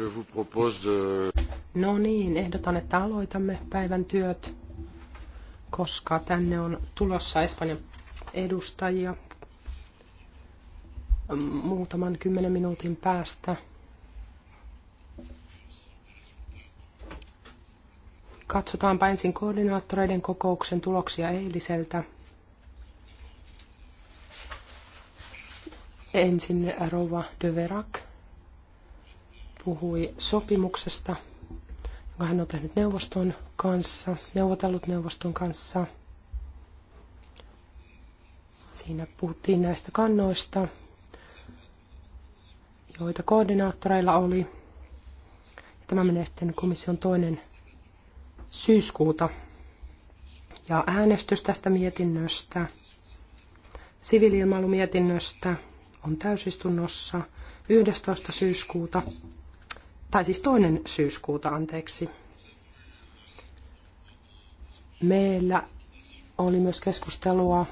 je vous propose de... No niin, ehdotan, että aloitamme päivän työt, koska tänne on tulossa Espanjan edustajia muutaman kymmenen minuutin päästä. Katsotaanpa ensin koordinaattoreiden kokouksen tuloksia eiliseltä. Ensin Rova de Verac puhui sopimuksesta, jonka hän on tehnyt neuvoston kanssa, neuvotellut neuvoston kanssa. Siinä puhuttiin näistä kannoista, joita koordinaattoreilla oli. Tämä menee sitten komission toinen syyskuuta. Ja äänestys tästä mietinnöstä, siviiliilmailumietinnöstä, on täysistunnossa 11. syyskuuta tai siis toinen syyskuuta, anteeksi. Meillä oli myös keskustelua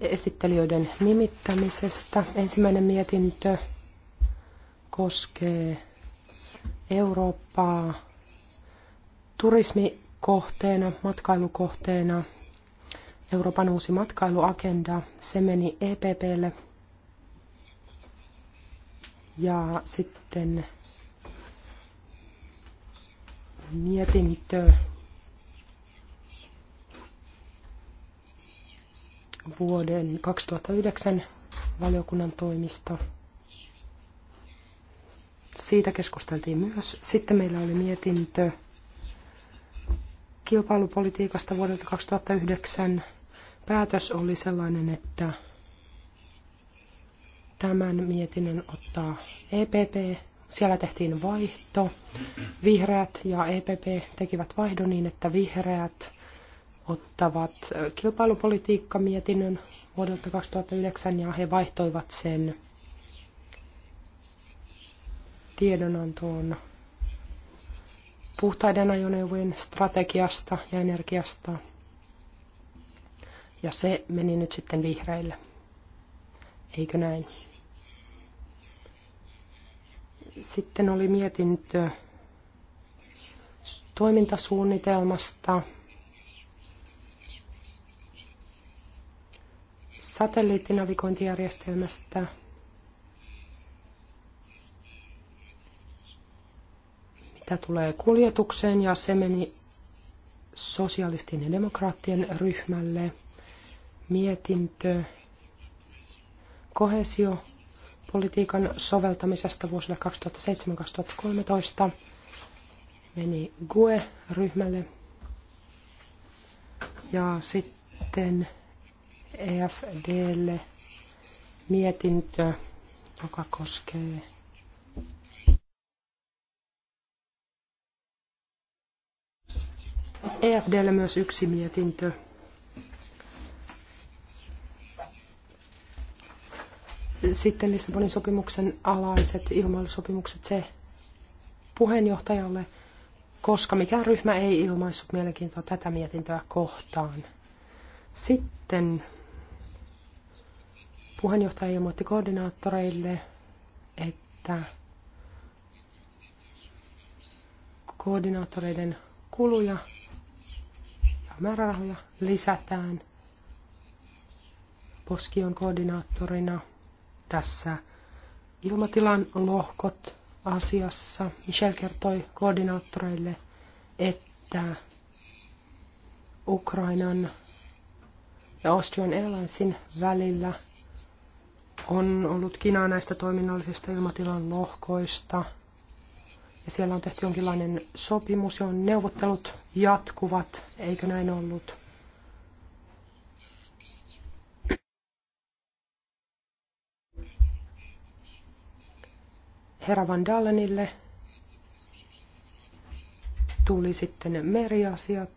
esittelijöiden nimittämisestä. Ensimmäinen mietintö koskee Eurooppaa turismikohteena, matkailukohteena. Euroopan uusi matkailuagenda, se meni EPPlle ja sitten mietintö vuoden 2009 valiokunnan toimista. Siitä keskusteltiin myös. Sitten meillä oli mietintö kilpailupolitiikasta vuodelta 2009. Päätös oli sellainen, että Tämän mietinnön ottaa EPP. Siellä tehtiin vaihto. Vihreät ja EPP tekivät vaihdon niin, että vihreät ottavat kilpailupolitiikkamietinnön vuodelta 2009 ja he vaihtoivat sen tiedonantoon puhtaiden ajoneuvojen strategiasta ja energiasta. Ja se meni nyt sitten vihreille. Eikö näin? Sitten oli mietintö toimintasuunnitelmasta, satelliittinavigointijärjestelmästä, mitä tulee kuljetukseen, ja se meni sosialistien ja demokraattien ryhmälle mietintö kohesio politiikan soveltamisesta vuosille 2007-2013 meni GUE-ryhmälle. Ja sitten EFDlle mietintö, joka koskee EFDlle myös yksi mietintö Sitten Lissabonin sopimuksen alaiset ilmailusopimukset se puheenjohtajalle, koska mikään ryhmä ei ilmaissut mielenkiintoa tätä mietintöä kohtaan. Sitten puheenjohtaja ilmoitti koordinaattoreille, että koordinaattoreiden kuluja ja määrärahoja lisätään. poskion on koordinaattorina tässä ilmatilan lohkot asiassa. Michel kertoi koordinaattoreille, että Ukrainan ja Austrian Airlinesin välillä on ollut kinaa näistä toiminnallisista ilmatilan lohkoista. Ja siellä on tehty jonkinlainen sopimus, johon neuvottelut jatkuvat, eikö näin ollut? herra Van Dallenille tuli sitten meriasiat.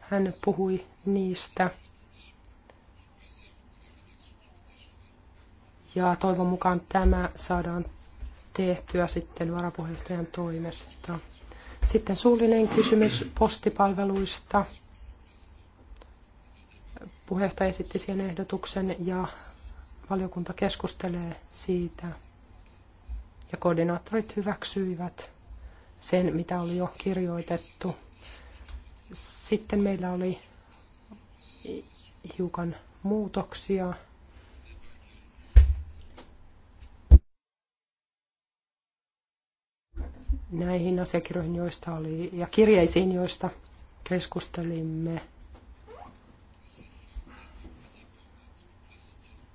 Hän puhui niistä. Ja toivon mukaan tämä saadaan tehtyä sitten varapuheenjohtajan toimesta. Sitten suullinen kysymys postipalveluista. Puheenjohtaja esitti siihen ehdotuksen ja valiokunta keskustelee siitä ja koordinaattorit hyväksyivät sen, mitä oli jo kirjoitettu. Sitten meillä oli hiukan muutoksia. näihin asiakirjoihin, joista oli, ja kirjeisiin, joista keskustelimme.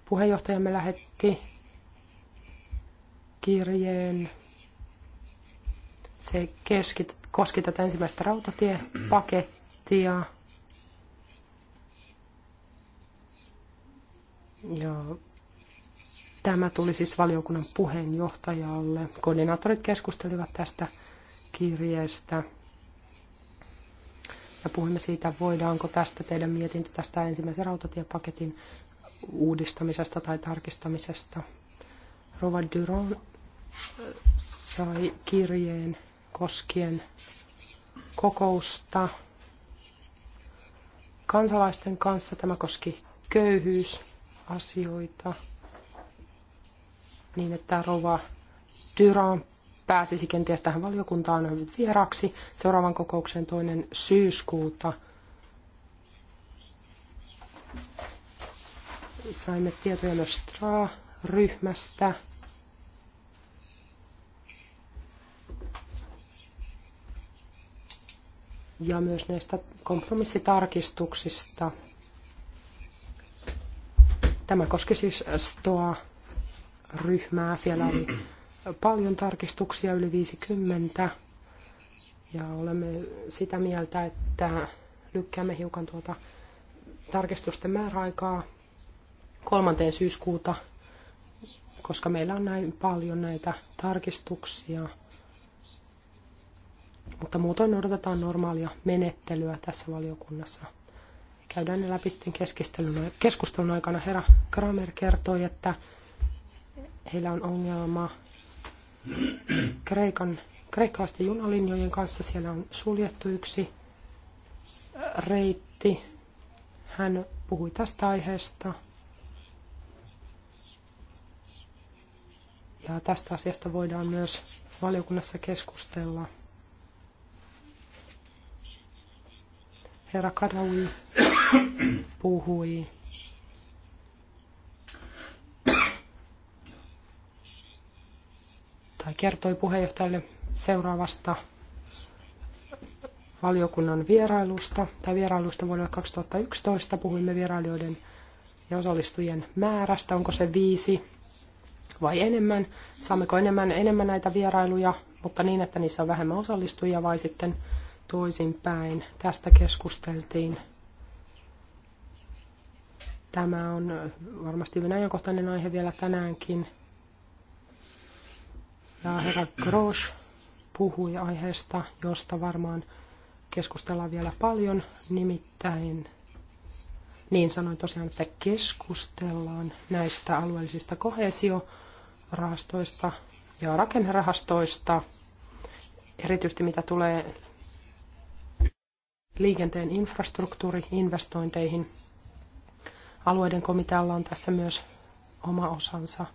Puheenjohtajamme lähetti kirjeen. Se keskit, koski tätä ensimmäistä rautatiepakettia. Ja tämä tuli siis valiokunnan puheenjohtajalle. Koordinaattorit keskustelivat tästä kirjeestä. Ja puhumme siitä, voidaanko tästä teidän mietintö tästä ensimmäisen rautatiepaketin uudistamisesta tai tarkistamisesta. Rova Duron sai kirjeen koskien kokousta kansalaisten kanssa. Tämä koski köyhyysasioita niin, että Rova Dyran pääsisi kenties tähän valiokuntaan vieraksi seuraavan kokouksen toinen syyskuuta. Saimme tietoja myös ryhmästä ja myös näistä kompromissitarkistuksista. Tämä koski siis STOA-ryhmää. Siellä oli paljon tarkistuksia, yli 50. Ja olemme sitä mieltä, että lykkäämme hiukan tuota tarkistusten määräaikaa kolmanteen syyskuuta, koska meillä on näin paljon näitä tarkistuksia mutta muutoin odotetaan normaalia menettelyä tässä valiokunnassa. Käydään ne läpi sitten keskustelun aikana. Herra Kramer kertoi, että heillä on ongelma Kreikan, kreikkalaisten junalinjojen kanssa. Siellä on suljettu yksi reitti. Hän puhui tästä aiheesta. Ja tästä asiasta voidaan myös valiokunnassa keskustella. Herra Karaui puhui tai kertoi puheenjohtajalle seuraavasta valiokunnan vierailusta tai vierailusta vuonna 2011. Puhuimme vierailijoiden ja osallistujien määrästä, onko se viisi vai enemmän, saammeko enemmän, enemmän näitä vierailuja, mutta niin, että niissä on vähemmän osallistujia vai sitten toisinpäin. Tästä keskusteltiin. Tämä on varmasti hyvin ajankohtainen aihe vielä tänäänkin. Ja herra Grosch puhui aiheesta, josta varmaan keskustellaan vielä paljon, nimittäin niin sanoin tosiaan, että keskustellaan näistä alueellisista kohesiorahastoista ja rakennerahastoista, erityisesti mitä tulee liikenteen infrastruktuuriinvestointeihin. Alueiden komitealla on tässä myös oma osansa.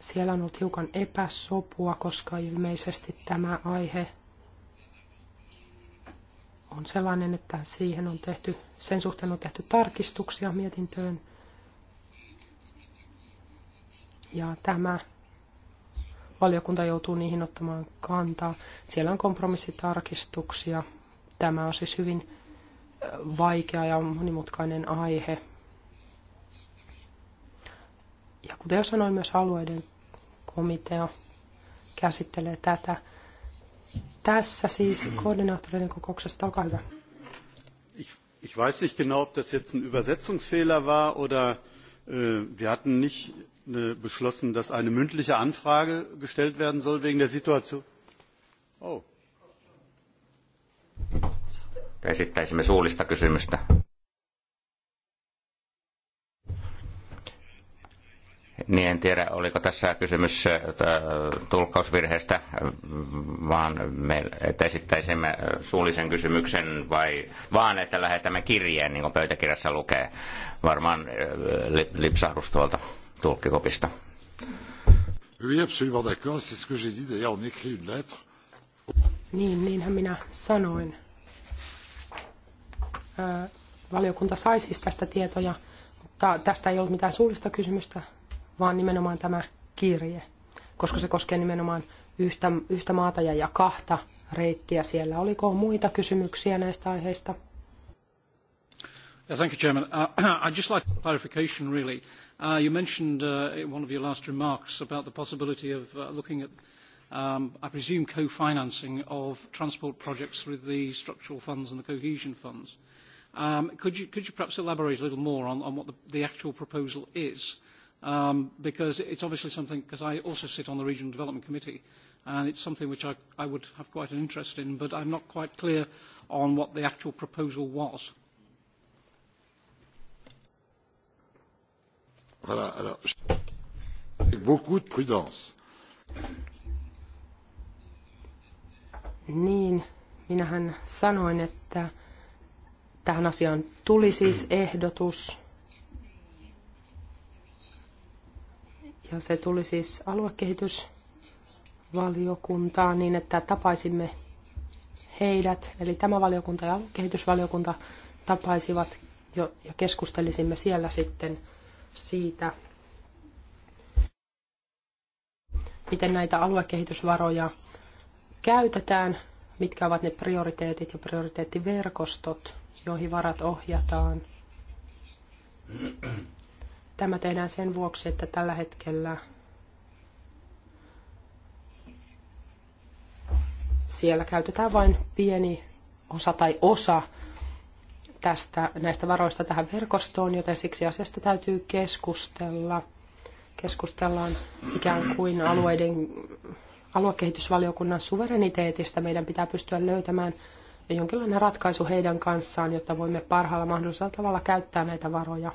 Siellä on ollut hiukan epäsopua, koska ilmeisesti tämä aihe on sellainen, että siihen on tehty, sen suhteen on tehty tarkistuksia mietintöön. Ja tämä valiokunta joutuu niihin ottamaan kantaa. Siellä on kompromissitarkistuksia. Tämä on siis hyvin vaikea ja monimutkainen aihe. Ja kuten jo sanoin, myös alueiden komitea käsittelee tätä. Tässä siis mm-hmm. koordinaattoreiden kokouksesta. Olkaa hyvä. Ich weiß nicht genau, ob das jetzt ein Übersetzungsfehler war oder äh, wir hatten nicht Äh, beschlossen, dass eine mündliche Anfrage gestellt werden soll wegen der Situation. Oh. Esittäisimme suullista kysymystä. Niin en tiedä, oliko tässä kysymys äh, tulkkausvirheestä, äh, vaan me, että esittäisimme suullisen kysymyksen vai vaan, että lähetämme kirjeen, niin kuin pöytäkirjassa lukee. Varmaan lipsahdus tuolta tulkkikopista. Oui, absolument d'accord, c'est ce que j'ai dit. D'ailleurs, on écrit une lettre. Niin, niinhän minä sanoin. Ö, valiokunta sai siis tästä tietoja, mutta tästä ei ollut mitään suullista kysymystä, vaan nimenomaan tämä kirje, koska se koskee nimenomaan yhtä, yhtä maata ja, ja kahta reittiä siellä. Oliko muita kysymyksiä näistä aiheista? Yeah, thank you, Chairman. Uh, I'd just like clarification, really. Uh, you mentioned uh, in one of your last remarks about the possibility of uh, looking at, um, I presume, co-financing of transport projects with the structural funds and the cohesion funds. Um, could, you, perhaps elaborate a little more on, what the, actual proposal is? Um, because it's obviously something, because I also sit on the Regional Development Committee, and it's something which I, I would have quite an interest in, but I'm not quite clear on what the actual proposal was. avec beaucoup de prudence. Niin, minähän sanoin, että tähän asiaan tuli siis ehdotus. Ja se tuli siis aluekehitysvaliokuntaan niin, että tapaisimme heidät, eli tämä valiokunta ja aluekehitysvaliokunta tapaisivat jo, ja keskustelisimme siellä sitten – siitä, miten näitä aluekehitysvaroja käytetään, mitkä ovat ne prioriteetit ja prioriteettiverkostot, joihin varat ohjataan. Tämä tehdään sen vuoksi, että tällä hetkellä siellä käytetään vain pieni osa tai osa tästä, näistä varoista tähän verkostoon, joten siksi asiasta täytyy keskustella. Keskustellaan ikään kuin alueiden, aluekehitysvaliokunnan suvereniteetista. Meidän pitää pystyä löytämään jonkinlainen ratkaisu heidän kanssaan, jotta voimme parhaalla mahdollisella tavalla käyttää näitä varoja.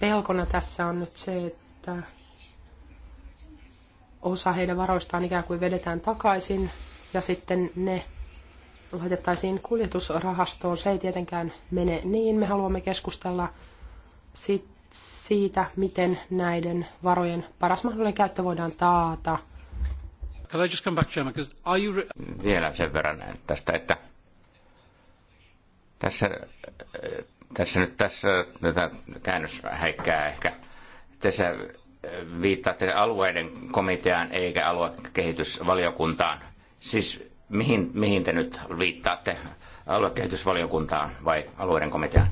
Pelkona tässä on nyt se, että osa heidän varoistaan ikään kuin vedetään takaisin ja sitten ne laitettaisiin kuljetusrahastoon. Se ei tietenkään mene niin. Me haluamme keskustella siitä, miten näiden varojen paras mahdollinen käyttö voidaan taata. Can I just come back, are you... Vielä sen verran tästä, että tässä, tässä nyt tässä tätä käännös häikkää ehkä. Tässä viittaatte alueiden komiteaan eikä aluekehitysvaliokuntaan Siis mihin, mihin te nyt viittaatte? Aluekehitysvaliokuntaan vai alueiden komiteaan?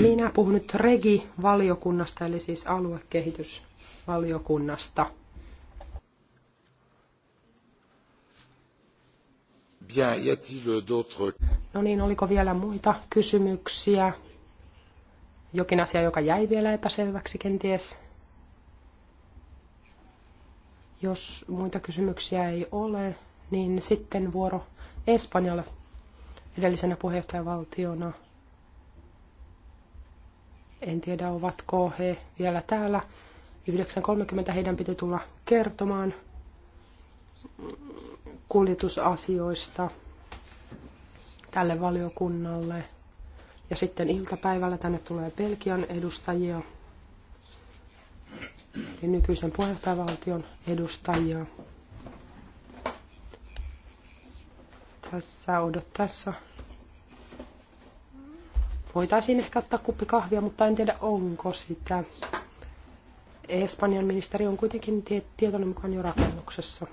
Minä puhun nyt Regi-valiokunnasta, eli siis aluekehitysvaliokunnasta. Bien, y a-t-il d'autres... No niin, oliko vielä muita kysymyksiä? Jokin asia, joka jäi vielä epäselväksi kenties? Jos muita kysymyksiä ei ole, niin sitten vuoro Espanjalle edellisenä puheenjohtajavaltiona. En tiedä, ovatko he vielä täällä. 9.30 heidän piti tulla kertomaan kuljetusasioista tälle valiokunnalle. Ja sitten iltapäivällä tänne tulee Belgian edustajia nykyisen puheenjohtajavaltion edustajia. Tässä odottaessa voitaisiin ehkä ottaa kuppi kahvia, mutta en tiedä onko sitä. Espanjan ministeri on kuitenkin tietoinen mukaan jo rakennuksessa.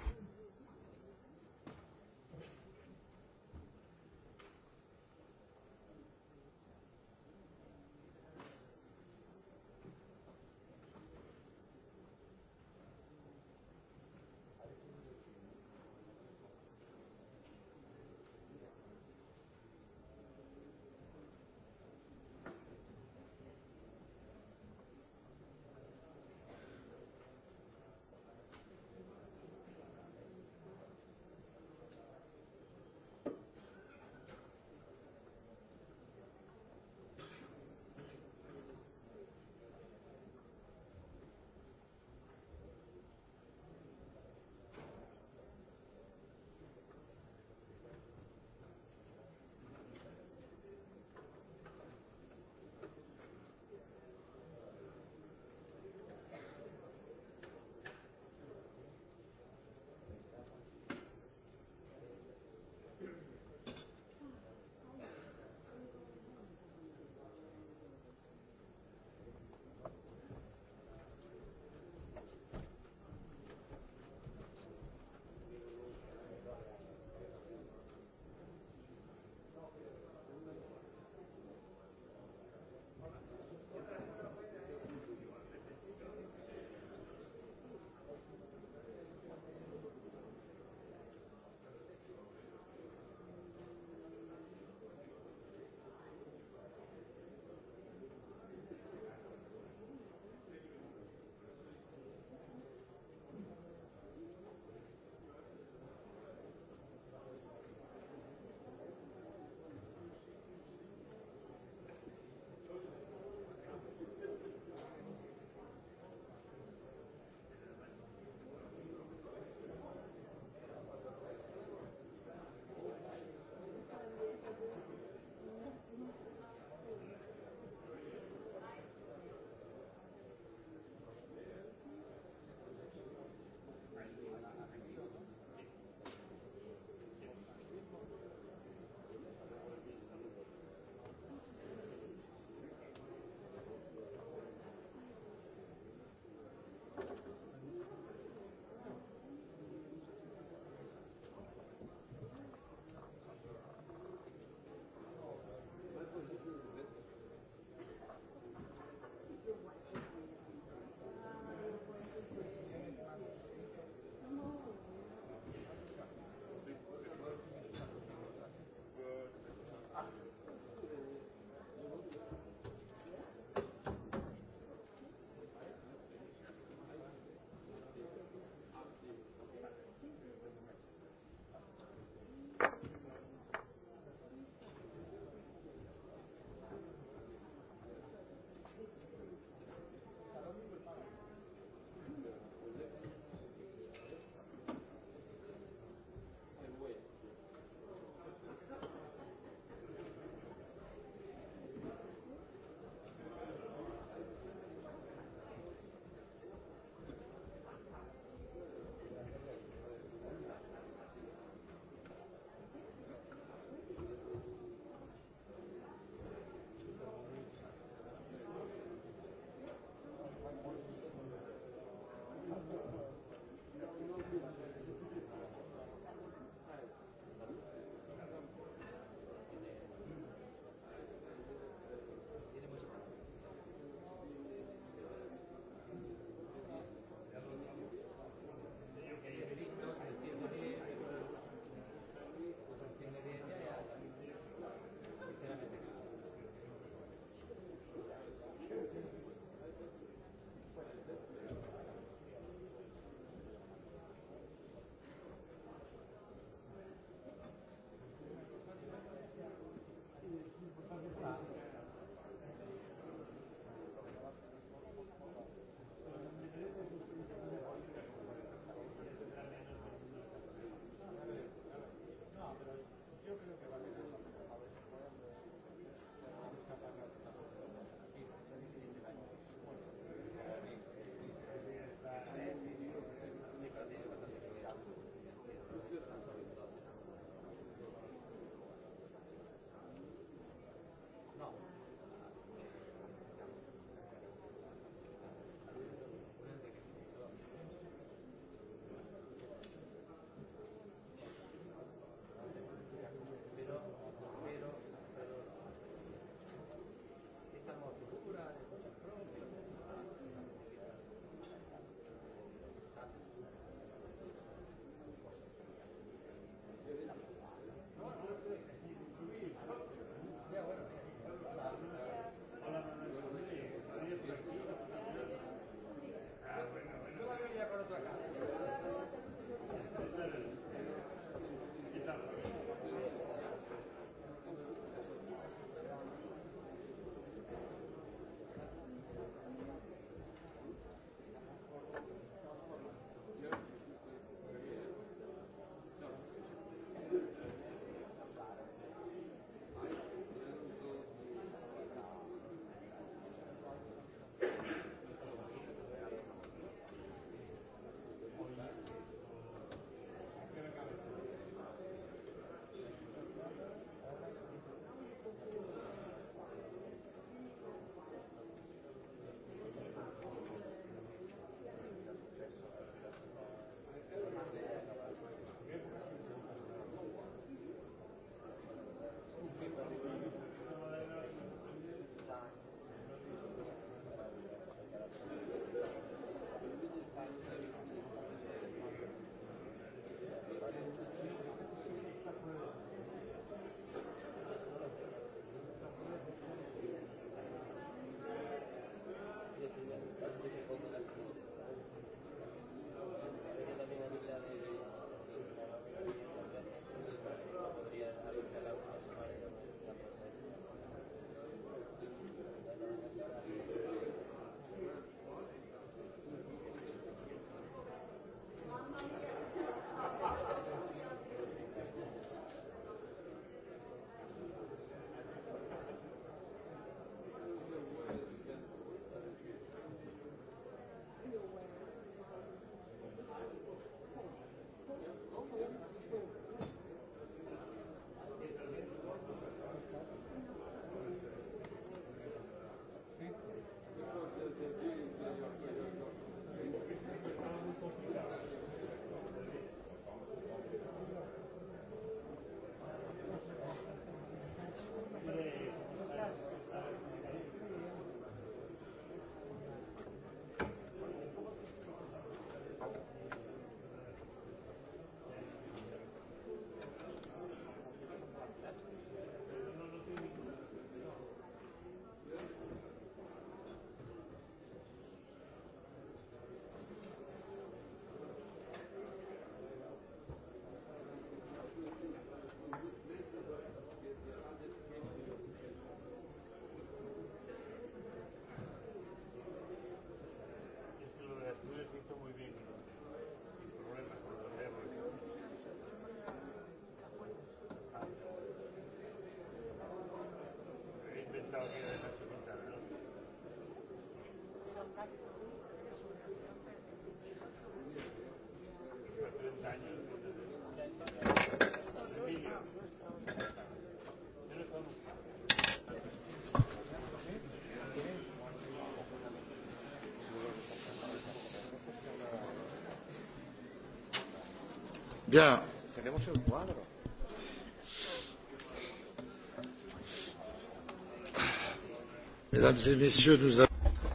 Ya. Tenemos el cuadro.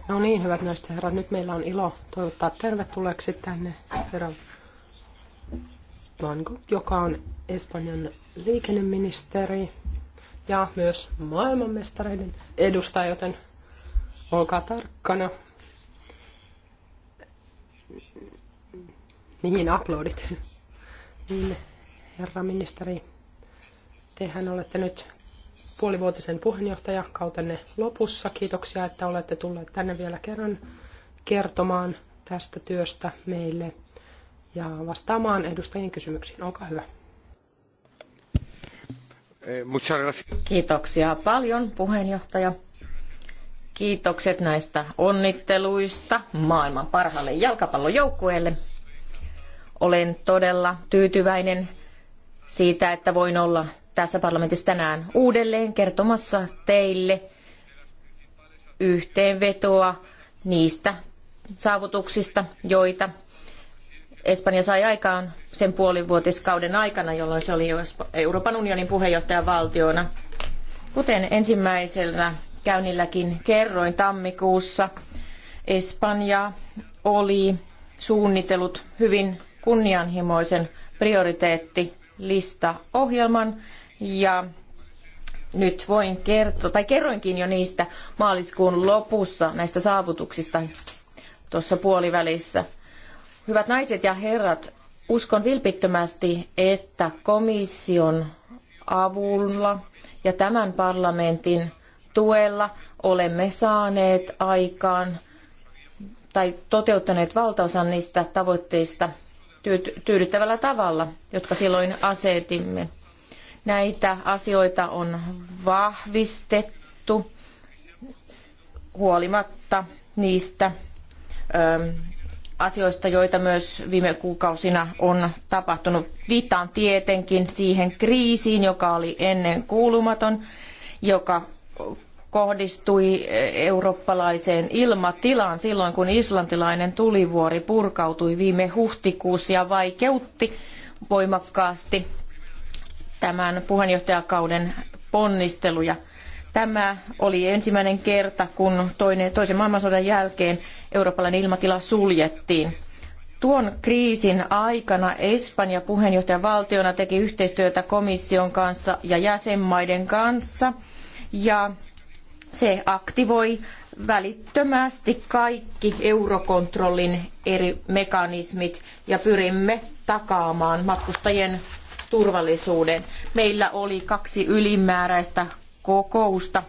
No niin, hyvät naiset ja herrat, nyt meillä on ilo toivottaa tervetulleeksi tänne herra Blanco, joka on Espanjan liikenneministeri ja myös maailmanmestareiden edustaja, joten olkaa tarkkana. Niin, aplodit. Niin, herra ministeri, tehän olette nyt puolivuotisen puheenjohtajakautenne lopussa. Kiitoksia, että olette tulleet tänne vielä kerran kertomaan tästä työstä meille ja vastaamaan edustajien kysymyksiin. Olkaa hyvä. Eh, Kiitoksia paljon puheenjohtaja. Kiitokset näistä onnitteluista maailman parhaalle jalkapallojoukkueelle. Olen todella tyytyväinen siitä, että voin olla tässä parlamentissa tänään uudelleen kertomassa teille yhteenvetoa niistä saavutuksista, joita Espanja sai aikaan sen puolivuotiskauden aikana, jolloin se oli Euroopan unionin puheenjohtajavaltiona. Kuten ensimmäisellä käynnilläkin kerroin tammikuussa, Espanja oli suunnitellut hyvin kunnianhimoisen prioriteettilista ohjelman, ja nyt voin kertoa, tai kerroinkin jo niistä maaliskuun lopussa näistä saavutuksista tuossa puolivälissä. Hyvät naiset ja herrat, uskon vilpittömästi, että komission avulla ja tämän parlamentin tuella olemme saaneet aikaan tai toteuttaneet valtaosan niistä tavoitteista tyydyttävällä tavalla, jotka silloin asetimme. Näitä asioita on vahvistettu huolimatta niistä ö, ähm, asioista, joita myös viime kuukausina on tapahtunut. Viittaan tietenkin siihen kriisiin, joka oli ennen kuulumaton, joka kohdistui eurooppalaiseen ilmatilaan silloin, kun islantilainen tulivuori purkautui viime huhtikuussa ja vaikeutti voimakkaasti tämän puheenjohtajakauden ponnisteluja. Tämä oli ensimmäinen kerta, kun toinen, toisen maailmansodan jälkeen eurooppalainen ilmatila suljettiin. Tuon kriisin aikana Espanja puheenjohtajavaltiona teki yhteistyötä komission kanssa ja jäsenmaiden kanssa ja se aktivoi välittömästi kaikki eurokontrollin eri mekanismit ja pyrimme takaamaan matkustajien turvallisuuden. Meillä oli kaksi ylimääräistä kokousta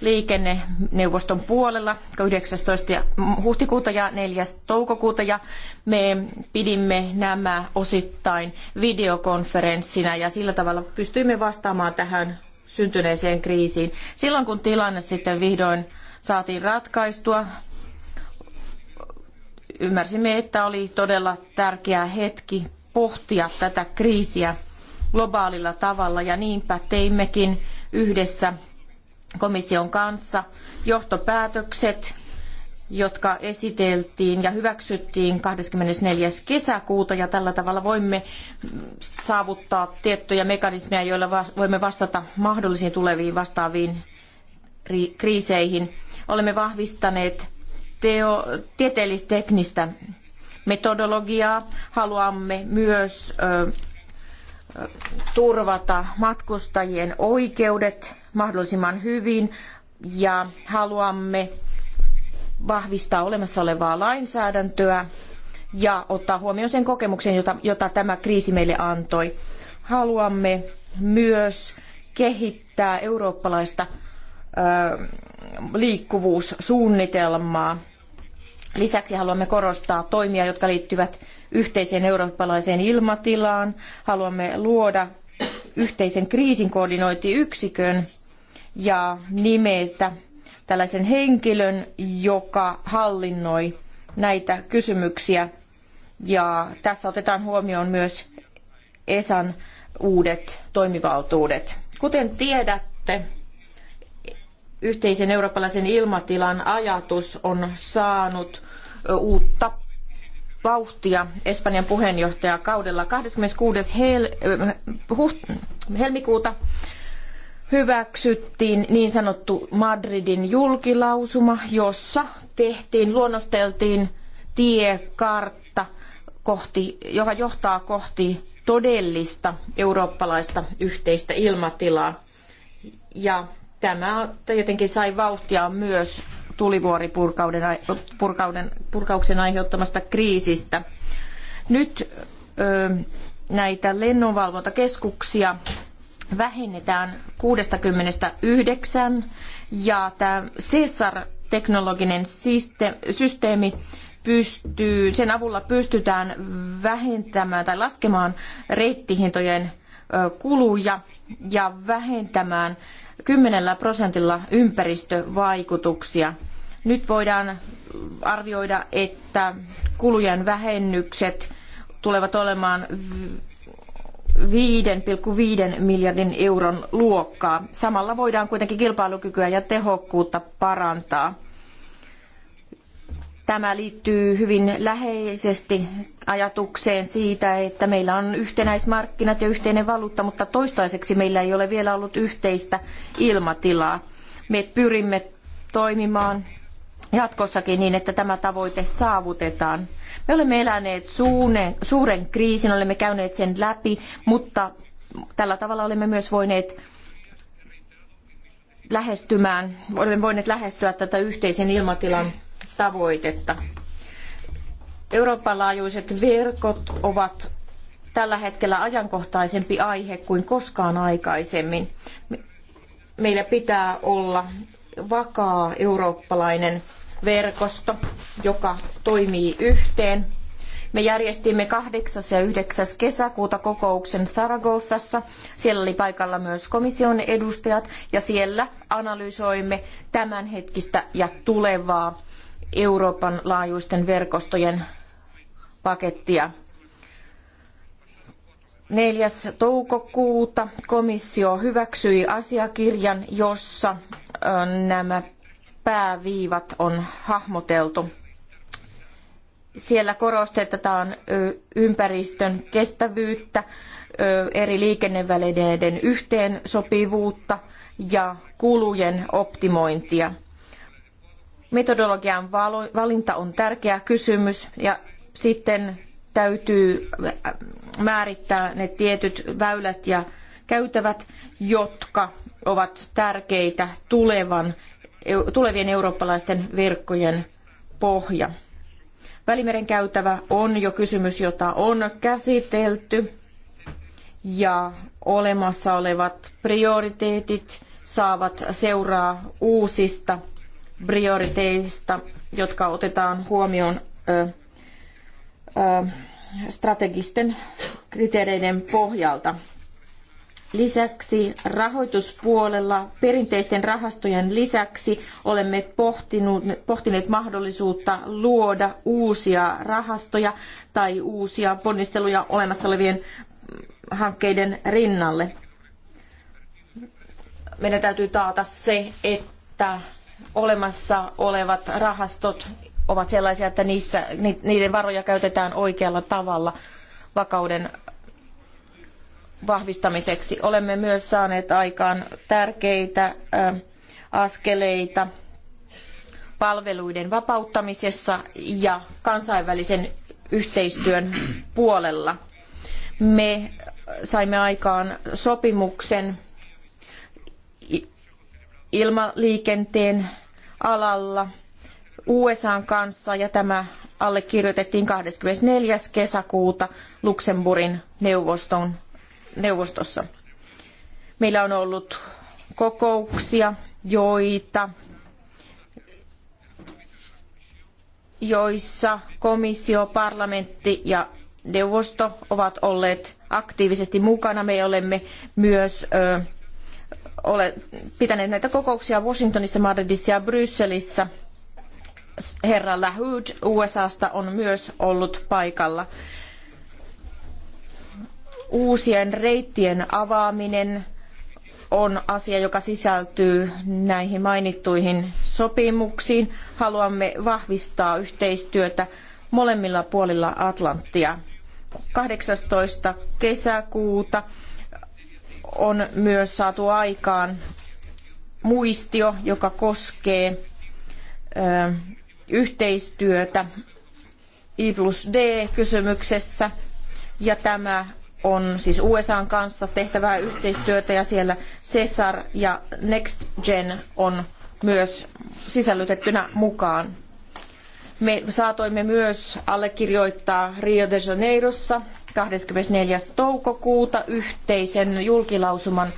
liikenneneuvoston puolella 19. huhtikuuta ja 4. toukokuuta ja me pidimme nämä osittain videokonferenssina ja sillä tavalla pystyimme vastaamaan tähän syntyneeseen kriisiin. Silloin kun tilanne sitten vihdoin saatiin ratkaistua, ymmärsimme, että oli todella tärkeä hetki pohtia tätä kriisiä globaalilla tavalla ja niinpä teimmekin yhdessä komission kanssa johtopäätökset, jotka esiteltiin ja hyväksyttiin 24. kesäkuuta ja tällä tavalla voimme saavuttaa tiettyjä mekanismeja, joilla voimme vastata mahdollisiin tuleviin vastaaviin kriiseihin. Olemme vahvistaneet teo, tieteellisteknistä metodologiaa. Haluamme myös turvata matkustajien oikeudet mahdollisimman hyvin ja haluamme vahvistaa olemassa olevaa lainsäädäntöä ja ottaa huomioon sen kokemuksen, jota, jota tämä kriisi meille antoi. Haluamme myös kehittää eurooppalaista ö, liikkuvuussuunnitelmaa. Lisäksi haluamme korostaa toimia, jotka liittyvät yhteiseen eurooppalaiseen ilmatilaan. Haluamme luoda yhteisen kriisinkoordinointiyksikön ja nimetä tällaisen henkilön, joka hallinnoi näitä kysymyksiä. Ja tässä otetaan huomioon myös ESAn uudet toimivaltuudet. Kuten tiedätte, yhteisen eurooppalaisen ilmatilan ajatus on saanut uutta vauhtia Espanjan puheenjohtajakaudella. 26. Hel- eh, helmikuuta hyväksyttiin niin sanottu Madridin julkilausuma, jossa tehtiin, luonnosteltiin tiekartta, kohti, joka johtaa kohti todellista eurooppalaista yhteistä ilmatilaa. Ja tämä tietenkin sai vauhtia myös tulivuoripurkauden purkauden, purkauksen aiheuttamasta kriisistä. Nyt ö, näitä lennonvalvontakeskuksia vähennetään 69 ja tämä CESAR-teknologinen systeemi pystyy, sen avulla pystytään vähentämään tai laskemaan reittihintojen kuluja ja vähentämään kymmenellä prosentilla ympäristövaikutuksia. Nyt voidaan arvioida, että kulujen vähennykset tulevat olemaan 5,5 miljardin euron luokkaa. Samalla voidaan kuitenkin kilpailukykyä ja tehokkuutta parantaa. Tämä liittyy hyvin läheisesti ajatukseen siitä, että meillä on yhtenäismarkkinat ja yhteinen valuutta, mutta toistaiseksi meillä ei ole vielä ollut yhteistä ilmatilaa. Me pyrimme toimimaan jatkossakin niin, että tämä tavoite saavutetaan. Me olemme eläneet suuren, suuren kriisin, olemme käyneet sen läpi, mutta tällä tavalla olemme myös voineet lähestymään, olemme voineet lähestyä tätä yhteisen ilmatilan tavoitetta. Euroopan laajuiset verkot ovat tällä hetkellä ajankohtaisempi aihe kuin koskaan aikaisemmin. Meillä pitää olla vakaa eurooppalainen verkosto, joka toimii yhteen. Me järjestimme 8. ja 9. kesäkuuta kokouksen Zaragoza:ssa. Siellä oli paikalla myös komission edustajat ja siellä analysoimme tämänhetkistä ja tulevaa Euroopan laajuisten verkostojen pakettia. 4. toukokuuta komissio hyväksyi asiakirjan, jossa nämä pääviivat on hahmoteltu. Siellä korostetaan ympäristön kestävyyttä, eri liikennevälineiden yhteensopivuutta ja kulujen optimointia – Metodologian valinta on tärkeä kysymys ja sitten täytyy määrittää ne tietyt väylät ja käytävät, jotka ovat tärkeitä tulevan, tulevien eurooppalaisten verkkojen pohja. Välimeren käytävä on jo kysymys, jota on käsitelty ja olemassa olevat prioriteetit saavat seuraa uusista prioriteista, jotka otetaan huomioon ö, ö, strategisten kriteereiden pohjalta. Lisäksi rahoituspuolella perinteisten rahastojen lisäksi olemme pohtinut, pohtineet mahdollisuutta luoda uusia rahastoja tai uusia ponnisteluja olemassa olevien hankkeiden rinnalle. Meidän täytyy taata se, että olemassa olevat rahastot ovat sellaisia, että niissä, niiden varoja käytetään oikealla tavalla vakauden vahvistamiseksi. Olemme myös saaneet aikaan tärkeitä askeleita palveluiden vapauttamisessa ja kansainvälisen yhteistyön puolella. Me saimme aikaan sopimuksen ilmaliikenteen alalla USAn kanssa ja tämä allekirjoitettiin 24. kesäkuuta Luxemburgin neuvoston, neuvostossa. Meillä on ollut kokouksia, joita joissa komissio, parlamentti ja neuvosto ovat olleet aktiivisesti mukana. Me olemme myös ole pitäneet näitä kokouksia Washingtonissa, Madridissa ja Brysselissä. Herra Lahoud USAsta on myös ollut paikalla. Uusien reittien avaaminen on asia, joka sisältyy näihin mainittuihin sopimuksiin. Haluamme vahvistaa yhteistyötä molemmilla puolilla Atlanttia. 18. kesäkuuta on myös saatu aikaan muistio, joka koskee yhteistyötä I plus D kysymyksessä. Ja tämä on siis USAn kanssa tehtävää yhteistyötä ja siellä CESAR ja Next Gen on myös sisällytettynä mukaan. Me saatoimme myös allekirjoittaa Rio de Janeirossa 24. toukokuuta yhteisen julkilausuman,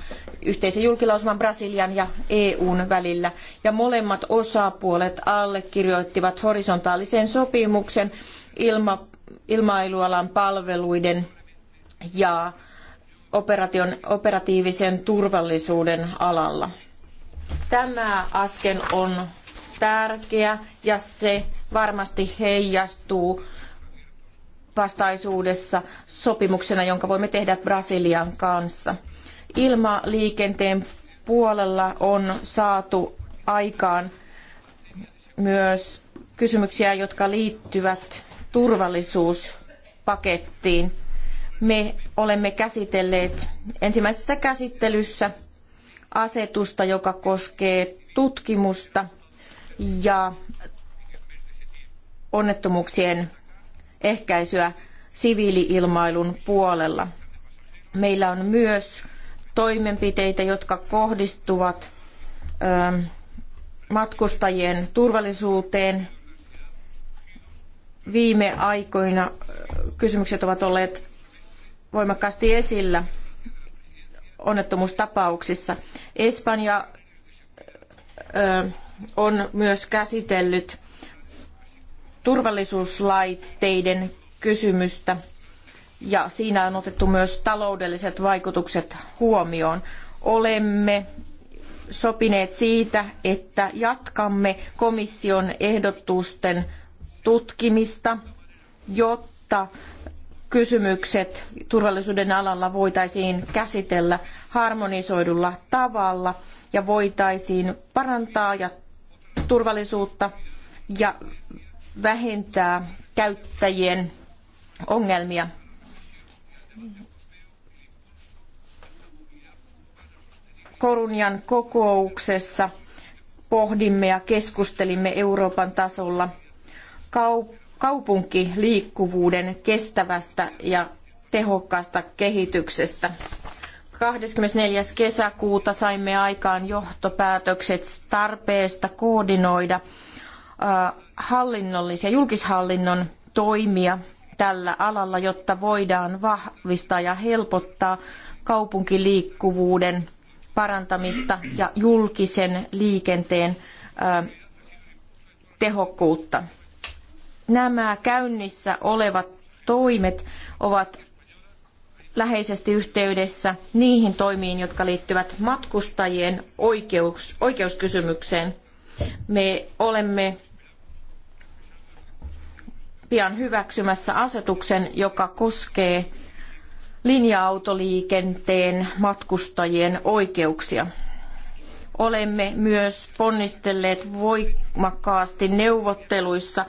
yhteisen julkilausuman Brasilian ja EUn välillä. Ja molemmat osapuolet allekirjoittivat horisontaalisen sopimuksen ilma, ilmailualan palveluiden ja operatiivisen turvallisuuden alalla. Tämä askel on tärkeä ja se varmasti heijastuu vastaisuudessa sopimuksena, jonka voimme tehdä Brasilian kanssa. Ilmaliikenteen puolella on saatu aikaan myös kysymyksiä, jotka liittyvät turvallisuuspakettiin. Me olemme käsitelleet ensimmäisessä käsittelyssä asetusta, joka koskee tutkimusta ja onnettomuuksien ehkäisyä siviiliilmailun puolella. Meillä on myös toimenpiteitä, jotka kohdistuvat ähm, matkustajien turvallisuuteen. Viime aikoina äh, kysymykset ovat olleet voimakkaasti esillä onnettomuustapauksissa. Espanja äh, on myös käsitellyt turvallisuuslaitteiden kysymystä ja siinä on otettu myös taloudelliset vaikutukset huomioon. Olemme sopineet siitä, että jatkamme komission ehdotusten tutkimista, jotta kysymykset turvallisuuden alalla voitaisiin käsitellä harmonisoidulla tavalla ja voitaisiin parantaa ja turvallisuutta ja vähentää käyttäjien ongelmia. Korunjan kokouksessa pohdimme ja keskustelimme Euroopan tasolla kaupunkiliikkuvuuden kestävästä ja tehokkaasta kehityksestä. 24. kesäkuuta saimme aikaan johtopäätökset tarpeesta koordinoida hallinnollisia, julkishallinnon toimia tällä alalla, jotta voidaan vahvistaa ja helpottaa kaupunkiliikkuvuuden parantamista ja julkisen liikenteen tehokkuutta. Nämä käynnissä olevat toimet ovat läheisesti yhteydessä niihin toimiin, jotka liittyvät matkustajien oikeus, oikeuskysymykseen. Me olemme pian hyväksymässä asetuksen, joka koskee linja-autoliikenteen matkustajien oikeuksia. Olemme myös ponnistelleet voimakkaasti neuvotteluissa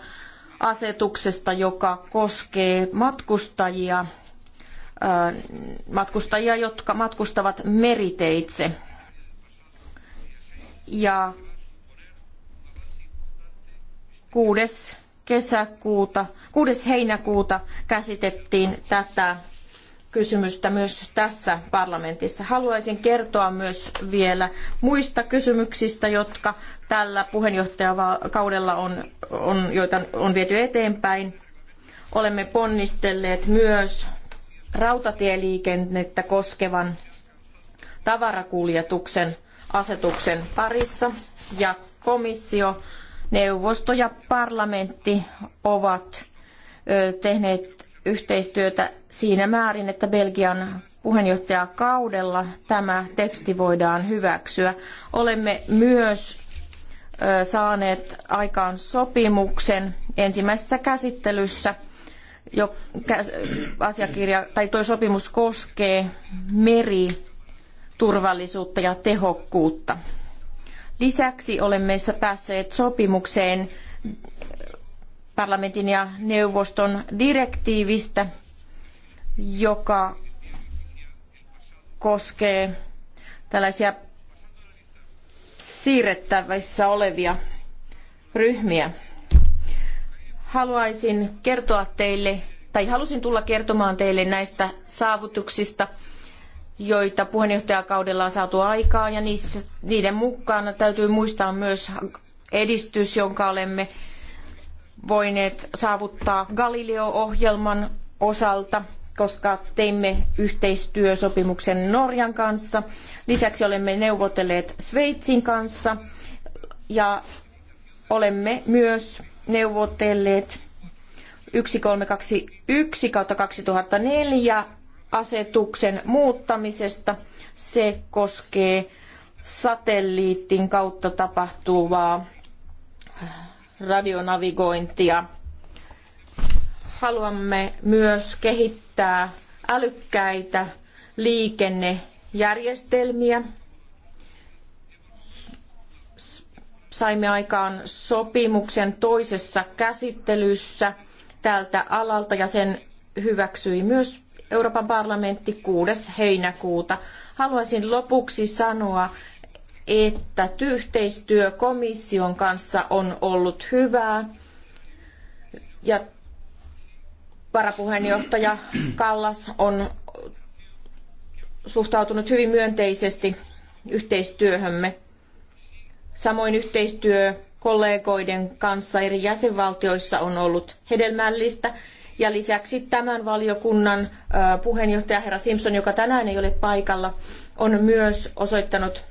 asetuksesta, joka koskee matkustajia, matkustajia jotka matkustavat meriteitse. Ja kuudes kesäkuuta, 6. heinäkuuta käsitettiin tätä kysymystä myös tässä parlamentissa. Haluaisin kertoa myös vielä muista kysymyksistä, jotka tällä puheenjohtajakaudella on, on, joita on viety eteenpäin. Olemme ponnistelleet myös rautatieliikennettä koskevan tavarakuljetuksen asetuksen parissa ja komissio Neuvosto ja parlamentti ovat tehneet yhteistyötä siinä määrin, että Belgian puheenjohtajakaudella tämä teksti voidaan hyväksyä. Olemme myös saaneet aikaan sopimuksen ensimmäisessä käsittelyssä. Jo, asiakirja, tai tuo sopimus koskee meriturvallisuutta ja tehokkuutta. Lisäksi olemme päässeet sopimukseen parlamentin ja neuvoston direktiivistä, joka koskee tällaisia siirrettävissä olevia ryhmiä. Haluaisin kertoa teille, tai halusin tulla kertomaan teille näistä saavutuksista – joita puheenjohtajakaudella on saatu aikaan ja niissä, niiden mukaan täytyy muistaa myös edistys, jonka olemme voineet saavuttaa Galileo-ohjelman osalta, koska teimme yhteistyösopimuksen Norjan kanssa. Lisäksi olemme neuvotelleet Sveitsin kanssa ja olemme myös neuvotelleet 1321 kautta 2004 asetuksen muuttamisesta. Se koskee satelliitin kautta tapahtuvaa radionavigointia. Haluamme myös kehittää älykkäitä liikennejärjestelmiä. Saimme aikaan sopimuksen toisessa käsittelyssä tältä alalta ja sen hyväksyi myös Euroopan parlamentti 6. heinäkuuta. Haluaisin lopuksi sanoa, että yhteistyö komission kanssa on ollut hyvää ja varapuheenjohtaja Kallas on suhtautunut hyvin myönteisesti yhteistyöhömme. Samoin yhteistyö kollegoiden kanssa eri jäsenvaltioissa on ollut hedelmällistä ja lisäksi tämän valiokunnan puheenjohtaja herra Simpson, joka tänään ei ole paikalla, on myös osoittanut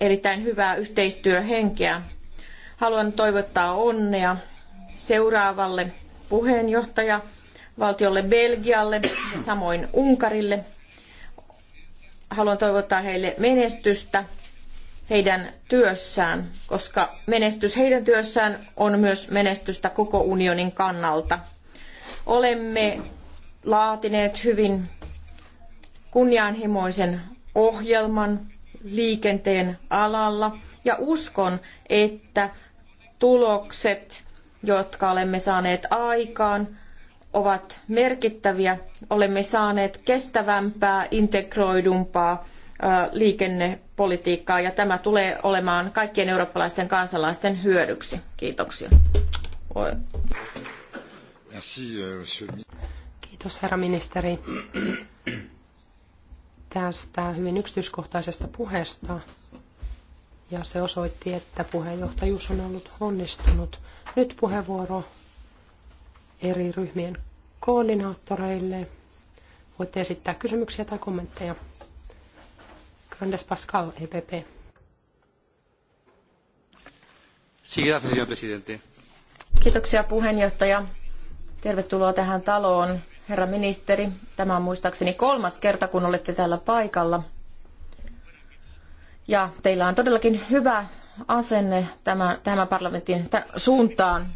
erittäin hyvää yhteistyöhenkeä. Haluan toivottaa onnea seuraavalle puheenjohtaja valtiolle Belgialle ja samoin Unkarille. Haluan toivottaa heille menestystä heidän työssään, koska menestys heidän työssään on myös menestystä koko unionin kannalta. Olemme laatineet hyvin kunnianhimoisen ohjelman liikenteen alalla ja uskon, että tulokset, jotka olemme saaneet aikaan, ovat merkittäviä. Olemme saaneet kestävämpää, integroidumpaa liikennepolitiikkaa ja tämä tulee olemaan kaikkien eurooppalaisten kansalaisten hyödyksi. Kiitoksia. Euh, Kiitos herra ministeri tästä hyvin yksityiskohtaisesta puheesta. Ja se osoitti, että puheenjohtajuus on ollut onnistunut. Nyt puheenvuoro eri ryhmien koordinaattoreille. Voitte esittää kysymyksiä tai kommentteja. Grandes Pascal, EPP. Kiitoksia puheenjohtaja Tervetuloa tähän taloon, herra ministeri. Tämä on muistaakseni kolmas kerta, kun olette täällä paikalla. Ja teillä on todellakin hyvä asenne tämän, tämän parlamentin suuntaan.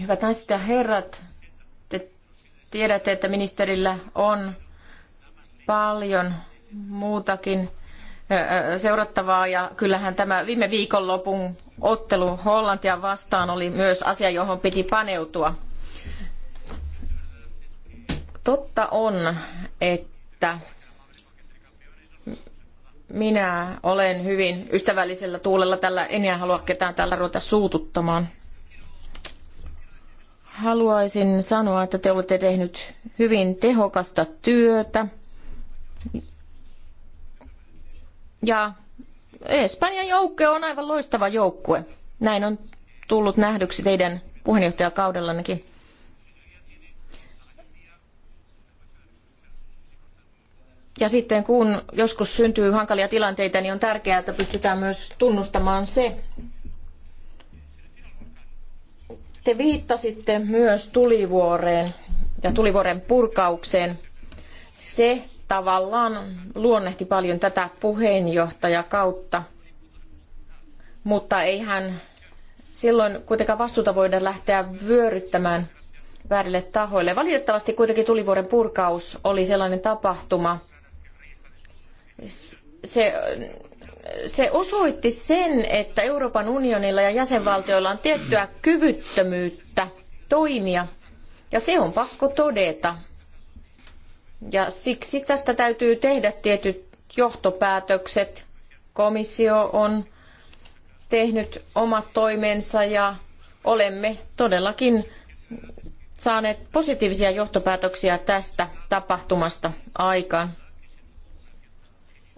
Hyvät naiset ja herrat, te tiedätte, että ministerillä on paljon muutakin seurattavaa ja kyllähän tämä viime viikonlopun ottelu Hollantia vastaan oli myös asia, johon piti paneutua. Totta on, että minä olen hyvin ystävällisellä tuulella tällä, en halua ketään tällä ruveta suututtamaan. Haluaisin sanoa, että te olette tehnyt hyvin tehokasta työtä ja Espanjan joukkue on aivan loistava joukkue. Näin on tullut nähdyksi teidän puheenjohtajakaudellannekin. Ja sitten kun joskus syntyy hankalia tilanteita, niin on tärkeää, että pystytään myös tunnustamaan se. Te viittasitte myös tulivuoreen ja tulivuoren purkaukseen. Se tavallaan luonnehti paljon tätä puheenjohtajakautta, mutta eihän silloin kuitenkaan vastuuta voida lähteä vyöryttämään väärille tahoille. Valitettavasti kuitenkin tulivuoren purkaus oli sellainen tapahtuma. Se, se osoitti sen, että Euroopan unionilla ja jäsenvaltioilla on tiettyä kyvyttömyyttä toimia. Ja se on pakko todeta. Ja siksi tästä täytyy tehdä tietyt johtopäätökset. Komissio on tehnyt omat toimensa ja olemme todellakin saaneet positiivisia johtopäätöksiä tästä tapahtumasta aikaan.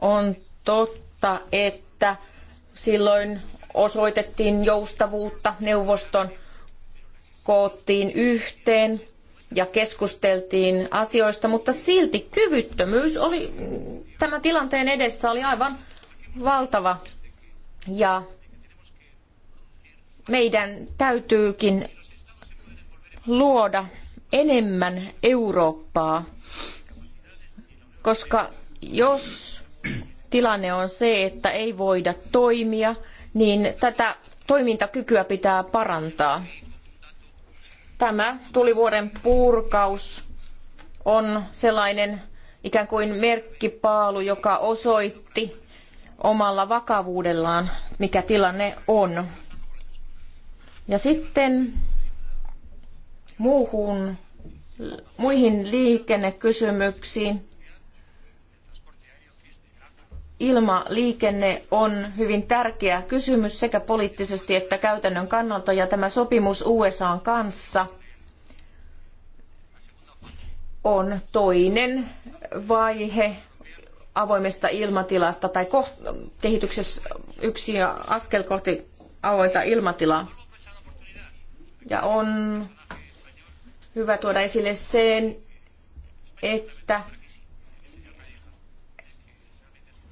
On totta, että silloin osoitettiin joustavuutta, neuvoston koottiin yhteen ja keskusteltiin asioista, mutta silti kyvyttömyys oli tämän tilanteen edessä oli aivan valtava. Ja meidän täytyykin luoda enemmän Eurooppaa, koska jos tilanne on se, että ei voida toimia, niin tätä toimintakykyä pitää parantaa. Tämä tulivuoren purkaus on sellainen ikään kuin merkkipaalu, joka osoitti omalla vakavuudellaan, mikä tilanne on. Ja sitten muuhun, muihin liikennekysymyksiin ilmaliikenne on hyvin tärkeä kysymys sekä poliittisesti että käytännön kannalta ja tämä sopimus USAn kanssa on toinen vaihe avoimesta ilmatilasta tai kehityksessä yksi askel kohti avointa ilmatilaa. Ja on hyvä tuoda esille sen, että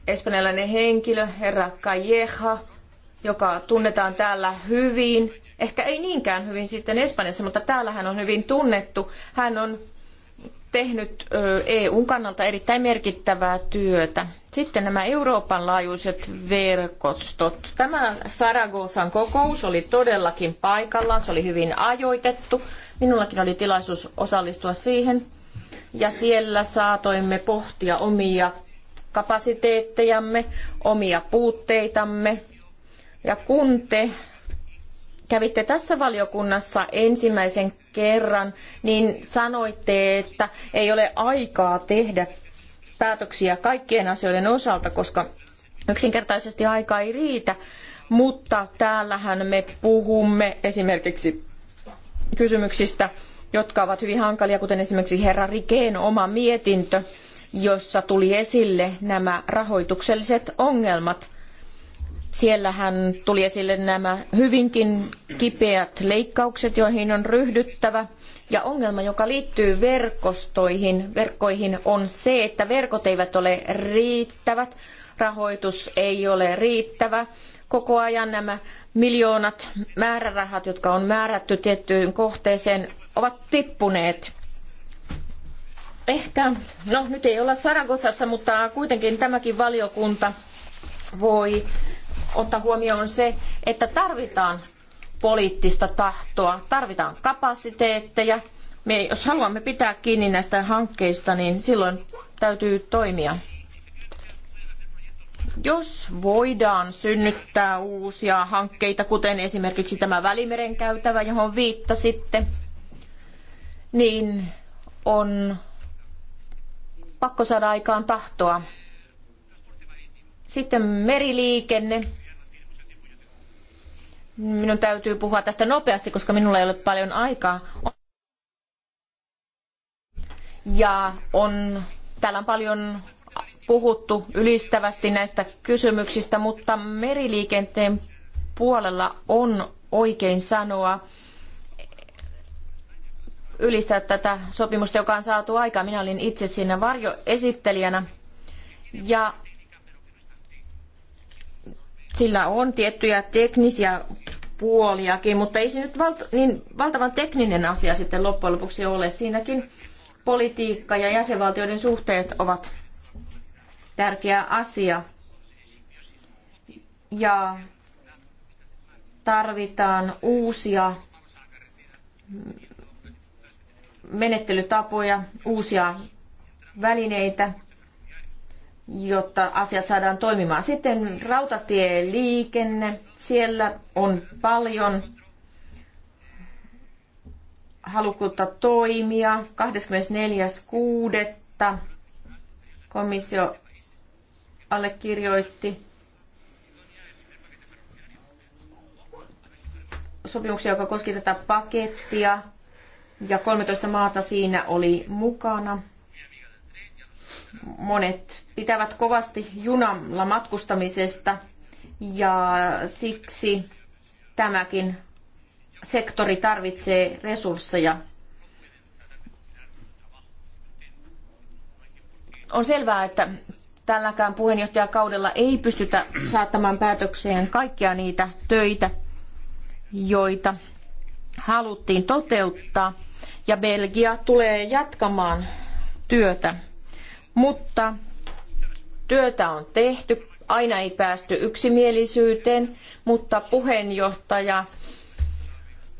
espanjalainen henkilö, herra Calleja, joka tunnetaan täällä hyvin, ehkä ei niinkään hyvin sitten Espanjassa, mutta täällä hän on hyvin tunnettu. Hän on tehnyt EUn kannalta erittäin merkittävää työtä. Sitten nämä Euroopan laajuiset verkostot. Tämä Saragossan kokous oli todellakin paikallaan, se oli hyvin ajoitettu. Minullakin oli tilaisuus osallistua siihen. Ja siellä saatoimme pohtia omia kapasiteettejamme, omia puutteitamme. Ja kun te kävitte tässä valiokunnassa ensimmäisen kerran, niin sanoitte, että ei ole aikaa tehdä päätöksiä kaikkien asioiden osalta, koska yksinkertaisesti aika ei riitä. Mutta täällähän me puhumme esimerkiksi kysymyksistä, jotka ovat hyvin hankalia, kuten esimerkiksi herra Rikeen oma mietintö, jossa tuli esille nämä rahoitukselliset ongelmat. Siellähän tuli esille nämä hyvinkin kipeät leikkaukset, joihin on ryhdyttävä. Ja ongelma, joka liittyy verkostoihin, verkkoihin, on se, että verkot eivät ole riittävät, rahoitus ei ole riittävä. Koko ajan nämä miljoonat määrärahat, jotka on määrätty tiettyyn kohteeseen, ovat tippuneet ehkä, no nyt ei olla Saragossassa, mutta kuitenkin tämäkin valiokunta voi ottaa huomioon se, että tarvitaan poliittista tahtoa, tarvitaan kapasiteetteja. Me, jos haluamme pitää kiinni näistä hankkeista, niin silloin täytyy toimia. Jos voidaan synnyttää uusia hankkeita, kuten esimerkiksi tämä Välimeren käytävä, johon viittasitte, niin on pakko saada aikaan tahtoa. Sitten meriliikenne. Minun täytyy puhua tästä nopeasti, koska minulla ei ole paljon aikaa. Ja on, täällä on paljon puhuttu ylistävästi näistä kysymyksistä, mutta meriliikenteen puolella on oikein sanoa, ylistää tätä sopimusta, joka on saatu aikaan. Minä olin itse siinä varjoesittelijänä. Ja sillä on tiettyjä teknisiä puoliakin, mutta ei se nyt niin valtavan tekninen asia sitten loppujen lopuksi ole. Siinäkin politiikka ja jäsenvaltioiden suhteet ovat tärkeä asia. Ja tarvitaan uusia menettelytapoja, uusia välineitä, jotta asiat saadaan toimimaan. Sitten rautatieliikenne, siellä on paljon halukkuutta toimia. 24.6. komissio allekirjoitti sopimuksia, joka koski tätä pakettia ja 13 maata siinä oli mukana. Monet pitävät kovasti junalla matkustamisesta ja siksi tämäkin sektori tarvitsee resursseja. On selvää, että tälläkään puheenjohtajakaudella ei pystytä saattamaan päätökseen kaikkia niitä töitä, joita haluttiin toteuttaa ja Belgia tulee jatkamaan työtä. Mutta työtä on tehty, aina ei päästy yksimielisyyteen, mutta puheenjohtaja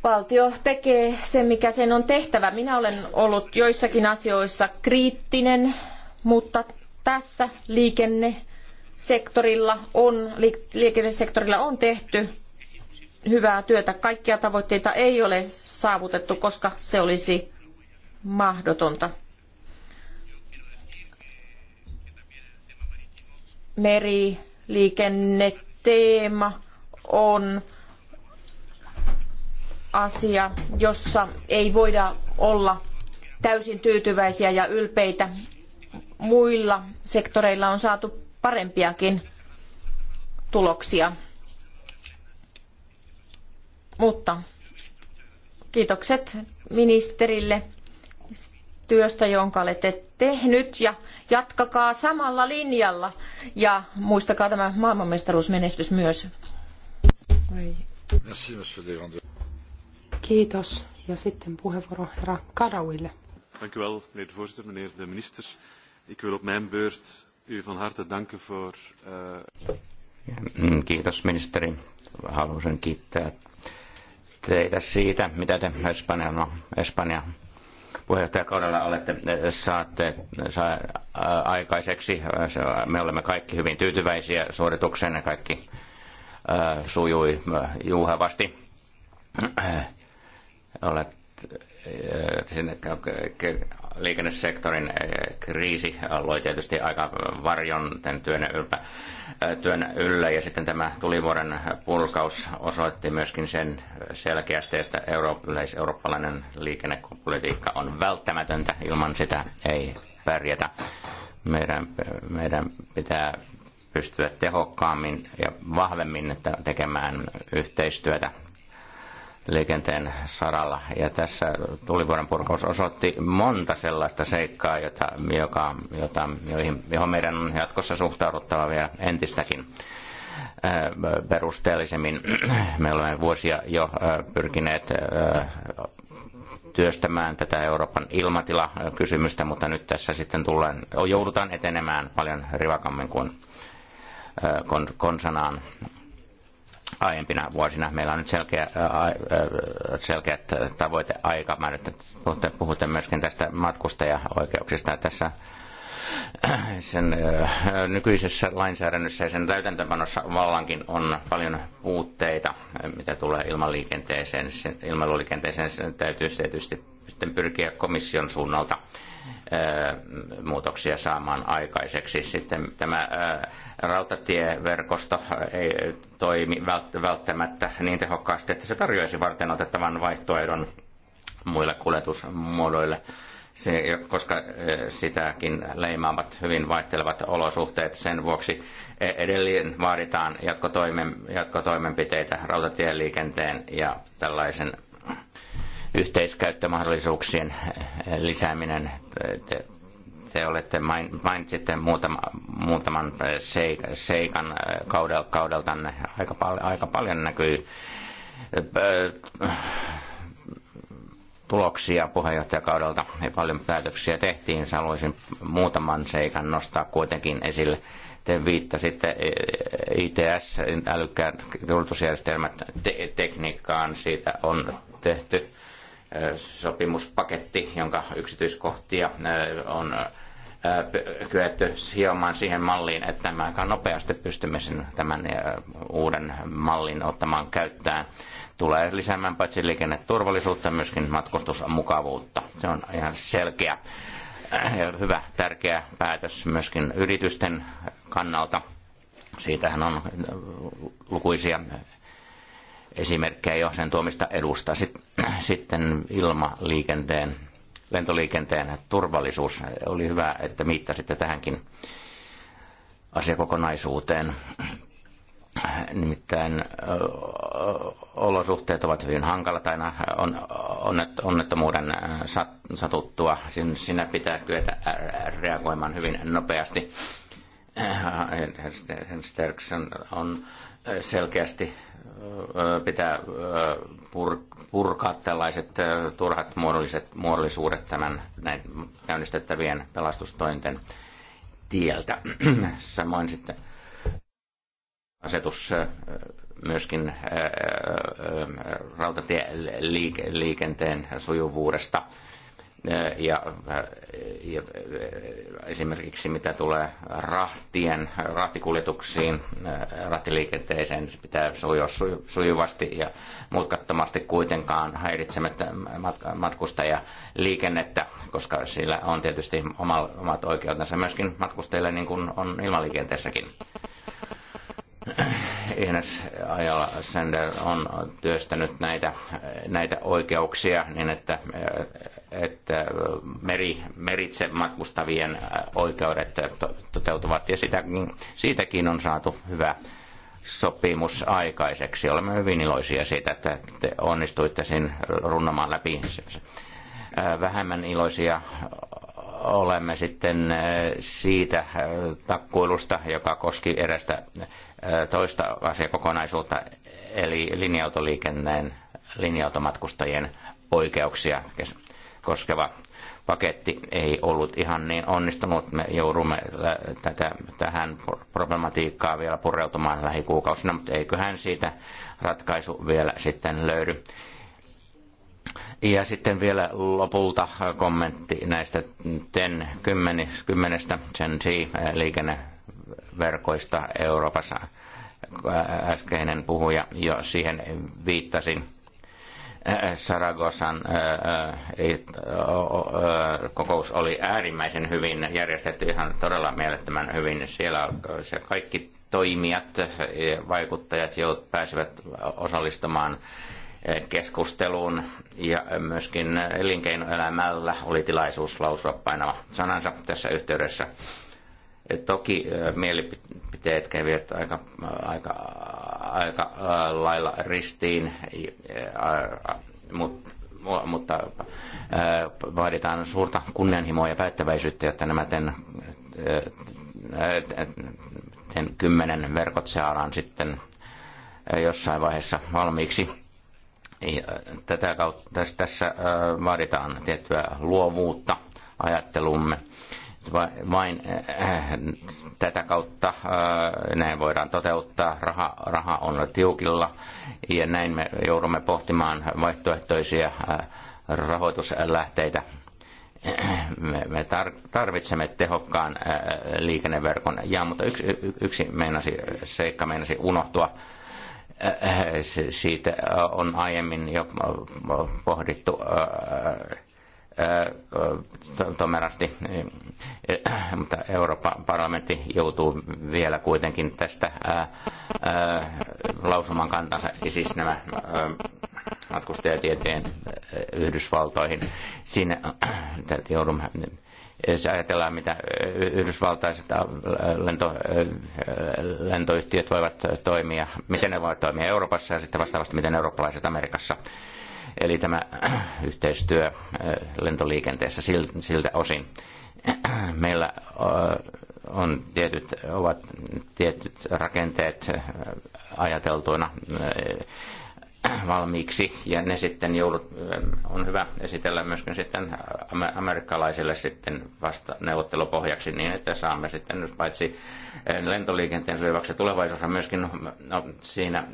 valtio tekee sen, mikä sen on tehtävä. Minä olen ollut joissakin asioissa kriittinen, mutta tässä sektorilla on, liikennesektorilla on tehty hyvää työtä. Kaikkia tavoitteita ei ole saavutettu, koska se olisi mahdotonta. Meriliikenneteema on asia, jossa ei voida olla täysin tyytyväisiä ja ylpeitä. Muilla sektoreilla on saatu parempiakin tuloksia. Mutta kiitokset ministerille työstä, jonka olette tehnyt ja jatkakaa samalla linjalla ja muistakaa tämä maailmanmestaruusmenestys myös. Kiitos. Ja sitten puheenvuoro herra Karauille. Dank u wel, meneer de voorzitter, meneer de minister. Ik wil op mijn beurt u van harte danken voor... Uh... Kiitos ministeri. Haluaisin kiittää teitä siitä, mitä te Espanja, no, puheenjohtajakaudella olette eh, saatte saa, ää, eh, aikaiseksi. Me olemme kaikki hyvin tyytyväisiä suoritukseen ja kaikki ää, eh, sujui ää, juuhavasti. Olet sinne liikennesektorin eh, kriisi loi tietysti aika varjon tämän työn, ylpä, eh, työn yllä. Ja sitten tämä tulivuoren purkaus osoitti myöskin sen selkeästi, että eurooppalainen yleiseurooppalainen liikennepolitiikka on välttämätöntä. Ilman sitä ei pärjätä. Meidän, meidän pitää pystyä tehokkaammin ja vahvemmin tekemään yhteistyötä liikenteen saralla. Ja tässä tulivuoren purkaus osoitti monta sellaista seikkaa, jota, joka, jota, joihin, johon meidän on jatkossa suhtauduttava vielä entistäkin äh, perusteellisemmin. Me olemme vuosia jo äh, pyrkineet äh, työstämään tätä Euroopan ilmatilakysymystä, mutta nyt tässä sitten tullaan, joudutaan etenemään paljon rivakammin kuin konsanaan. Kon aiempina vuosina. Meillä on nyt selkeä, selkeät tavoiteaika. Mä nyt puhutte, puhutte myöskin tästä matkustajaoikeuksista tässä sen nykyisessä lainsäädännössä ja sen täytäntöpanossa vallankin on paljon puutteita, mitä tulee ilmaliikenteeseen. Ilmailuliikenteeseen sen täytyy tietysti sitten pyrkiä komission suunnalta muutoksia saamaan aikaiseksi. Sitten tämä rautatieverkosto ei toimi välttämättä niin tehokkaasti, että se tarjoaisi varten otettavan vaihtoehdon muille kuljetusmuodoille. Se, koska sitäkin leimaavat hyvin vaihtelevat olosuhteet. Sen vuoksi edelleen vaaditaan jatkotoimen, jatkotoimenpiteitä rautatieliikenteen ja tällaisen yhteiskäyttömahdollisuuksien eh, lisääminen. Te, te olette main, mainitsitte muutama, muutaman eh, seikan eh, kaudel, kaudeltanne. Aika, pal- aika paljon näkyy tuloksia puheenjohtajakaudelta ja paljon päätöksiä tehtiin. Haluaisin muutaman seikan nostaa kuitenkin esille. Te viittasitte ITS, älykkäät kulutusjärjestelmät, te- tekniikkaan, siitä on tehty sopimuspaketti, jonka yksityiskohtia on kyetty hiomaan siihen malliin, että me aika nopeasti pystymme sen, tämän uuden mallin ottamaan käyttöön. Tulee lisäämään paitsi liikenneturvallisuutta, myöskin matkustusmukavuutta. Se on ihan selkeä ja hyvä, tärkeä päätös myöskin yritysten kannalta. Siitähän on lukuisia esimerkkejä jo sen tuomista edusta. Sitten ilmaliikenteen, lentoliikenteen turvallisuus. Oli hyvä, että mittasitte tähänkin asiakokonaisuuteen. Nimittäin olosuhteet ovat hyvin hankalat aina on, onnettomuuden satuttua. Sinä pitää kyetä reagoimaan hyvin nopeasti. Sterks on, on selkeästi pitää purkaa tällaiset turhat muodolliset, muodollisuudet tämän näin käynnistettävien pelastustointen tieltä. Samoin sitten asetus myöskin rautatieliikenteen sujuvuudesta – ja, ja esimerkiksi mitä tulee rahtien, rahtikuljetuksiin, rahtiliikenteeseen, se pitää sujua sujuvasti ja mutkattomasti kuitenkaan häiritsemättä matkustajia liikennettä, koska sillä on tietysti omat oikeutensa myöskin matkustajille niin kuin on ilmaliikenteessäkin. Ines ajalla Sender on työstänyt näitä, näitä oikeuksia niin, että että meri, meritse matkustavien oikeudet toteutuvat ja sitä, mm, siitäkin on saatu hyvä sopimus aikaiseksi. Olemme hyvin iloisia siitä, että te onnistuitte siinä runnomaan läpi. Vähemmän iloisia olemme sitten siitä takkuilusta, joka koski erästä toista asiakokonaisuutta, eli linja-autoliikenteen linja-automatkustajien oikeuksia koskeva paketti ei ollut ihan niin onnistunut. Me joudumme tätä, tähän problematiikkaa vielä pureutumaan lähikuukausina, mutta eiköhän siitä ratkaisu vielä sitten löydy. Ja sitten vielä lopulta kommentti näistä TEN 10, 10 sen liikenneverkoista Euroopassa. Äskeinen puhuja jo siihen viittasin Saragosan kokous oli äärimmäisen hyvin järjestetty, ihan todella mielettömän hyvin. Siellä se kaikki toimijat, vaikuttajat pääsivät osallistumaan keskusteluun ja myöskin elinkeinoelämällä oli tilaisuus lausua painava sanansa tässä yhteydessä et toki mielipiteet kävivät aika, aika, aika lailla ristiin, mutta mutta vaaditaan suurta kunnianhimoa ja päättäväisyyttä, jotta nämä ten, ten kymmenen verkot saadaan sitten jossain vaiheessa valmiiksi. Tätä kautta tässä vaaditaan tiettyä luovuutta ajattelumme vain äh, tätä kautta äh, näin voidaan toteuttaa. Raha, raha on tiukilla ja näin me joudumme pohtimaan vaihtoehtoisia äh, rahoituslähteitä. Me tarvitsemme tehokkaan liikenneverkon. Ja, mutta yksi, yksi meinasi, seikka meinasi unohtua siitä on aiemmin jo pohdittu Äh, äh, tomerasti, äh, mutta Euroopan parlamentti joutuu vielä kuitenkin tästä lausuman kantansa, siis nämä matkustajatieteen Yhdysvaltoihin. Siinä joudumme jos ajatellaan, mitä yhdysvaltaiset lento, lentoyhtiöt voivat toimia, miten ne voivat toimia Euroopassa ja sitten vastaavasti, miten eurooppalaiset Amerikassa Eli tämä äh, yhteistyö äh, lentoliikenteessä siltä osin. Meillä äh, on tietyt, ovat tietyt rakenteet ajateltuina valmiiksi ja ne sitten joudut, on hyvä esitellä myöskin sitten amerikkalaisille sitten vasta neuvottelupohjaksi niin, että saamme sitten nyt paitsi lentoliikenteen suojaavaksi tulevaisuudessa myöskin no, siinä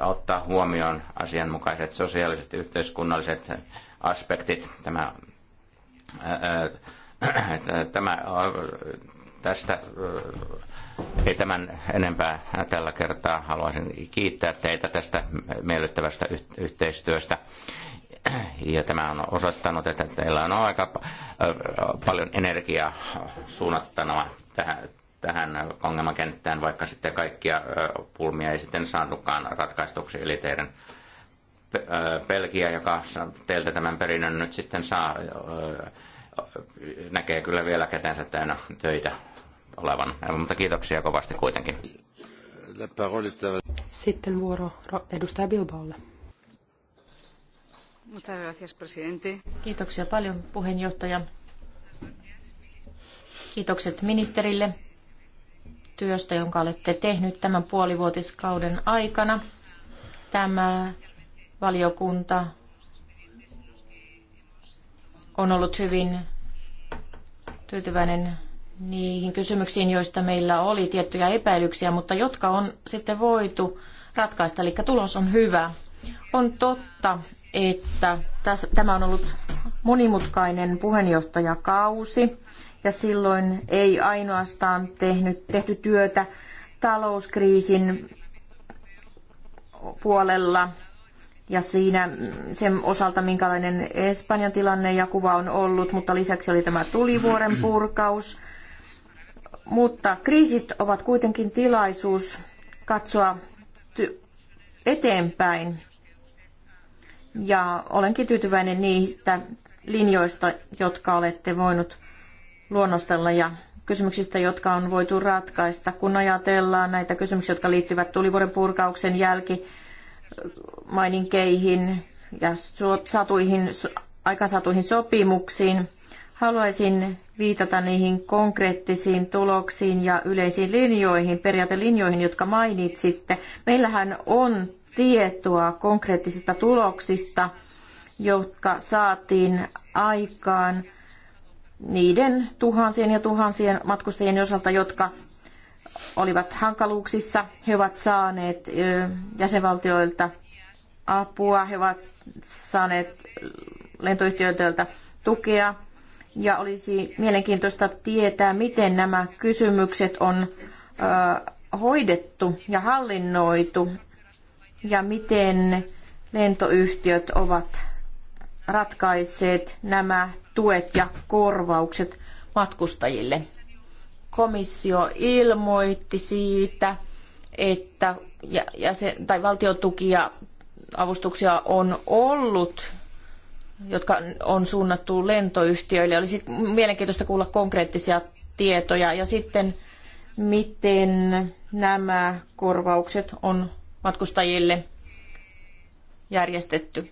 ottaa huomioon asianmukaiset sosiaaliset ja yhteiskunnalliset aspektit. Tämä, ää, äh, äh, tämä, äh, tästä ei tämän enempää tällä kertaa. Haluaisin kiittää teitä tästä miellyttävästä yhteistyöstä. Ja tämä on osoittanut, että teillä on aika paljon energiaa suunnattuna tähän tähän ongelmakenttään, vaikka sitten kaikkia pulmia ei sitten saanutkaan ratkaistuksi. Eli teidän Belgia, joka teiltä tämän perinnön nyt sitten saa, näkee kyllä vielä kätensä täynnä töitä olevan. Mutta kiitoksia kovasti kuitenkin. Sitten vuoro edustaja Bilbaolle. Kiitoksia paljon puheenjohtaja. Kiitokset ministerille työstä, jonka olette tehnyt tämän puolivuotiskauden aikana. Tämä valiokunta on ollut hyvin tyytyväinen niihin kysymyksiin, joista meillä oli tiettyjä epäilyksiä, mutta jotka on sitten voitu ratkaista, eli tulos on hyvä. On totta, että tämä on ollut monimutkainen puheenjohtajakausi ja silloin ei ainoastaan tehnyt, tehty työtä talouskriisin puolella ja siinä mm, sen osalta, minkälainen Espanjan tilanne ja kuva on ollut, mutta lisäksi oli tämä tulivuoren purkaus. Mutta kriisit ovat kuitenkin tilaisuus katsoa eteenpäin. Ja olenkin tyytyväinen niistä linjoista, jotka olette voinut luonnostella ja kysymyksistä, jotka on voitu ratkaista. Kun ajatellaan näitä kysymyksiä, jotka liittyvät tulivuoren purkauksen jälki, ja satuihin, aikasatuihin sopimuksiin, haluaisin viitata niihin konkreettisiin tuloksiin ja yleisiin linjoihin, periaatelinjoihin, jotka mainitsitte. Meillähän on tietoa konkreettisista tuloksista, jotka saatiin aikaan – niiden tuhansien ja tuhansien matkustajien osalta, jotka olivat hankaluuksissa. He ovat saaneet jäsenvaltioilta apua, he ovat saaneet lentoyhtiöiltä tukea. Ja olisi mielenkiintoista tietää, miten nämä kysymykset on hoidettu ja hallinnoitu ja miten lentoyhtiöt ovat ratkaisseet nämä tuet ja korvaukset matkustajille. Komissio ilmoitti siitä, että ja, ja se, tai valtiotukia avustuksia on ollut, jotka on suunnattu lentoyhtiöille. Olisi mielenkiintoista kuulla konkreettisia tietoja ja sitten miten nämä korvaukset on matkustajille järjestetty.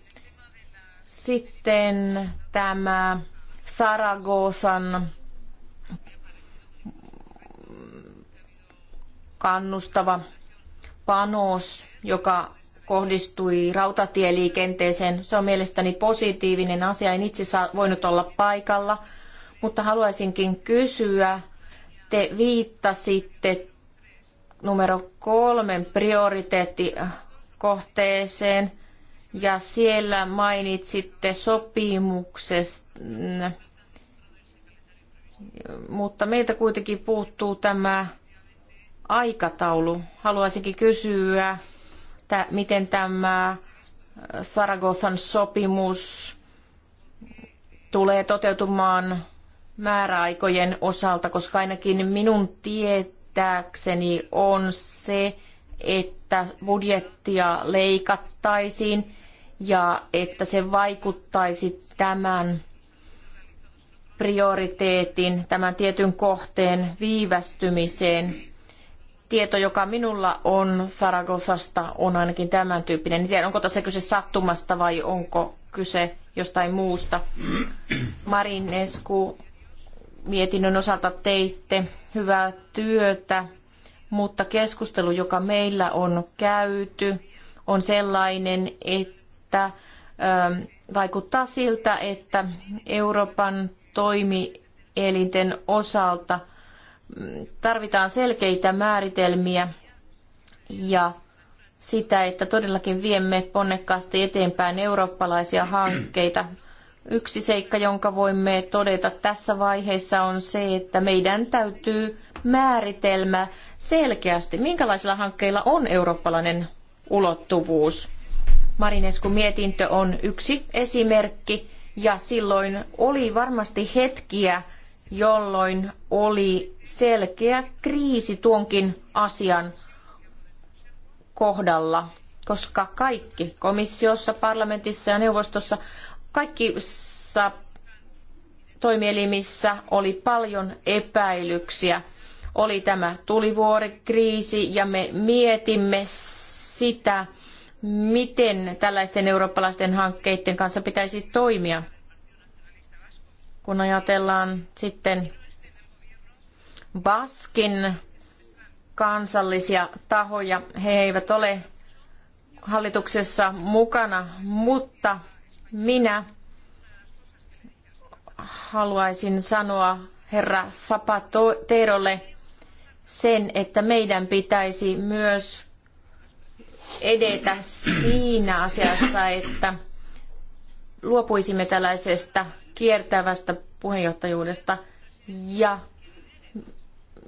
Sitten tämä Saragosan kannustava panos, joka kohdistui rautatieliikenteeseen. Se on mielestäni positiivinen asia. En itse saa, voinut olla paikalla, mutta haluaisinkin kysyä. Te viittasitte numero kolmen prioriteettikohteeseen – ja siellä mainitsitte sopimuksesta, mutta meiltä kuitenkin puuttuu tämä aikataulu. Haluaisinkin kysyä, että miten tämä Faragothan sopimus tulee toteutumaan määräaikojen osalta, koska ainakin minun tietääkseni on se, että budjettia leikattaisiin ja että se vaikuttaisi tämän prioriteetin, tämän tietyn kohteen viivästymiseen. Tieto, joka minulla on Zaragozasta, on ainakin tämän tyyppinen. En tiedä, onko tässä kyse sattumasta vai onko kyse jostain muusta. Marin Esku, mietinnön osalta teitte hyvää työtä mutta keskustelu, joka meillä on käyty, on sellainen, että ähm, vaikuttaa siltä, että Euroopan toimielinten osalta mm, tarvitaan selkeitä määritelmiä ja sitä, että todellakin viemme ponnekkaasti eteenpäin eurooppalaisia hankkeita. Yksi seikka, jonka voimme todeta tässä vaiheessa on se, että meidän täytyy määritelmä selkeästi, minkälaisilla hankkeilla on eurooppalainen ulottuvuus. Marineskun mietintö on yksi esimerkki ja silloin oli varmasti hetkiä, jolloin oli selkeä kriisi tuonkin asian kohdalla, koska kaikki komissiossa, parlamentissa ja neuvostossa Kaikissa toimielimissä oli paljon epäilyksiä. Oli tämä tulivuorikriisi ja me mietimme sitä, miten tällaisten eurooppalaisten hankkeiden kanssa pitäisi toimia. Kun ajatellaan sitten Baskin kansallisia tahoja, he eivät ole hallituksessa mukana, mutta minä haluaisin sanoa herra Zapaterolle sen, että meidän pitäisi myös edetä siinä asiassa, että luopuisimme tällaisesta kiertävästä puheenjohtajuudesta ja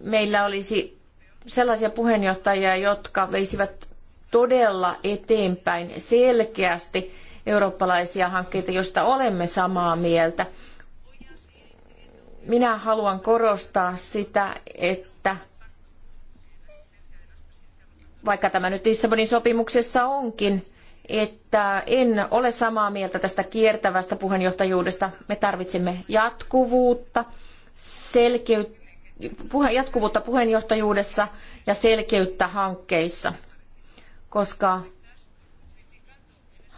meillä olisi sellaisia puheenjohtajia, jotka veisivät todella eteenpäin selkeästi eurooppalaisia hankkeita, joista olemme samaa mieltä. Minä haluan korostaa sitä, että vaikka tämä nyt Lissabonin sopimuksessa onkin, että en ole samaa mieltä tästä kiertävästä puheenjohtajuudesta. Me tarvitsemme jatkuvuutta, selkeyttä jatkuvuutta puheenjohtajuudessa ja selkeyttä hankkeissa, koska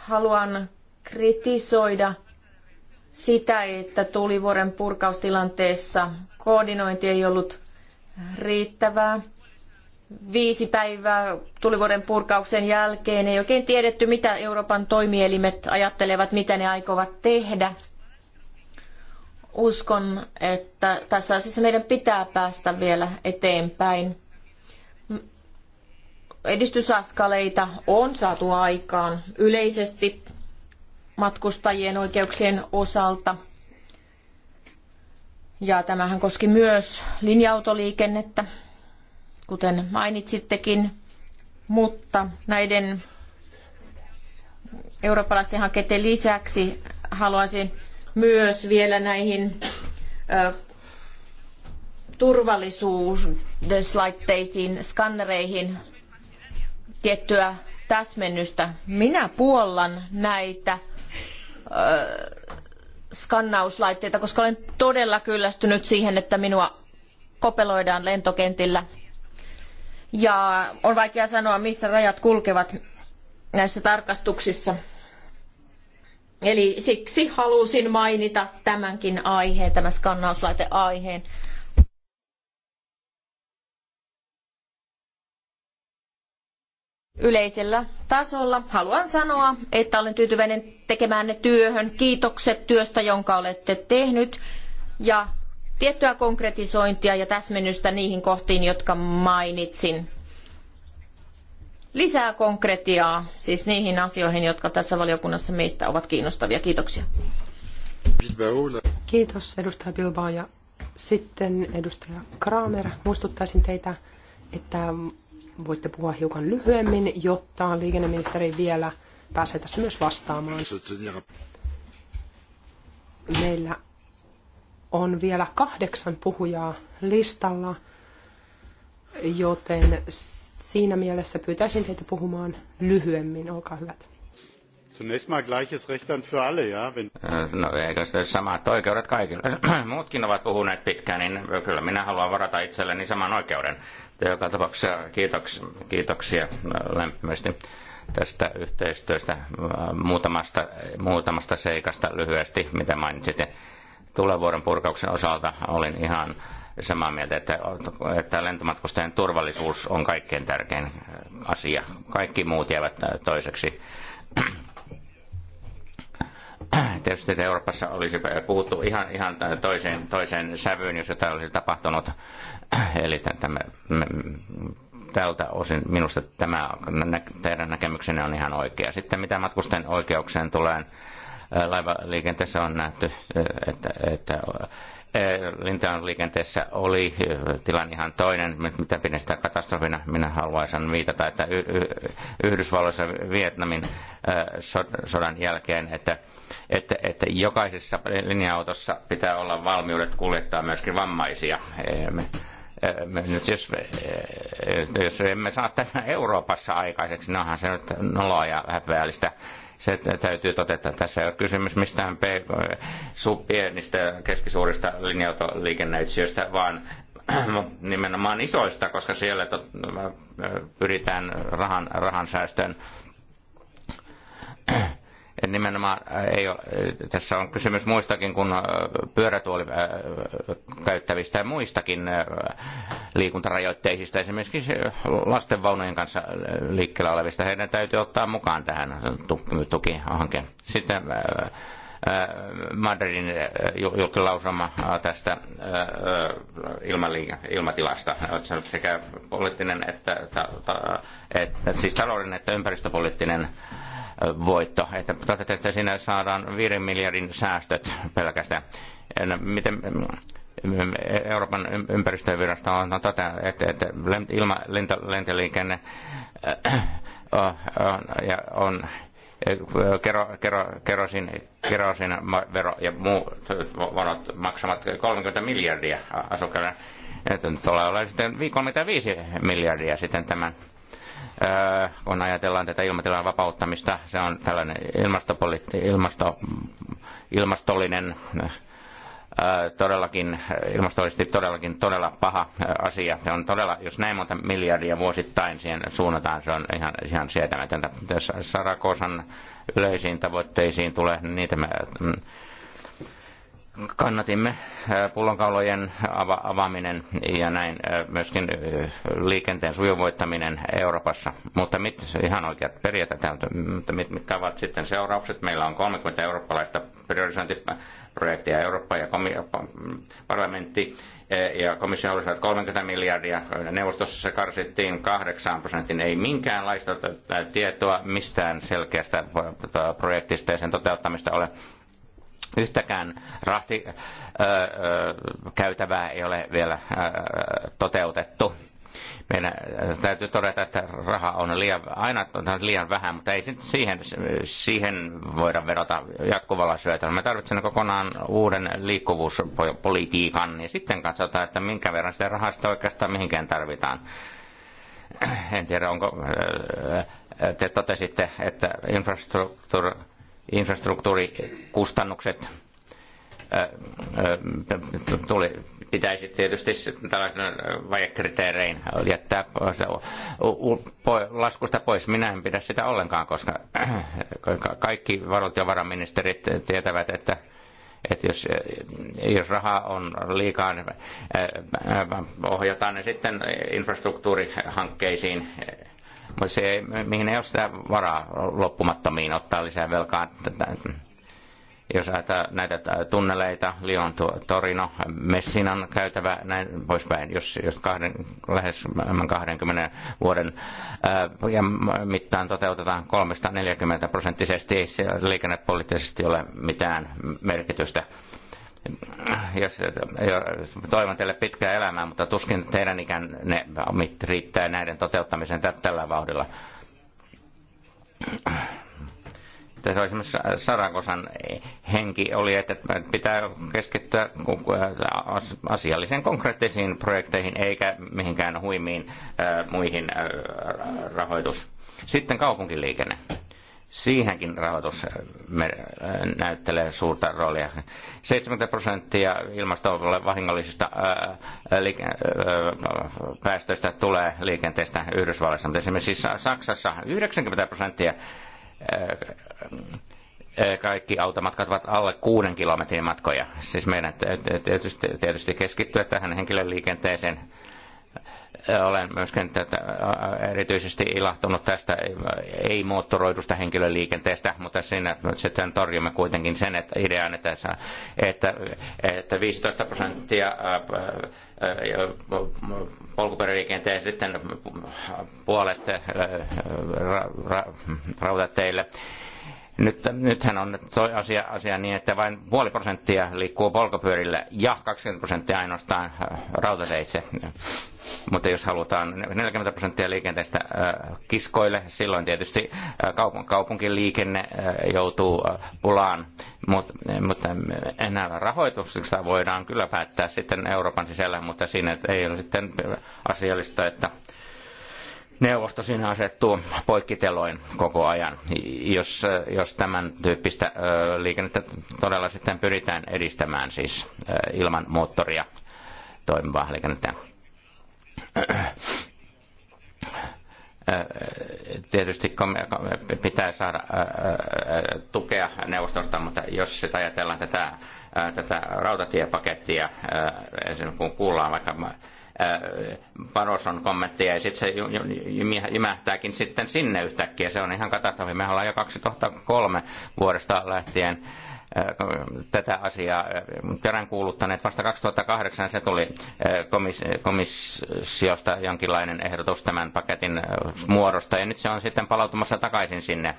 haluan kritisoida sitä, että tulivuoren purkaustilanteessa koordinointi ei ollut riittävää. Viisi päivää tulivuoren purkauksen jälkeen ei oikein tiedetty, mitä Euroopan toimielimet ajattelevat, mitä ne aikovat tehdä. Uskon, että tässä asiassa meidän pitää päästä vielä eteenpäin edistysaskaleita on saatu aikaan yleisesti matkustajien oikeuksien osalta. Ja tämähän koski myös linja-autoliikennettä, kuten mainitsittekin, mutta näiden eurooppalaisten hankkeiden lisäksi haluaisin myös vielä näihin ö, turvallisuuslaitteisiin, skannereihin tiettyä täsmennystä. Minä puollan näitä skannauslaitteita, koska olen todella kyllästynyt siihen, että minua kopeloidaan lentokentillä. Ja on vaikea sanoa, missä rajat kulkevat näissä tarkastuksissa. Eli siksi halusin mainita tämänkin aiheen, tämä skannauslaiteaiheen. aiheen Yleisellä tasolla haluan sanoa, että olen tyytyväinen tekemäänne työhön. Kiitokset työstä, jonka olette tehnyt ja tiettyä konkretisointia ja täsmennystä niihin kohtiin, jotka mainitsin. Lisää konkretiaa siis niihin asioihin, jotka tässä valiokunnassa meistä ovat kiinnostavia. Kiitoksia. Kiitos edustaja Bilbao ja sitten edustaja Kramer. Muistuttaisin teitä, että voitte puhua hiukan lyhyemmin, jotta liikenneministeri vielä pääsee tässä myös vastaamaan. Meillä on vielä kahdeksan puhujaa listalla, joten siinä mielessä pyytäisin teitä puhumaan lyhyemmin. Olkaa hyvät. Zunächst mal gleiches Recht dann für alle, ja? Wenn... Äh, no eikö se samat oikeudet kaikille? Muutkin ovat puhuneet pitkään, niin kyllä minä haluan varata itselleni saman oikeuden. Ja joka tapauksessa kiitoksia, kiitoksia äh, lämpimästi tästä yhteistyöstä äh, muutamasta, muutamasta seikasta lyhyesti, mitä mainitsit. Tulevuoden purkauksen osalta olin ihan samaa mieltä, että, että lentomatkustajien turvallisuus on kaikkein tärkein äh, asia. Kaikki muut jäävät toiseksi. Tietysti että Euroopassa olisi puhuttu ihan, ihan toiseen, toiseen sävyyn, jos jotain olisi tapahtunut Eli tämä, me, tältä osin minusta tämä teidän näkemyksenne on ihan oikea. Sitten mitä matkusten oikeuksien tulee, laivaliikenteessä on nähty, että, että Lintaan liikenteessä oli tilanne ihan toinen, mitä pidän sitä katastrofina. Minä haluaisin viitata, että Yhdysvalloissa Vietnamin sodan jälkeen, että, että, että jokaisessa linja-autossa pitää olla valmiudet kuljettaa myöskin vammaisia nyt jos, jos emme saa tätä Euroopassa aikaiseksi, niin onhan se nyt noloa ja häpeällistä. Se täytyy todeta. Tässä ei ole kysymys mistään pienistä keskisuurista linja autoliikenneitsijöistä vaan nimenomaan isoista, koska siellä pyritään rahan, rahan säästöön nimenomaan äh, ei ole, äh, tässä on kysymys muistakin kuin äh, pyörätuoli käyttävistä ja muistakin liikuntarajoitteisista, esimerkiksi lastenvaunujen kanssa liikkeellä olevista. Heidän täytyy ottaa mukaan tähän tukihanke. Sitten Madridin julkilausuma tästä ilmatilasta, sekä poliittinen että, että, että siis taloudellinen että ympäristöpoliittinen voitto, että totesi, että siinä saadaan 5 miljardin säästöt pelkästään. Miten Euroopan ympäristövirasto on no, tätä, että, että ilma, lentoliikenne äh, äh, ja on äh, kero, kero, kerosin, kerosin vero ja muut vanot maksamat 30 miljardia asukkaille. Tulee olla sitten 35 miljardia sitten tämän kun ajatellaan tätä ilmatilan vapauttamista. Se on tällainen ilmasto, ilmastollinen todellakin, ilmastollisesti todellakin todella paha asia. Se on todella, jos näin monta miljardia vuosittain siihen suunnataan, se on ihan, ihan sietämätöntä. Sarakosan yleisiin tavoitteisiin tulee, niin niitä me mm, kannatimme pullonkaulojen ava- avaaminen ja näin myöskin liikenteen sujuvoittaminen Euroopassa. Mutta mit, ihan oikeat periaatteet, mutta mit, mitkä ovat sitten seuraukset? Meillä on 30 eurooppalaista priorisointiprojektia Eurooppa ja parlamentti ja komissio olisivat 30 miljardia. Neuvostossa se karsittiin 8 prosentin. Ei minkäänlaista tietoa mistään selkeästä projektista ja sen toteuttamista ole Yhtäkään rahti käytävää ei ole vielä toteutettu meidän täytyy todeta, että raha on liian, aina on liian vähän, mutta ei siihen, siihen voida vedota jatkuvalla syötöllä. Me tarvitsemme kokonaan uuden liikkuvuuspolitiikan ja sitten katsotaan, että minkä verran sitä rahasta oikeastaan mihinkään tarvitaan. En tiedä, onko te totesitte, että infrastruktuuri infrastruktuurikustannukset tuli, pitäisi tietysti tällaisen vajekriteerein jättää laskusta pois. Minä en pidä sitä ollenkaan, koska kaikki valtiovarainministerit tietävät, että että jos, jos rahaa on liikaa, niin ohjataan ne sitten infrastruktuurihankkeisiin mutta se, mihin ei ole sitä varaa loppumattomiin ottaa lisää velkaa. Jos ajatellaan näitä tunneleita, Lyon Torino, Messinan käytävä, näin poispäin, jos, jos kahden, lähes 20 vuoden ää, mittaan toteutetaan 340 prosenttisesti, ei se liikennepoliittisesti ole mitään merkitystä ja, toivon teille pitkää elämää, mutta tuskin teidän ikänne riittää näiden toteuttamiseen tällä vauhdilla. Tässä oli esimerkiksi Sarakosan henki oli, että pitää keskittyä asiallisen konkreettisiin projekteihin eikä mihinkään huimiin muihin rahoitus. Sitten kaupunkiliikenne. Siihenkin rahoitus äh, äh, näyttelee suurta roolia. 70 prosenttia ilmastolle vahingollisista äh, päästöistä tulee liikenteestä Yhdysvalloissa, mutta esimerkiksi Saksassa 90 prosenttia kaikki automatkat ovat alle kuuden kilometrin matkoja. Siis meidän tietysti, tietysti keskittyä tähän henkilöliikenteeseen olen myöskin tätä, erityisesti ilahtunut tästä ei-moottoroidusta henkilöliikenteestä, mutta siinä sitten torjumme kuitenkin sen että idean, että, että, että 15 prosenttia polkuperäliikenteen sitten puolet ra, ra, rautateille. Ra, nyt, nythän on toi asia, asia niin, että vain puoli prosenttia liikkuu polkupyörillä ja 20 prosenttia ainoastaan äh, rautateitse. Mutta jos halutaan 40 prosenttia liikenteestä äh, kiskoille, silloin tietysti äh, kaup- kaupunkiliikenne joutuu pulaan. Mutta mut, näillä rahoituksista voidaan kyllä päättää sitten Euroopan sisällä, mutta siinä ei ole sitten asiallista, että neuvosto sinä asettuu poikkiteloin koko ajan, jos, eh, jos tämän tyyppistä eh, liikennettä todella sitten pyritään edistämään, siis eh, ilman moottoria toimivaa liikennettä. Tietysti pitää saada tukea neuvostosta, mutta jos sitä ajatellaan tätä, tätä rautatiepakettia, kun kuullaan vaikka Paroson äh, kommentteja ja sitten se jymähtääkin sitten sinne yhtäkkiä. Se on ihan katastrofi. Me ollaan jo 2003 vuodesta lähtien äh, tätä asiaa äh, kuuluttaneet Vasta 2008 se tuli komissiosta jonkinlainen ehdotus tämän paketin muodosta, ja nyt se on sitten palautumassa takaisin sinne.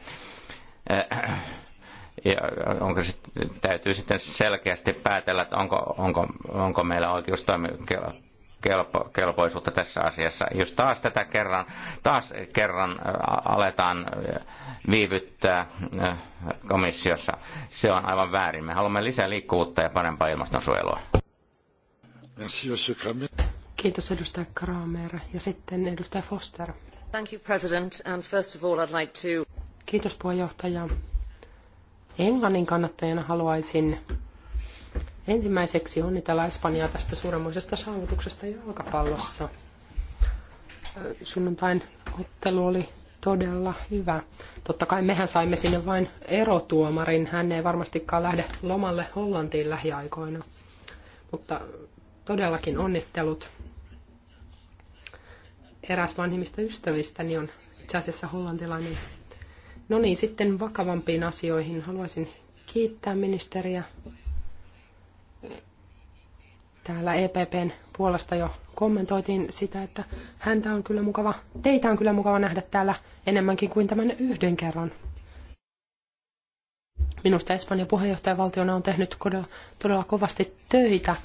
Ja onko sit, täytyy sitten selkeästi päätellä, että onko, onko, onko meillä oikeus toimia kelpo, kelpoisuutta tässä asiassa. Jos taas tätä kerran, taas kerran äh, aletaan äh, viivyttää äh, komissiossa, se on aivan väärin. Me haluamme lisää liikkuvuutta ja parempaa ilmastonsuojelua. Kiitos edustaja Kramer ja sitten edustaja Foster. Thank you, President, and first of all I'd like to... Kiitos puheenjohtaja. Englannin kannattajana haluaisin Ensimmäiseksi onnitella Espanjaa tästä suuremmoisesta saavutuksesta jalkapallossa. Sunnuntain ottelu oli todella hyvä. Totta kai mehän saimme sinne vain erotuomarin. Hän ei varmastikaan lähde lomalle Hollantiin lähiaikoina. Mutta todellakin onnittelut. Eräs vanhimmista ystävistäni on itse asiassa hollantilainen. No niin, sitten vakavampiin asioihin. Haluaisin kiittää ministeriä Täällä EPPn puolesta jo kommentoitiin sitä, että häntä on kyllä mukava, teitä on kyllä mukava nähdä täällä enemmänkin kuin tämän yhden kerran. Minusta Espanjan puheenjohtajavaltiona on tehnyt todella, todella kovasti töitä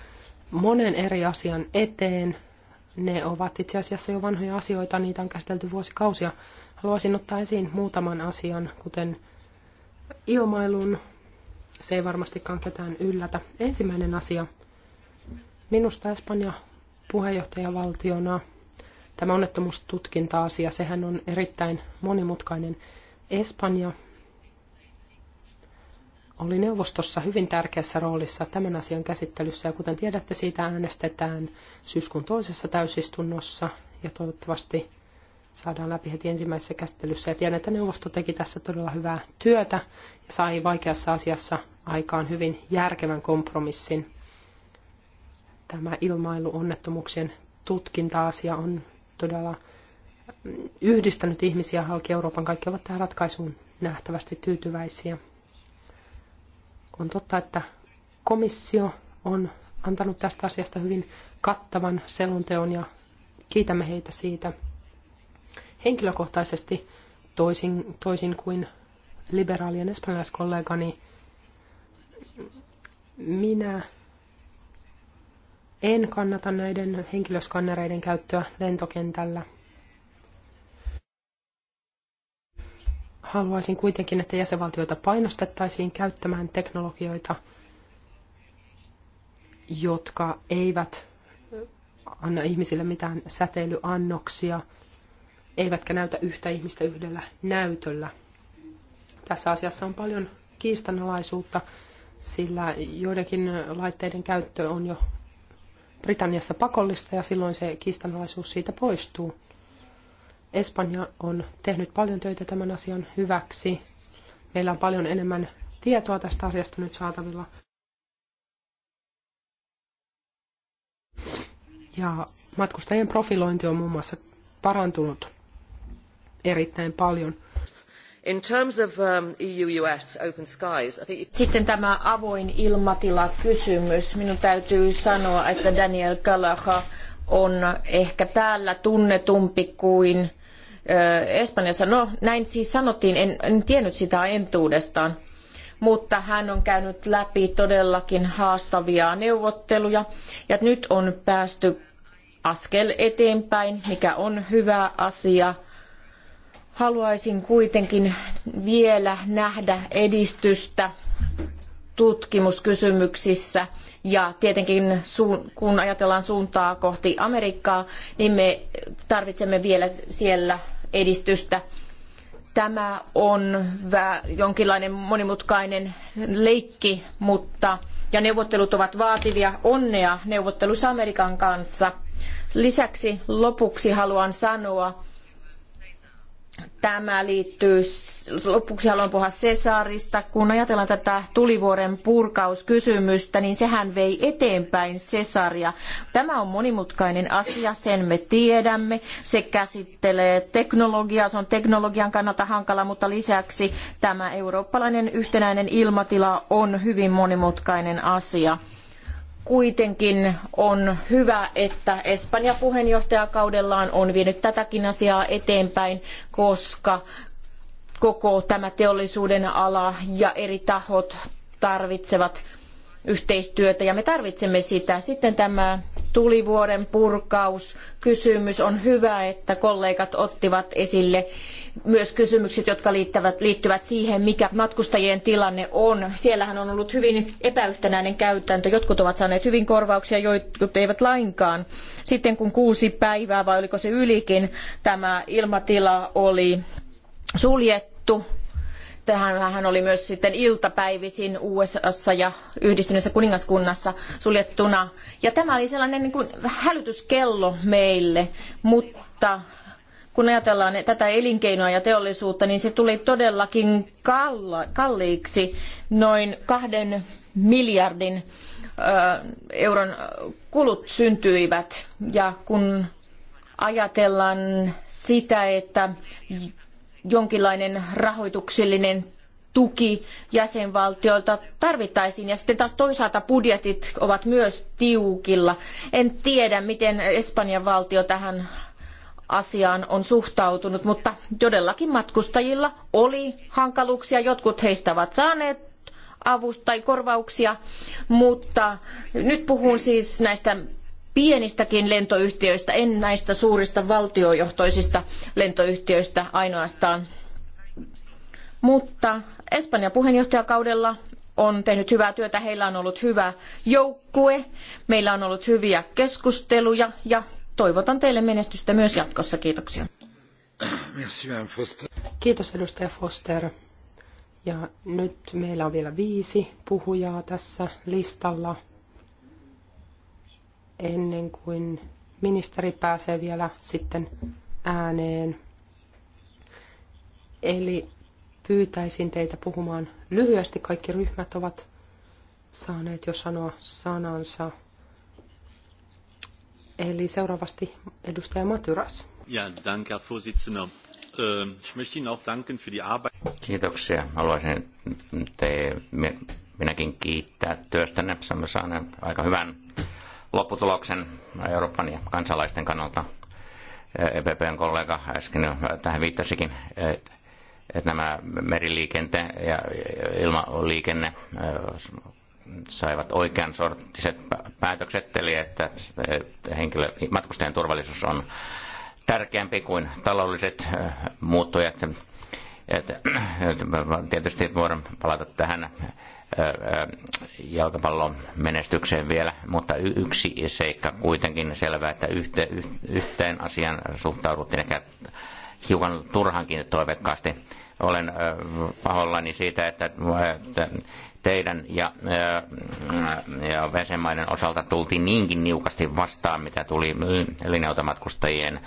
monen eri asian eteen. Ne ovat itse asiassa jo vanhoja asioita, niitä on käsitelty vuosikausia. Haluaisin ottaa esiin muutaman asian, kuten ilmailun. Se ei varmastikaan ketään yllätä. Ensimmäinen asia – Minusta Espanja puheenjohtajavaltiona tämä onnettomuustutkinta-asia, sehän on erittäin monimutkainen. Espanja oli neuvostossa hyvin tärkeässä roolissa tämän asian käsittelyssä ja kuten tiedätte, siitä äänestetään syyskuun toisessa täysistunnossa ja toivottavasti saadaan läpi heti ensimmäisessä käsittelyssä. Ja tiedän, että neuvosto teki tässä todella hyvää työtä ja sai vaikeassa asiassa aikaan hyvin järkevän kompromissin tämä ilmailuonnettomuuksien tutkinta-asia on todella mm, yhdistänyt ihmisiä halki Euroopan. Kaikki ovat tähän ratkaisuun nähtävästi tyytyväisiä. On totta, että komissio on antanut tästä asiasta hyvin kattavan selonteon ja kiitämme heitä siitä. Henkilökohtaisesti toisin, toisin kuin liberaalien espanjalaiskollegani, minä en kannata näiden henkilöskannereiden käyttöä lentokentällä. Haluaisin kuitenkin, että jäsenvaltioita painostettaisiin käyttämään teknologioita, jotka eivät anna ihmisille mitään säteilyannoksia, eivätkä näytä yhtä ihmistä yhdellä näytöllä. Tässä asiassa on paljon kiistanalaisuutta, sillä joidenkin laitteiden käyttö on jo Britanniassa pakollista ja silloin se kiistanalaisuus siitä poistuu. Espanja on tehnyt paljon töitä tämän asian hyväksi. Meillä on paljon enemmän tietoa tästä asiasta nyt saatavilla. Ja matkustajien profilointi on muun muassa parantunut erittäin paljon – In terms of um, EU-US open skies, I think... Sitten tämä avoin ilmatila kysymys. Minun täytyy sanoa, että Daniel Gallagher on ehkä täällä tunnetumpi kuin Espanjassa. No, näin siis sanottiin, en, en tiennyt sitä entuudestaan. Mutta hän on käynyt läpi todellakin haastavia neuvotteluja ja nyt on päästy askel eteenpäin, mikä on hyvä asia – Haluaisin kuitenkin vielä nähdä edistystä tutkimuskysymyksissä ja tietenkin kun ajatellaan suuntaa kohti Amerikkaa, niin me tarvitsemme vielä siellä edistystä. Tämä on jonkinlainen monimutkainen leikki, mutta ja neuvottelut ovat vaativia. Onnea neuvottelussa Amerikan kanssa. Lisäksi lopuksi haluan sanoa, Tämä liittyy, lopuksi haluan puhua Cesarista. Kun ajatellaan tätä tulivuoren purkauskysymystä, niin sehän vei eteenpäin Cesaria. Tämä on monimutkainen asia, sen me tiedämme. Se käsittelee teknologiaa, se on teknologian kannalta hankala, mutta lisäksi tämä eurooppalainen yhtenäinen ilmatila on hyvin monimutkainen asia kuitenkin on hyvä, että Espanja puheenjohtajakaudellaan on vienyt tätäkin asiaa eteenpäin, koska koko tämä teollisuuden ala ja eri tahot tarvitsevat yhteistyötä ja me tarvitsemme sitä. Sitten tämä tulivuoren purkaus kysymys. On hyvä, että kollegat ottivat esille myös kysymykset, jotka liittyvät, liittyvät siihen, mikä matkustajien tilanne on. Siellähän on ollut hyvin epäyhtenäinen käytäntö. Jotkut ovat saaneet hyvin korvauksia, jotkut eivät lainkaan. Sitten kun kuusi päivää vai oliko se ylikin, tämä ilmatila oli suljettu tähän hän oli myös sitten iltapäivisin USAssa ja yhdistyneessä kuningaskunnassa suljettuna. Ja tämä oli sellainen niin kuin hälytyskello meille, mutta kun ajatellaan tätä elinkeinoa ja teollisuutta, niin se tuli todellakin kalliiksi noin kahden miljardin euron kulut syntyivät. Ja kun ajatellaan sitä, että jonkinlainen rahoituksellinen tuki jäsenvaltioilta tarvittaisiin ja sitten taas toisaalta budjetit ovat myös tiukilla. En tiedä, miten Espanjan valtio tähän asiaan on suhtautunut, mutta todellakin matkustajilla oli hankaluuksia. Jotkut heistä ovat saaneet avusta tai korvauksia, mutta nyt puhun siis näistä pienistäkin lentoyhtiöistä, en näistä suurista valtiojohtoisista lentoyhtiöistä ainoastaan. Mutta Espanjan puheenjohtajakaudella on tehnyt hyvää työtä, heillä on ollut hyvä joukkue, meillä on ollut hyviä keskusteluja ja toivotan teille menestystä myös jatkossa. Kiitoksia. Kiitos edustaja Foster. Ja nyt meillä on vielä viisi puhujaa tässä listalla ennen kuin ministeri pääsee vielä sitten ääneen. Eli pyytäisin teitä puhumaan lyhyesti. Kaikki ryhmät ovat saaneet jo sanoa sanansa. Eli seuraavasti edustaja Matyras. Ja, danke, Herr ähm, Ich möchte Ihnen auch danken für die Arbeit. Kiitoksia. Haluaisin te, minäkin kiittää työstänne. Saamme saaneet aika hyvän lopputuloksen Euroopan ja kansalaisten kannalta. EPPn kollega äsken tähän viittasikin, että nämä meriliikenne ja ilmaliikenne äh, saivat oikean sorttiset päätökset, eli että henkilö, matkustajan turvallisuus on tärkeämpi kuin taloudelliset äh, muuttujat. tietysti voidaan palata tähän jalkapallon menestykseen vielä, mutta yksi seikka kuitenkin selvää, että yhteen asian suhtauduttiin ehkä hiukan turhankin toivekkaasti. Olen pahollani siitä, että teidän ja, ja vesemaiden osalta tultiin niinkin niukasti vastaan, mitä tuli linjautamatkustajien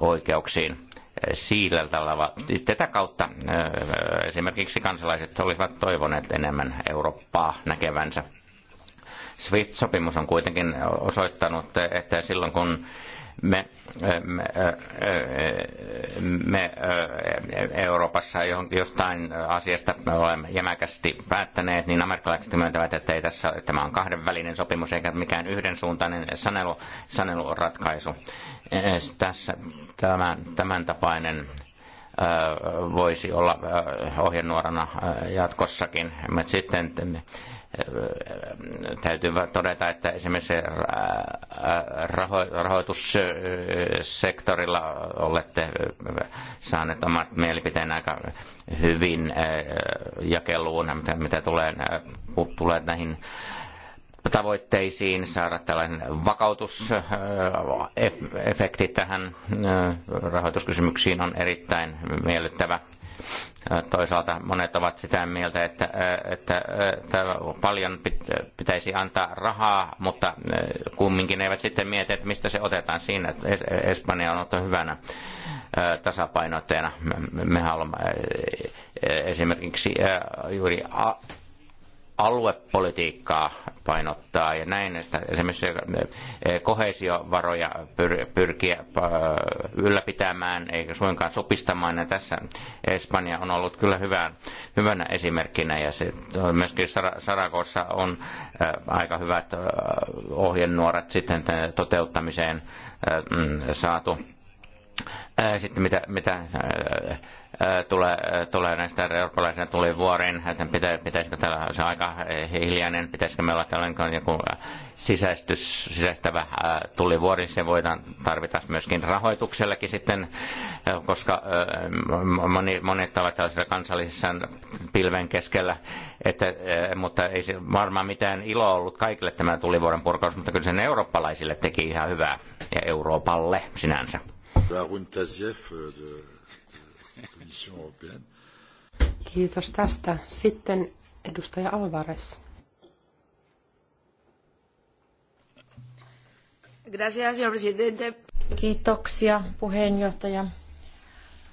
oikeuksiin siileltä oleva. Tätä kautta äh, esimerkiksi kansalaiset olisivat toivoneet enemmän Eurooppaa näkevänsä. SWIFT-sopimus on kuitenkin osoittanut, että silloin kun me, me, me Euroopassa jostain asiasta olemme jämäkästi päättäneet, niin amerikkalaiset myöntävät, että ei tässä, tämä on kahdenvälinen sopimus eikä mikään yhdensuuntainen sanelu, saneluratkaisu. Tässä tämän, tämän tapainen voisi olla ohjenuorana jatkossakin. sitten Täytyy todeta, että esimerkiksi rahoitussektorilla olette saaneet omat mielipiteen aika hyvin jakeluun, mitä tulee, tulee näihin tavoitteisiin saada tällainen vakautusefekti tähän rahoituskysymyksiin on erittäin miellyttävä Toisaalta monet ovat sitä mieltä, että, että, että paljon pitäisi antaa rahaa, mutta kumminkin eivät sitten mieti, että mistä se otetaan siinä. Espanja on ottanut hyvänä tasapainotteena. Me haluamme esimerkiksi juuri aluepolitiikkaa painottaa ja näin, että esimerkiksi eh, eh, kohesiovaroja pyrkiä eh, ylläpitämään eikä suinkaan supistamaan. Ja tässä Espanja on ollut kyllä hyvän, hyvänä esimerkkinä ja se, myöskin Sarakossa on aika hyvät ohjenuorat sitten toteuttamiseen mm, saatu. Sitten mitä, mitä tulee, tulee näistä eurooppalaisista tulivuoriin, että pitä, pitäisikö täällä, se aika hiljainen, pitäisikö me olla tällainen joku sisäistys, sisäistävä tulivuori, se voidaan tarvita myöskin rahoituksellekin sitten, koska moni, monet ovat tällaisissa kansallisissa pilven keskellä, että, mutta ei se varmaan mitään iloa ollut kaikille tämä tulivuoren purkaus, mutta kyllä sen eurooppalaisille teki ihan hyvää ja Euroopalle sinänsä. Arun Taziev de Kiitos tästä. Sitten edustaja Alvarez. Gracias, señor presidente. Kiitoksia, puheenjohtaja.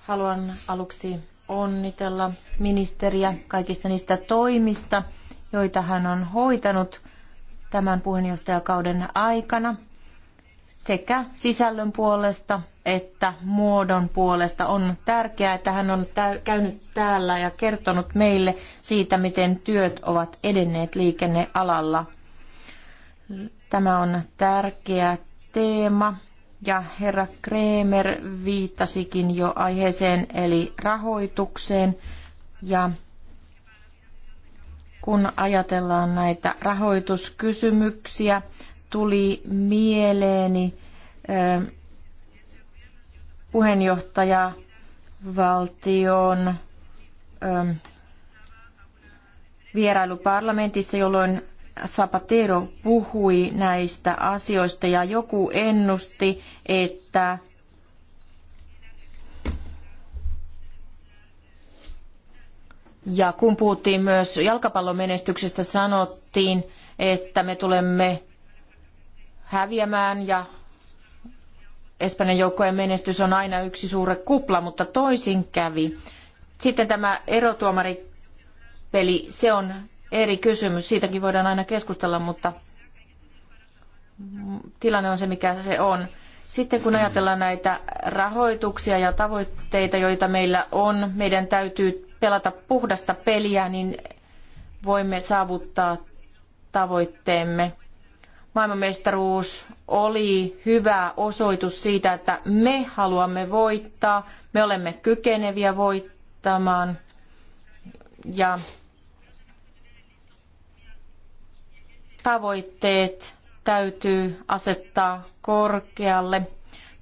Haluan aluksi onnitella ministeriä kaikista niistä toimista, joita hän on hoitanut tämän puheenjohtajakauden aikana sekä sisällön puolesta että muodon puolesta on tärkeää, että hän on käynyt täällä ja kertonut meille siitä, miten työt ovat edenneet liikennealalla. Tämä on tärkeä teema ja herra Kremer viittasikin jo aiheeseen eli rahoitukseen ja kun ajatellaan näitä rahoituskysymyksiä, tuli mieleeni puheenjohtaja valtion äm, vierailu parlamentissa, jolloin Zapatero puhui näistä asioista ja joku ennusti, että Ja kun puhuttiin myös jalkapallon menestyksestä, sanottiin, että me tulemme häviämään ja Espanjan joukkojen menestys on aina yksi suure kupla, mutta toisin kävi. Sitten tämä erotuomaripeli, se on eri kysymys. Siitäkin voidaan aina keskustella, mutta tilanne on se, mikä se on. Sitten kun ajatellaan näitä rahoituksia ja tavoitteita, joita meillä on, meidän täytyy pelata puhdasta peliä, niin voimme saavuttaa tavoitteemme maailmanmestaruus oli hyvä osoitus siitä, että me haluamme voittaa, me olemme kykeneviä voittamaan. Ja tavoitteet täytyy asettaa korkealle.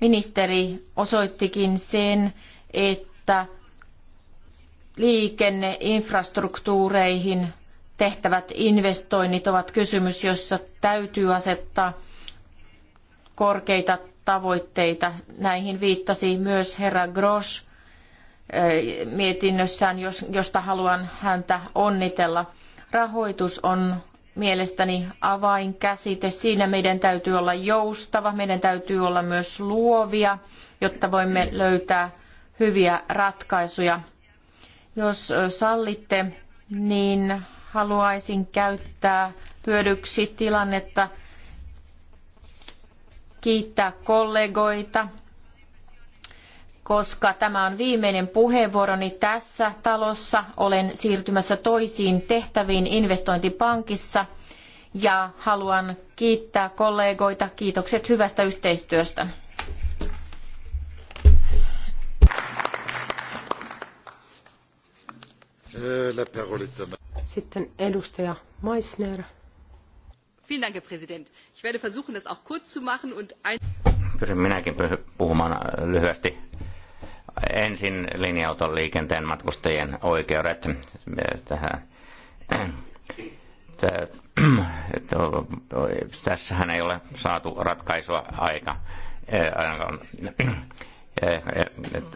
Ministeri osoittikin sen, että liikenneinfrastruktuureihin tehtävät investoinnit ovat kysymys, jossa täytyy asettaa korkeita tavoitteita. Näihin viittasi myös herra Grosch eh, mietinnössään, josta haluan häntä onnitella. Rahoitus on mielestäni avainkäsite. Siinä meidän täytyy olla joustava, meidän täytyy olla myös luovia, jotta voimme löytää hyviä ratkaisuja. Jos eh, sallitte, niin haluaisin käyttää hyödyksi tilannetta kiittää kollegoita, koska tämä on viimeinen puheenvuoroni tässä talossa. Olen siirtymässä toisiin tehtäviin investointipankissa ja haluan kiittää kollegoita. Kiitokset hyvästä yhteistyöstä. Sitten edustaja Meissner. Vielen Dank, Herr Präsident. Ich werde versuchen, das auch kurz zu machen und ein... Pyrin minäkin puhumaan äh, lyhyesti. Ensin linja-auton liikenteen matkustajien oikeudet. Tähän että äh, äh, tässähän ei ole saatu ratkaisua aika Eh, eh,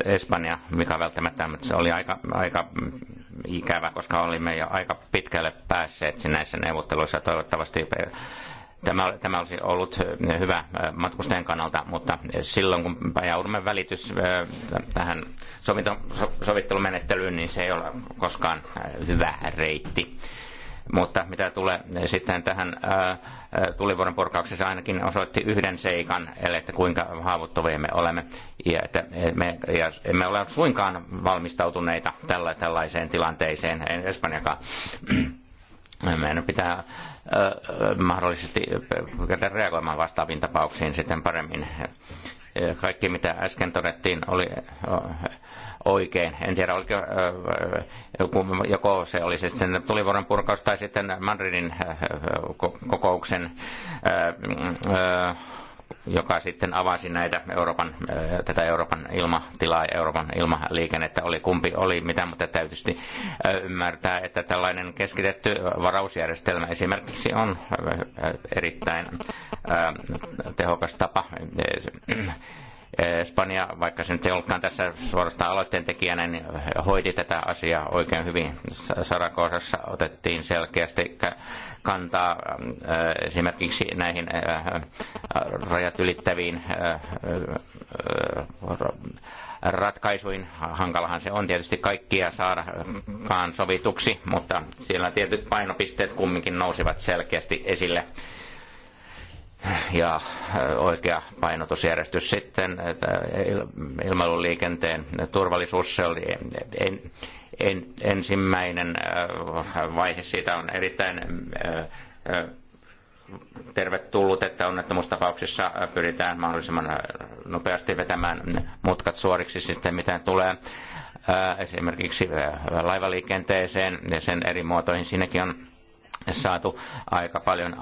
Espanja, mikä välttämättä se oli aika, aika ikävä, koska olimme jo aika pitkälle päässeet näissä neuvotteluissa. Toivottavasti eh, tämä, tämä olisi ollut hyvä matkustajan kannalta, mutta silloin kun joudumme välitys tähän sovittelumenettelyyn, niin se ei ole koskaan hyvä reitti. Mutta mitä tulee eh, sitten tähän tulivuoren purkaukseen, se ainakin osoitti yhden seikan, eli että kuinka haavoittuvia me olemme. Ja että eh, me ja emme ole suinkaan valmistautuneita tällä, tällaiseen tilanteeseen, en Espanjakaan. Meidän pitää mahdollisesti käydä reagoimaan vastaaviin tapauksiin sitten paremmin. Kaikki mitä äsken todettiin oli oikein. En tiedä, oliko, äh, äh, joko se oli siis sitten tulivuoren purkaus tai sitten Madridin äh, kokouksen joka sitten avasi näitä Euroopan, tätä Euroopan ilmatilaa ja Euroopan ilmaliikennettä, oli kumpi oli mitä, mutta täytyy ymmärtää, että tällainen keskitetty varausjärjestelmä esimerkiksi on erittäin tehokas tapa Eh, Espanja, vaikka se nyt ei ollutkaan tässä suorastaan aloitteen tekijänä, niin hoiti tätä asiaa oikein hyvin. Sarakosassa otettiin selkeästi kantaa eh, esimerkiksi näihin eh, rajat ylittäviin ratkaisuin. Hankalahan se on tietysti kaikkia saadakaan sovituksi, mutta siellä tietyt painopisteet kumminkin nousivat selkeästi esille ja oikea painotusjärjestys sitten, että ilmailuliikenteen turvallisuus, se oli en, en, ensimmäinen vaihe siitä on erittäin tervetullut, että onnettomuustapauksissa pyritään mahdollisimman nopeasti vetämään mutkat suoriksi sitten, mitä tulee esimerkiksi laivaliikenteeseen ja sen eri muotoihin. Siinäkin on saatu aika paljon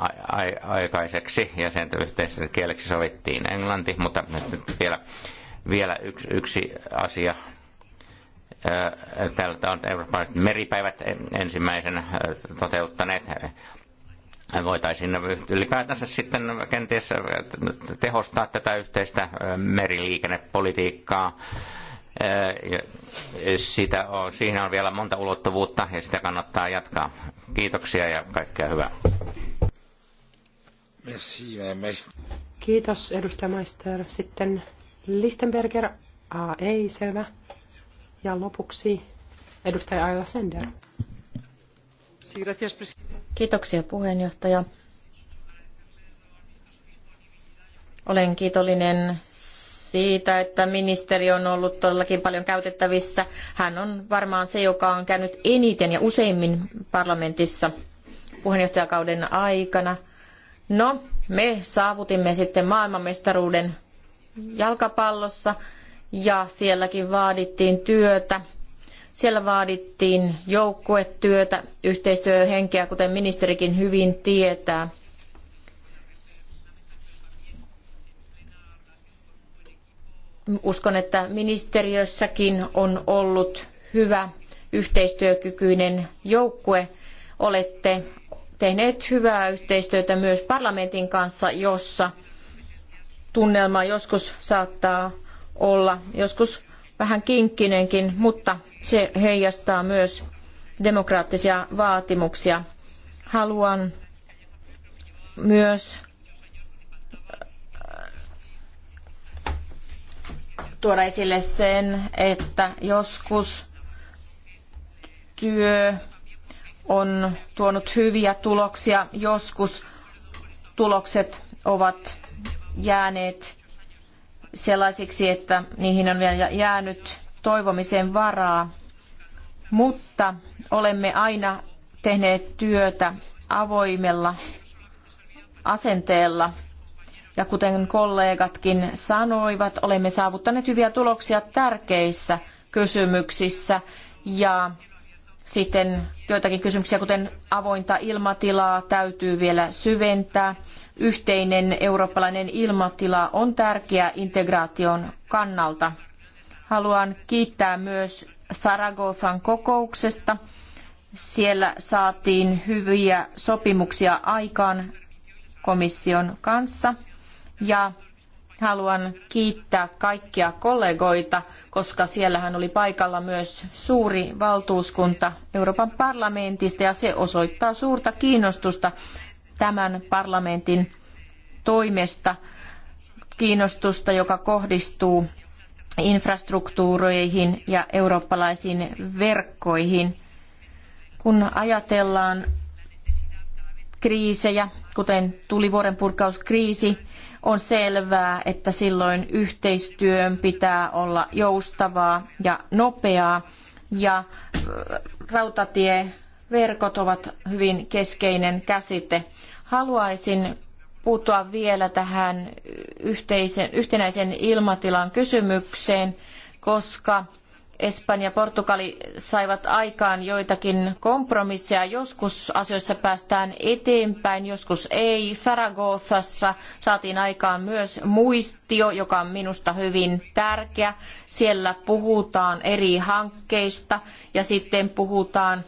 aikaiseksi ja sen yhteisessä kieleksi sovittiin englanti, mutta vielä, vielä yksi, yksi asia. Täällä on eurooppalaiset meripäivät ensimmäisen toteuttaneet voitaisiin ylipäätänsä sitten kenties tehostaa tätä yhteistä meriliikennepolitiikkaa sitä on, siinä on vielä monta ulottuvuutta ja sitä kannattaa jatkaa. Kiitoksia ja kaikkea hyvää. Kiitos edustaja Meister. Sitten Lichtenberger. A. ei, selvä. Ja lopuksi edustaja Aila Sender. Kiitoksia puheenjohtaja. Olen kiitollinen siitä, että ministeri on ollut todellakin paljon käytettävissä. Hän on varmaan se, joka on käynyt eniten ja useimmin parlamentissa puheenjohtajakauden aikana. No, me saavutimme sitten maailmanmestaruuden jalkapallossa ja sielläkin vaadittiin työtä. Siellä vaadittiin joukkuetyötä, yhteistyöhenkeä, kuten ministerikin hyvin tietää. Uskon, että ministeriössäkin on ollut hyvä yhteistyökykyinen joukkue. Olette tehneet hyvää yhteistyötä myös parlamentin kanssa, jossa tunnelma joskus saattaa olla, joskus vähän kinkkinenkin, mutta se heijastaa myös demokraattisia vaatimuksia. Haluan myös tuoda esille sen, että joskus työ on tuonut hyviä tuloksia, joskus tulokset ovat jääneet sellaisiksi, että niihin on vielä jäänyt toivomisen varaa. Mutta olemme aina tehneet työtä avoimella asenteella ja kuten kollegatkin sanoivat, olemme saavuttaneet hyviä tuloksia tärkeissä kysymyksissä ja sitten joitakin kysymyksiä, kuten avointa ilmatilaa, täytyy vielä syventää. Yhteinen eurooppalainen ilmatila on tärkeä integraation kannalta. Haluan kiittää myös Zaragozan kokouksesta. Siellä saatiin hyviä sopimuksia aikaan komission kanssa ja haluan kiittää kaikkia kollegoita, koska siellähän oli paikalla myös suuri valtuuskunta Euroopan parlamentista ja se osoittaa suurta kiinnostusta tämän parlamentin toimesta, kiinnostusta, joka kohdistuu infrastruktuureihin ja eurooppalaisiin verkkoihin. Kun ajatellaan kriisejä, kuten tulivuoren purkauskriisi, on selvää, että silloin yhteistyön pitää olla joustavaa ja nopeaa ja rautatieverkot ovat hyvin keskeinen käsite. Haluaisin puuttua vielä tähän yhteisen, yhtenäisen ilmatilan kysymykseen, koska Espanja ja Portugali saivat aikaan joitakin kompromisseja. Joskus asioissa päästään eteenpäin, joskus ei. Zaragothassa saatiin aikaan myös muistio, joka on minusta hyvin tärkeä. Siellä puhutaan eri hankkeista ja sitten puhutaan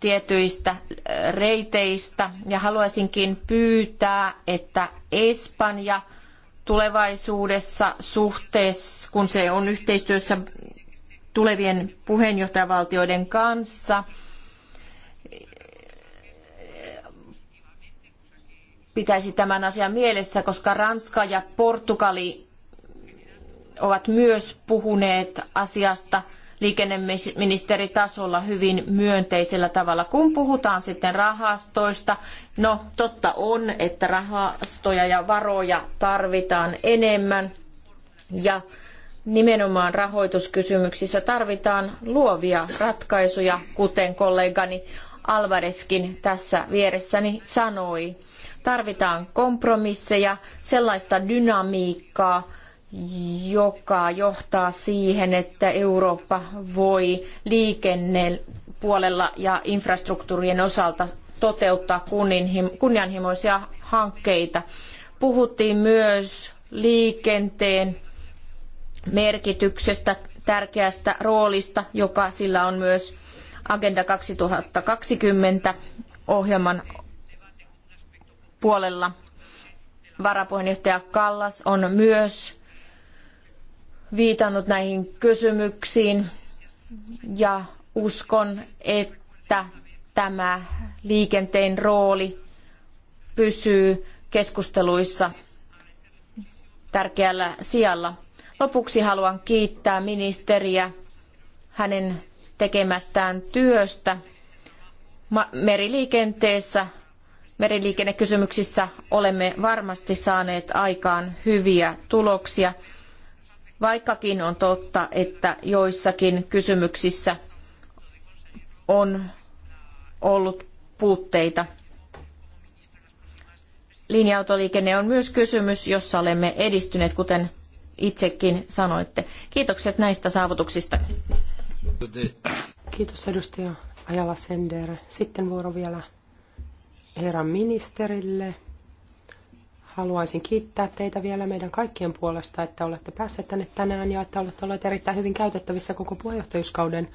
tietyistä äh, reiteistä. Ja haluaisinkin pyytää, että Espanja tulevaisuudessa suhteessa, kun se on yhteistyössä tulevien puheenjohtajavaltioiden kanssa. Pitäisi tämän asian mielessä, koska Ranska ja Portugali ovat myös puhuneet asiasta liikenneministeritasolla hyvin myönteisellä tavalla. Kun puhutaan sitten rahastoista, no totta on, että rahastoja ja varoja tarvitaan enemmän. Ja nimenomaan rahoituskysymyksissä tarvitaan luovia ratkaisuja, kuten kollegani Alvarezkin tässä vieressäni sanoi. Tarvitaan kompromisseja, sellaista dynamiikkaa, joka johtaa siihen, että Eurooppa voi liikennepuolella ja infrastruktuurien osalta toteuttaa kunnianhimoisia hankkeita. Puhuttiin myös liikenteen merkityksestä, tärkeästä roolista, joka sillä on myös Agenda 2020 ohjelman puolella. Varapuheenjohtaja Kallas on myös viitannut näihin kysymyksiin ja uskon, että tämä liikenteen rooli pysyy keskusteluissa tärkeällä sijalla. Lopuksi haluan kiittää ministeriä hänen tekemästään työstä meriliikenteessä. Meriliikennekysymyksissä olemme varmasti saaneet aikaan hyviä tuloksia, vaikkakin on totta, että joissakin kysymyksissä on ollut puutteita. Linja-autoliikenne on myös kysymys, jossa olemme edistyneet, kuten itsekin sanoitte. Kiitokset näistä saavutuksista. Kiitos edustaja Ajala Sender. Sitten vuoro vielä herran ministerille. Haluaisin kiittää teitä vielä meidän kaikkien puolesta, että olette päässeet tänne tänään ja että olette olleet erittäin hyvin käytettävissä koko puheenjohtajuuskauden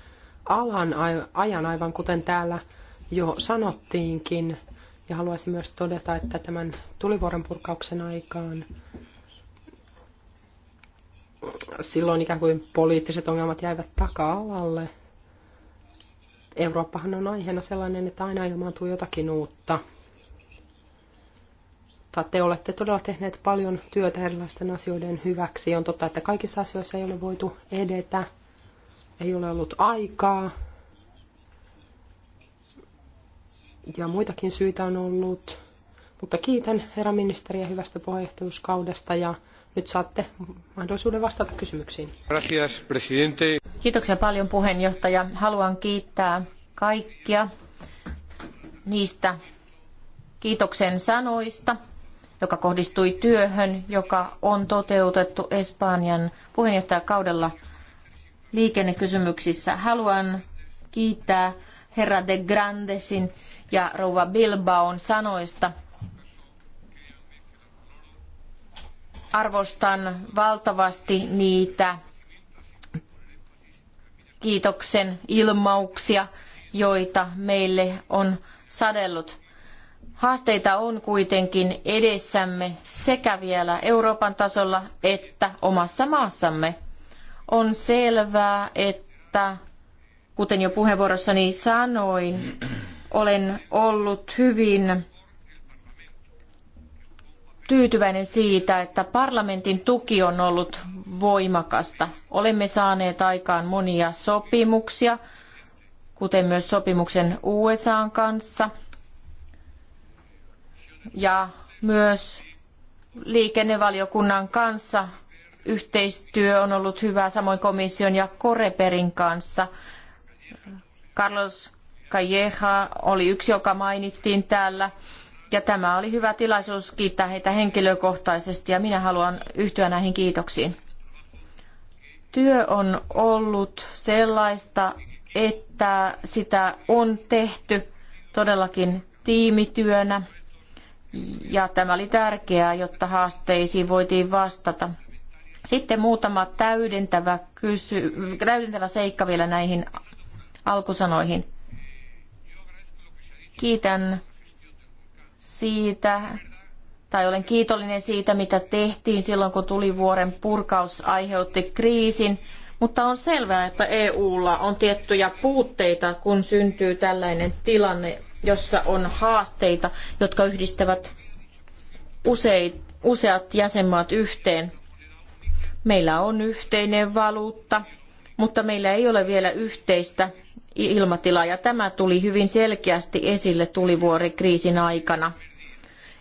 alan ajan, aivan kuten täällä jo sanottiinkin. Ja haluaisin myös todeta, että tämän tulivuoren purkauksen aikaan silloin ikään kuin poliittiset ongelmat jäivät taka-alalle. Eurooppahan on aiheena sellainen, että aina ilmaantuu jotakin uutta. Tai te olette todella tehneet paljon työtä erilaisten asioiden hyväksi. On totta, että kaikissa asioissa ei ole voitu edetä, ei ole ollut aikaa. Ja muitakin syitä on ollut. Mutta kiitän herra ministeriä hyvästä puheenjohtajuuskaudesta ja nyt saatte mahdollisuuden vastata kysymyksiin. Gracias, presidente. Kiitoksia paljon puheenjohtaja. Haluan kiittää kaikkia niistä kiitoksen sanoista, joka kohdistui työhön, joka on toteutettu Espanjan puheenjohtajakaudella liikennekysymyksissä. Haluan kiittää herra de Grandesin ja rouva Bilbaon sanoista arvostan valtavasti niitä kiitoksen ilmauksia, joita meille on sadellut. Haasteita on kuitenkin edessämme sekä vielä Euroopan tasolla että omassa maassamme. On selvää, että kuten jo puheenvuorossani sanoin, olen ollut hyvin tyytyväinen siitä, että parlamentin tuki on ollut voimakasta. Olemme saaneet aikaan monia sopimuksia, kuten myös sopimuksen USAn kanssa ja myös liikennevaliokunnan kanssa yhteistyö on ollut hyvää, samoin komission ja Koreperin kanssa. Carlos Calleja oli yksi, joka mainittiin täällä ja tämä oli hyvä tilaisuus kiittää heitä henkilökohtaisesti ja minä haluan yhtyä näihin kiitoksiin. Työ on ollut sellaista, että sitä on tehty todellakin tiimityönä ja tämä oli tärkeää, jotta haasteisiin voitiin vastata. Sitten muutama täydentävä, kysy, täydentävä seikka vielä näihin alkusanoihin. Kiitän siitä, tai olen kiitollinen siitä, mitä tehtiin silloin, kun tulivuoren purkaus aiheutti kriisin, mutta on selvää, että EUlla on tiettyjä puutteita, kun syntyy tällainen tilanne, jossa on haasteita, jotka yhdistävät useit, useat jäsenmaat yhteen. Meillä on yhteinen valuutta, mutta meillä ei ole vielä yhteistä ilmatila ja tämä tuli hyvin selkeästi esille tulivuorikriisin aikana.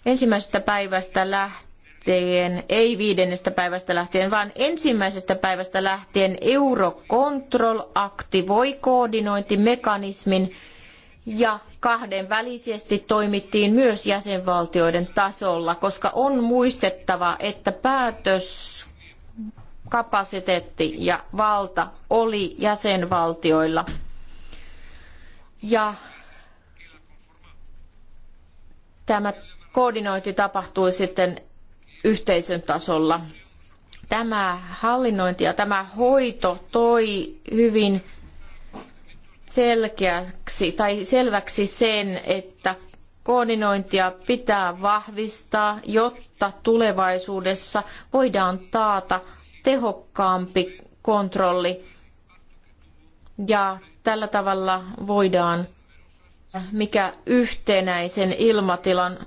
Ensimmäisestä päivästä lähtien, ei viidennestä päivästä lähtien, vaan ensimmäisestä päivästä lähtien Eurocontrol aktivoi koordinointimekanismin ja kahdenvälisesti toimittiin myös jäsenvaltioiden tasolla, koska on muistettava, että päätös kapasiteetti ja valta oli jäsenvaltioilla ja tämä koordinointi tapahtui sitten yhteisön tasolla. Tämä hallinnointi ja tämä hoito toi hyvin selkeäksi tai selväksi sen, että koordinointia pitää vahvistaa, jotta tulevaisuudessa voidaan taata tehokkaampi kontrolli ja Tällä tavalla voidaan, mikä yhtenäisen ilmatilan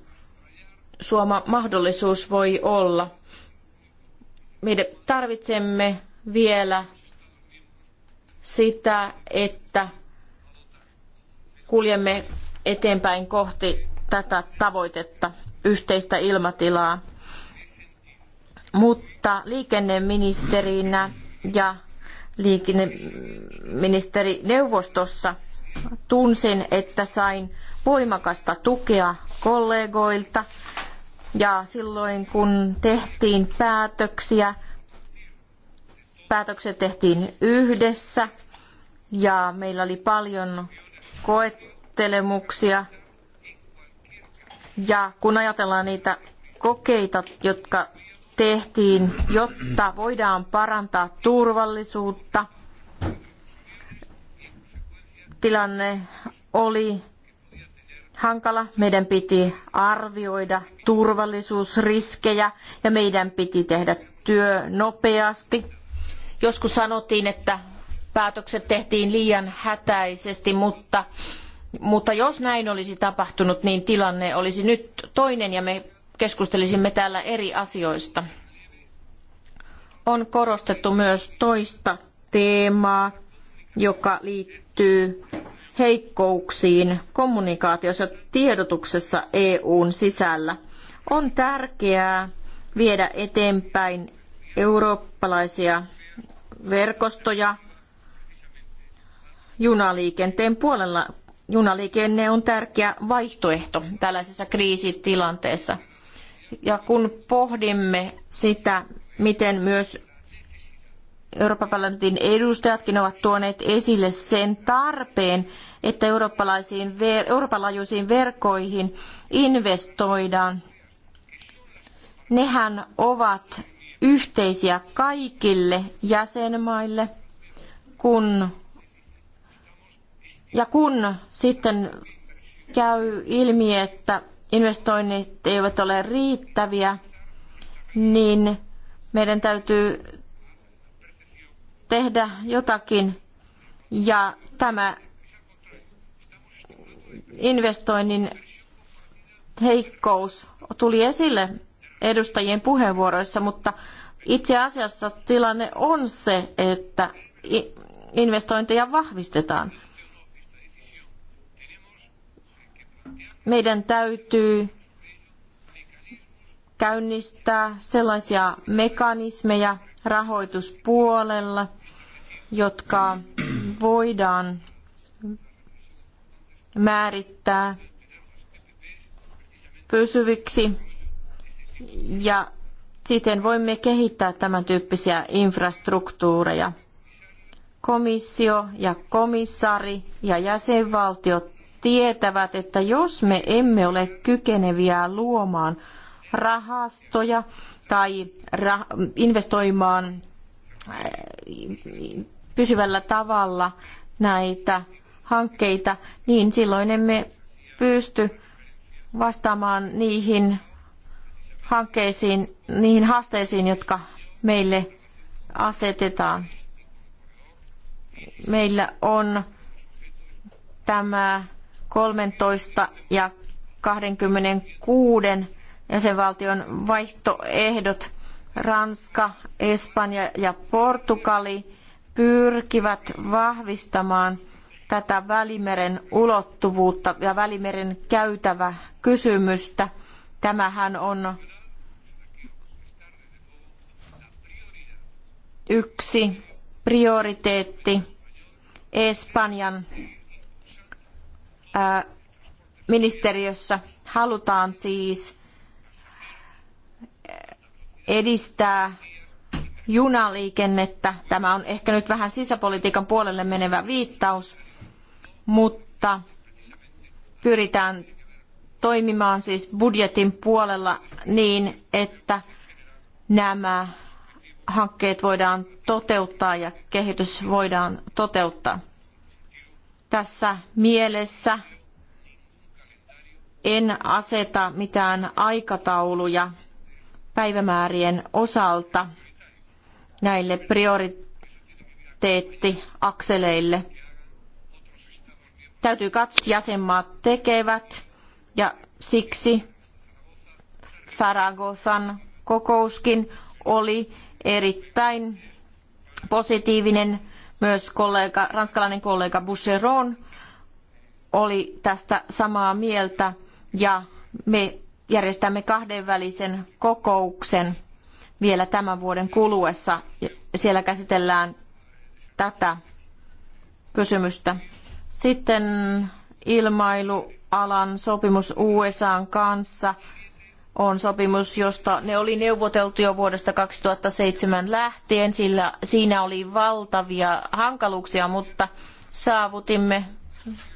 suoma mahdollisuus voi olla. Me tarvitsemme vielä sitä, että kuljemme eteenpäin kohti tätä tavoitetta, yhteistä ilmatilaa. Mutta liikenneministerinä ja liikenneministerineuvostossa tunsin, että sain voimakasta tukea kollegoilta ja silloin kun tehtiin päätöksiä, päätökset tehtiin yhdessä ja meillä oli paljon koettelemuksia. Ja kun ajatellaan niitä kokeita, jotka tehtiin, jotta voidaan parantaa turvallisuutta. Tilanne oli hankala. Meidän piti arvioida turvallisuusriskejä ja meidän piti tehdä työ nopeasti. Joskus sanottiin, että päätökset tehtiin liian hätäisesti, mutta, mutta jos näin olisi tapahtunut, niin tilanne olisi nyt toinen ja me keskustelisimme täällä eri asioista. On korostettu myös toista teemaa, joka liittyy heikkouksiin kommunikaatiossa ja tiedotuksessa EUn sisällä. On tärkeää viedä eteenpäin eurooppalaisia verkostoja junaliikenteen puolella. Junaliikenne on tärkeä vaihtoehto tällaisessa kriisitilanteessa. Ja kun pohdimme sitä, miten myös Euroopan parlamentin edustajatkin ovat tuoneet esille sen tarpeen, että eurooppalaisiin, Euroopan laajuisiin verkkoihin investoidaan. Nehän ovat yhteisiä kaikille jäsenmaille, kun, ja kun sitten käy ilmi, että investoinnit eivät ole riittäviä, niin meidän täytyy tehdä jotakin ja tämä investoinnin heikkous tuli esille edustajien puheenvuoroissa, mutta itse asiassa tilanne on se, että investointeja vahvistetaan. meidän täytyy käynnistää sellaisia mekanismeja rahoituspuolella, jotka voidaan määrittää pysyviksi ja siten voimme kehittää tämän tyyppisiä infrastruktuureja. Komissio ja komissari ja jäsenvaltiot tietävät, että jos me emme ole kykeneviä luomaan rahastoja tai investoimaan äh, pysyvällä tavalla näitä hankkeita, niin silloin emme pysty vastaamaan niihin hankkeisiin, niihin haasteisiin, jotka meille asetetaan. Meillä on tämä 13 ja 26 jäsenvaltion vaihtoehdot Ranska, Espanja ja Portugali pyrkivät vahvistamaan tätä Välimeren ulottuvuutta ja Välimeren käytävä kysymystä. Tämähän on yksi prioriteetti Espanjan ministeriössä halutaan siis edistää junaliikennettä. Tämä on ehkä nyt vähän sisäpolitiikan puolelle menevä viittaus, mutta pyritään toimimaan siis budjetin puolella niin, että nämä hankkeet voidaan toteuttaa ja kehitys voidaan toteuttaa. Tässä mielessä en aseta mitään aikatauluja päivämäärien osalta näille prioriteettiakseleille. Täytyy katsoa, jäsenmaat tekevät ja siksi Zaragozan kokouskin oli erittäin positiivinen myös kollega, ranskalainen kollega Boucheron oli tästä samaa mieltä ja me järjestämme kahdenvälisen kokouksen vielä tämän vuoden kuluessa. Siellä käsitellään tätä kysymystä. Sitten ilmailualan sopimus USAn kanssa on sopimus, josta ne oli neuvoteltu jo vuodesta 2007 lähtien, sillä siinä oli valtavia hankaluuksia, mutta saavutimme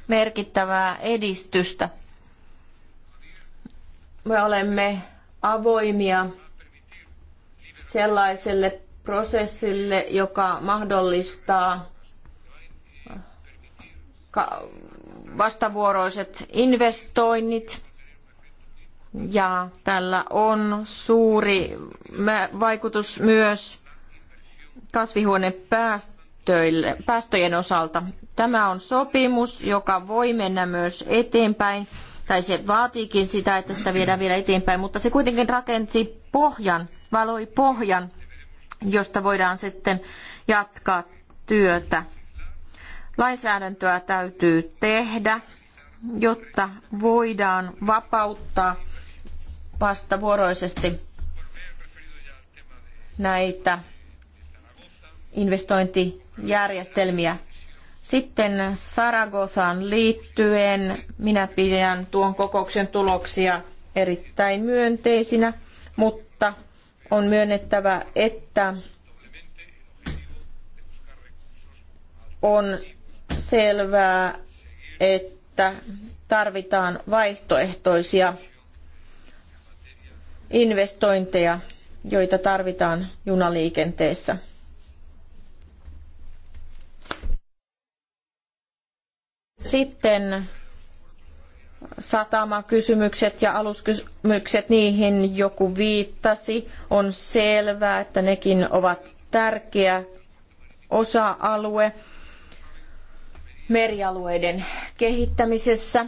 merkittävää edistystä. Me olemme avoimia sellaiselle prosessille, joka mahdollistaa vastavuoroiset investoinnit – ja tällä on suuri vaikutus myös kasvihuonepäästöjen osalta. Tämä on sopimus, joka voi mennä myös eteenpäin, tai se vaatiikin sitä, että sitä viedään vielä eteenpäin, mutta se kuitenkin rakensi pohjan, valoi pohjan, josta voidaan sitten jatkaa työtä. Lainsäädäntöä täytyy tehdä, jotta voidaan vapauttaa vastavuoroisesti näitä investointijärjestelmiä. Sitten Zaragozaan liittyen minä pidän tuon kokouksen tuloksia erittäin myönteisinä, mutta on myönnettävä, että on selvää, että tarvitaan vaihtoehtoisia investointeja, joita tarvitaan junaliikenteessä. Sitten satamakysymykset ja aluskysymykset, niihin joku viittasi. On selvää, että nekin ovat tärkeä osa-alue merialueiden kehittämisessä.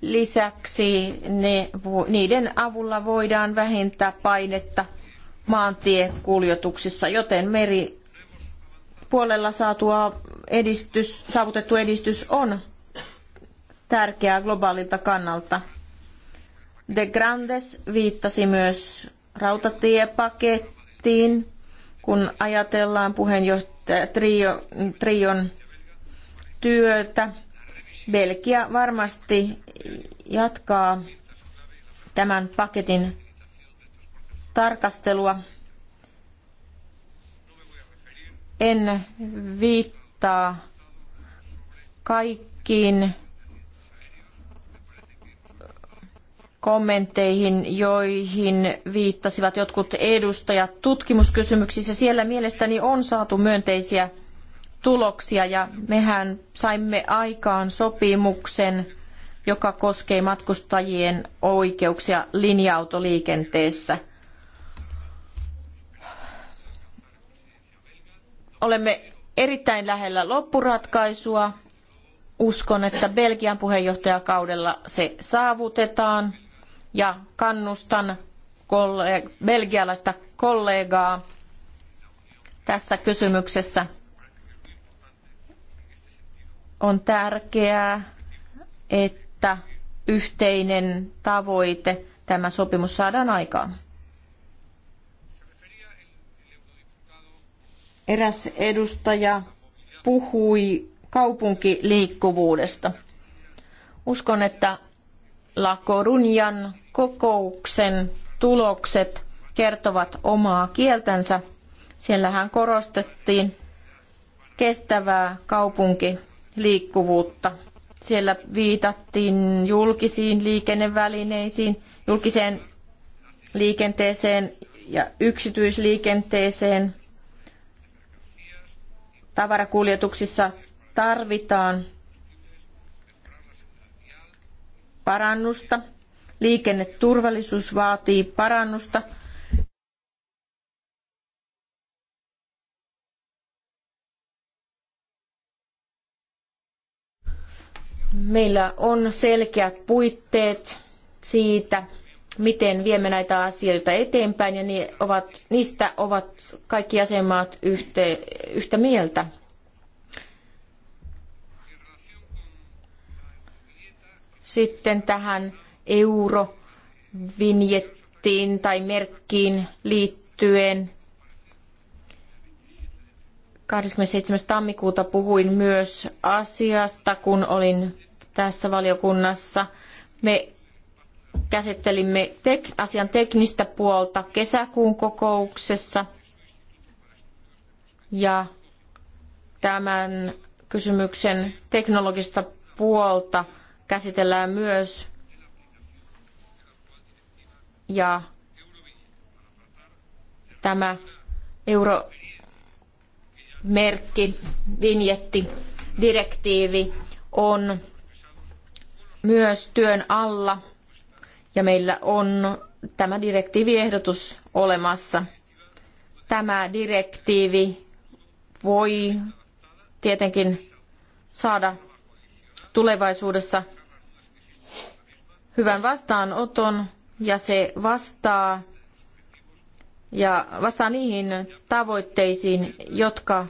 Lisäksi ne, niiden avulla voidaan vähentää painetta maantiekuljetuksissa, joten meripuolella saatua edistys, saavutettu edistys on tärkeää globaalilta kannalta. De Grandes viittasi myös rautatiepakettiin, kun ajatellaan puheenjohtaja trio, Trion työtä. Belgia varmasti jatkaa tämän paketin tarkastelua. En viittaa kaikkiin kommentteihin, joihin viittasivat jotkut edustajat tutkimuskysymyksissä. Siellä mielestäni on saatu myönteisiä tuloksia ja mehän saimme aikaan sopimuksen joka koskee matkustajien oikeuksia linja-autoliikenteessä. Olemme erittäin lähellä loppuratkaisua. Uskon, että Belgian puheenjohtajakaudella se saavutetaan ja kannustan kollega, belgialaista kollegaa tässä kysymyksessä. On tärkeää, että että yhteinen tavoite tämä sopimus saadaan aikaan. Eräs edustaja puhui kaupunkiliikkuvuudesta. Uskon, että La Corunian kokouksen tulokset kertovat omaa kieltänsä. Siellähän korostettiin kestävää kaupunkiliikkuvuutta siellä viitattiin julkisiin liikennevälineisiin, julkiseen liikenteeseen ja yksityisliikenteeseen. Tavarakuljetuksissa tarvitaan parannusta. Liikenneturvallisuus vaatii parannusta Meillä on selkeät puitteet siitä, miten viemme näitä asioita eteenpäin ja ne ovat, niistä ovat kaikki jäsenmaat yhtä mieltä. Sitten tähän eurovinjettiin tai merkkiin liittyen 27. tammikuuta puhuin myös asiasta, kun olin tässä valiokunnassa. Me käsittelimme tek- asian teknistä puolta kesäkuun kokouksessa ja tämän kysymyksen teknologista puolta käsitellään myös ja tämä euro merkki, vinjetti, direktiivi on myös työn alla ja meillä on tämä direktiiviehdotus olemassa. Tämä direktiivi voi tietenkin saada tulevaisuudessa hyvän vastaanoton ja se vastaa ja vastaa niihin tavoitteisiin, jotka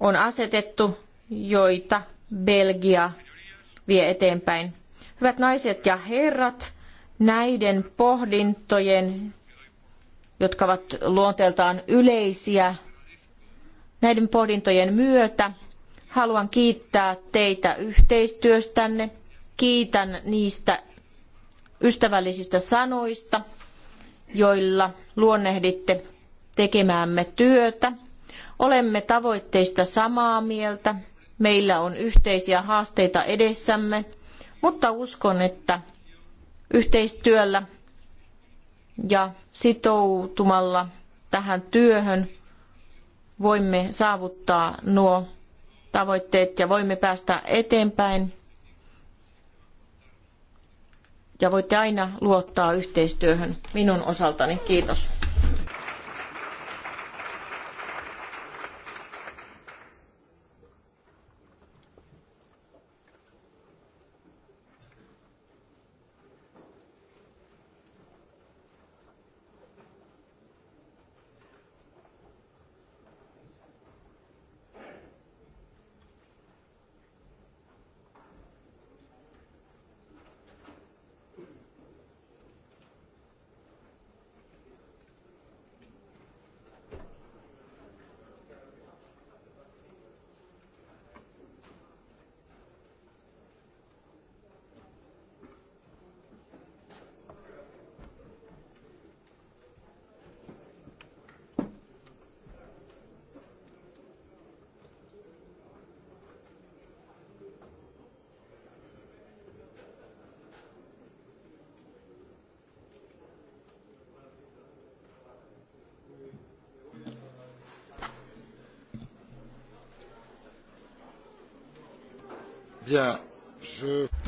on asetettu, joita Belgia vie eteenpäin. Hyvät naiset ja herrat, näiden pohdintojen, jotka ovat luonteeltaan yleisiä, näiden pohdintojen myötä haluan kiittää teitä yhteistyöstänne. Kiitän niistä ystävällisistä sanoista joilla luonnehditte tekemäämme työtä. Olemme tavoitteista samaa mieltä, meillä on yhteisiä haasteita edessämme, mutta uskon, että yhteistyöllä ja sitoutumalla tähän työhön voimme saavuttaa nuo tavoitteet ja voimme päästä eteenpäin ja voitte aina luottaa yhteistyöhön minun osaltani. Kiitos.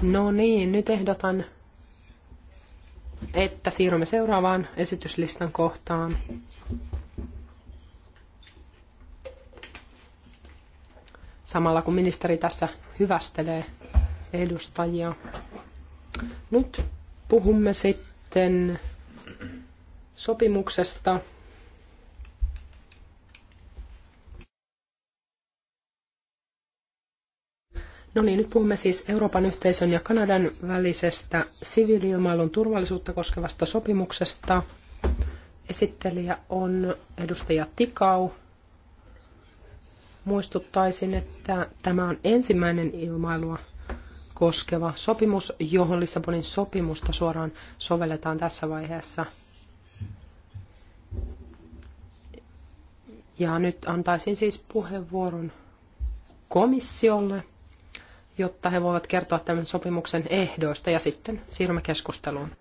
No niin, nyt ehdotan, että siirrymme seuraavaan esityslistan kohtaan. Samalla kun ministeri tässä hyvästelee edustajia. Nyt puhumme sitten sopimuksesta No niin, nyt puhumme siis Euroopan yhteisön ja Kanadan välisestä siviiliilmailun turvallisuutta koskevasta sopimuksesta. Esittelijä on edustaja Tikau. Muistuttaisin, että tämä on ensimmäinen ilmailua koskeva sopimus, johon Lissabonin sopimusta suoraan sovelletaan tässä vaiheessa. Ja nyt antaisin siis puheenvuoron komissiolle jotta he voivat kertoa tämän sopimuksen ehdoista ja sitten siirrymme keskusteluun.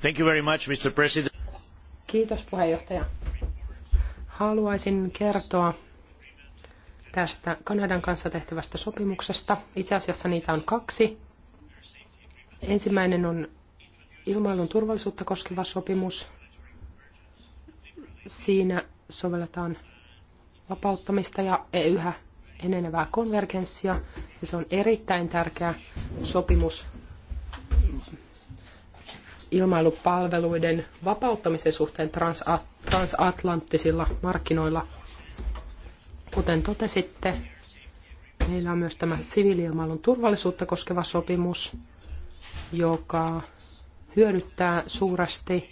Thank you very much, Mr. President. Kiitos puheenjohtaja. Haluaisin kertoa tästä Kanadan kanssa tehtävästä sopimuksesta. Itse asiassa niitä on kaksi. Ensimmäinen on ilmailun turvallisuutta koskeva sopimus. Siinä sovelletaan vapauttamista ja e yhä enenevää konvergenssia. Ja se on erittäin tärkeä sopimus ilmailupalveluiden vapauttamisen suhteen transatlanttisilla markkinoilla. Kuten totesitte, meillä on myös tämä siviiliilmailun turvallisuutta koskeva sopimus, joka hyödyttää suuresti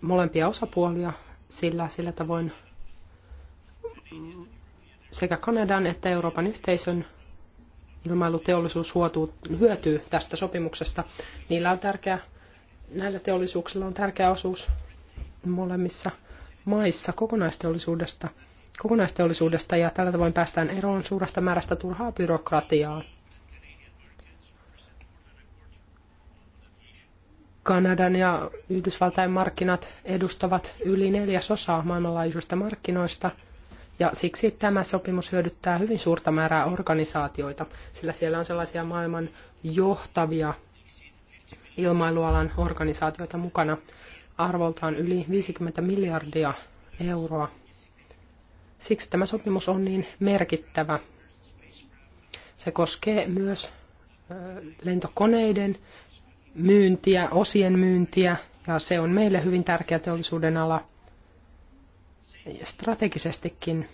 molempia osapuolia, sillä sillä tavoin sekä Kanadan että Euroopan yhteisön ilmailuteollisuus huotuu, hyötyy tästä sopimuksesta. Niillä on tärkeä, näillä teollisuuksilla on tärkeä osuus molemmissa maissa kokonaisteollisuudesta, kokonaisteollisuudesta ja tällä tavoin päästään eroon suuresta määrästä turhaa byrokratiaa. Kanadan ja Yhdysvaltain markkinat edustavat yli neljäsosaa maailmanlaajuisista markkinoista – ja siksi tämä sopimus hyödyttää hyvin suurta määrää organisaatioita, sillä siellä on sellaisia maailman johtavia ilmailualan organisaatioita mukana arvoltaan yli 50 miljardia euroa. Siksi tämä sopimus on niin merkittävä. Se koskee myös lentokoneiden myyntiä, osien myyntiä, ja se on meille hyvin tärkeä teollisuuden ala strategisestikin.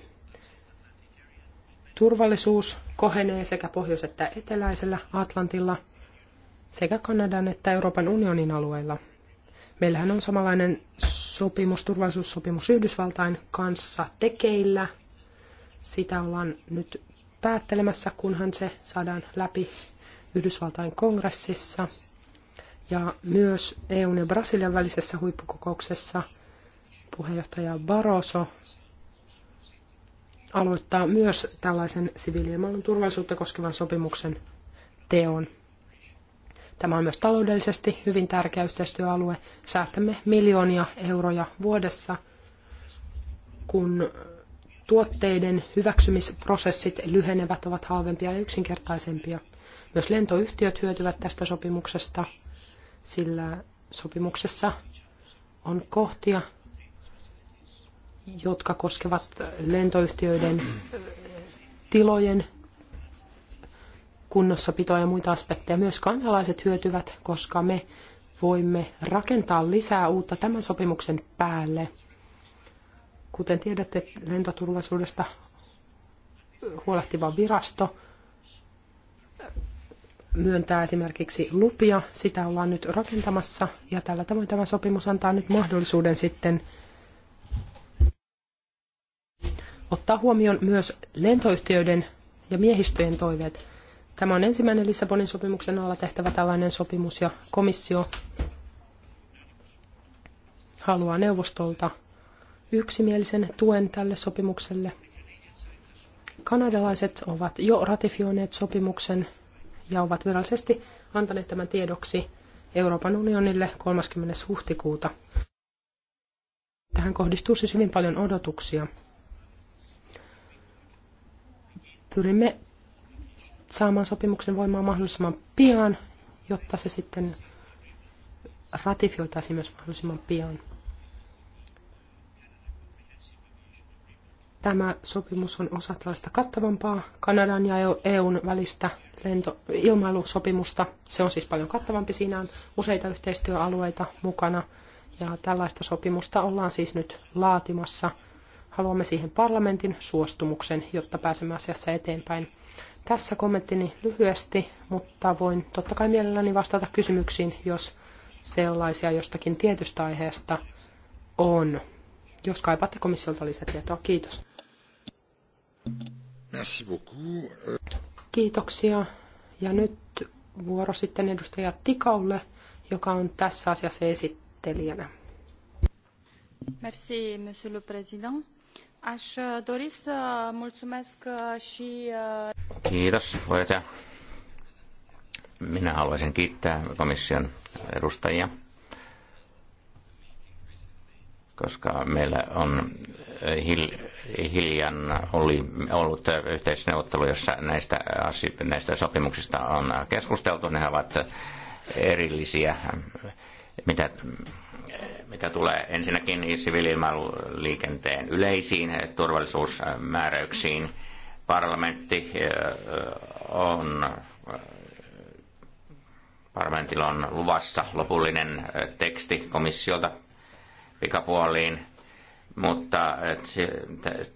Turvallisuus kohenee sekä pohjois- että eteläisellä Atlantilla, sekä Kanadan että Euroopan unionin alueilla. Meillähän on samanlainen sopimus, turvallisuussopimus Yhdysvaltain kanssa tekeillä. Sitä ollaan nyt päättelemässä, kunhan se saadaan läpi Yhdysvaltain kongressissa. Ja myös EUn ja Brasilian välisessä huippukokouksessa – puheenjohtaja Barroso aloittaa myös tällaisen siviiliilmailun turvallisuutta koskevan sopimuksen teon. Tämä on myös taloudellisesti hyvin tärkeä yhteistyöalue. Säästämme miljoonia euroja vuodessa, kun tuotteiden hyväksymisprosessit lyhenevät, ovat halvempia ja yksinkertaisempia. Myös lentoyhtiöt hyötyvät tästä sopimuksesta, sillä sopimuksessa on kohtia, jotka koskevat lentoyhtiöiden tilojen kunnossapitoa ja muita aspekteja. Myös kansalaiset hyötyvät, koska me voimme rakentaa lisää uutta tämän sopimuksen päälle. Kuten tiedätte, lentoturvallisuudesta huolehtiva virasto myöntää esimerkiksi lupia. Sitä ollaan nyt rakentamassa ja tällä tavoin tämä sopimus antaa nyt mahdollisuuden sitten ottaa huomioon myös lentoyhtiöiden ja miehistöjen toiveet. Tämä on ensimmäinen Lissabonin sopimuksen alla tehtävä tällainen sopimus ja komissio haluaa neuvostolta yksimielisen tuen tälle sopimukselle. Kanadalaiset ovat jo ratifioineet sopimuksen ja ovat virallisesti antaneet tämän tiedoksi Euroopan unionille 30. huhtikuuta. Tähän kohdistuu siis hyvin paljon odotuksia. pyrimme saamaan sopimuksen voimaan mahdollisimman pian, jotta se sitten ratifioitaisiin myös mahdollisimman pian. Tämä sopimus on osa tällaista kattavampaa Kanadan ja EUn e välistä lentoilmailusopimusta. Se on siis paljon kattavampi. Siinä on useita yhteistyöalueita mukana. Ja tällaista sopimusta ollaan siis nyt laatimassa – Haluamme siihen parlamentin suostumuksen, jotta pääsemme asiassa eteenpäin. Tässä kommenttini lyhyesti, mutta voin totta kai mielelläni vastata kysymyksiin, jos sellaisia jostakin tietystä aiheesta on. Jos kaipaatte komissiolta lisätietoa, kiitos. Merci beaucoup. Kiitoksia. Ja nyt vuoro sitten edustaja Tikaulle, joka on tässä asiassa esittelijänä. Merci, monsieur le président. Aș uh, dori să mulțumesc uh, și... Uh, Kiitos, puheenjohtaja. Minä haluaisin kiittää komission edustajia, koska meillä on hil- hiljan oli ollut yhteisneuvottelu, jossa näistä, näistä sopimuksista on keskusteltu. Ne ovat erillisiä, mitä mitä tulee ensinnäkin siviiliilmailuliikenteen yleisiin turvallisuusmääräyksiin. Parlamentti on parlamentilla on luvassa lopullinen teksti komissiolta pikapuoliin, mutta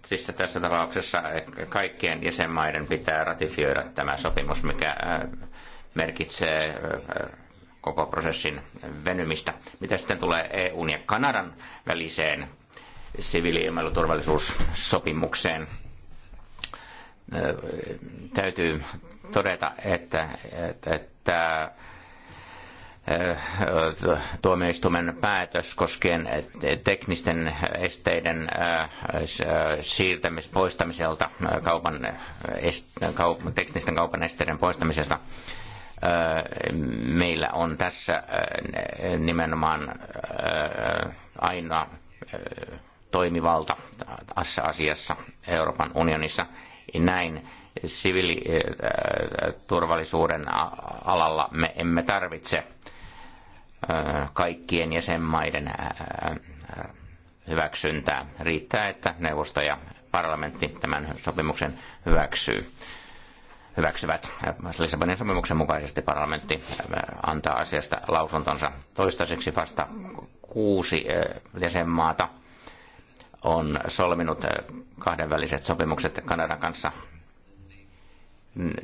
siis tässä tapauksessa kaikkien jäsenmaiden pitää ratifioida tämä sopimus, mikä merkitsee koko prosessin venymistä. Mitä sitten tulee EUn ja Kanadan väliseen siviiliilmailuturvallisuussopimukseen? Täytyy todeta, että, että, että tuomioistuimen päätös koskien teknisten esteiden siirtämis poistamiselta, kaupan, teknisten kaupan esteiden poistamisesta meillä on tässä nimenomaan aina toimivalta tässä asiassa Euroopan unionissa. Näin siviiliturvallisuuden alalla me emme tarvitse kaikkien jäsenmaiden hyväksyntää. Riittää, että neuvosto ja parlamentti tämän sopimuksen hyväksyy hyväksyvät. Lissabonin sopimuksen mukaisesti parlamentti antaa asiasta lausuntonsa toistaiseksi vasta kuusi jäsenmaata on solminut kahdenväliset sopimukset Kanadan kanssa.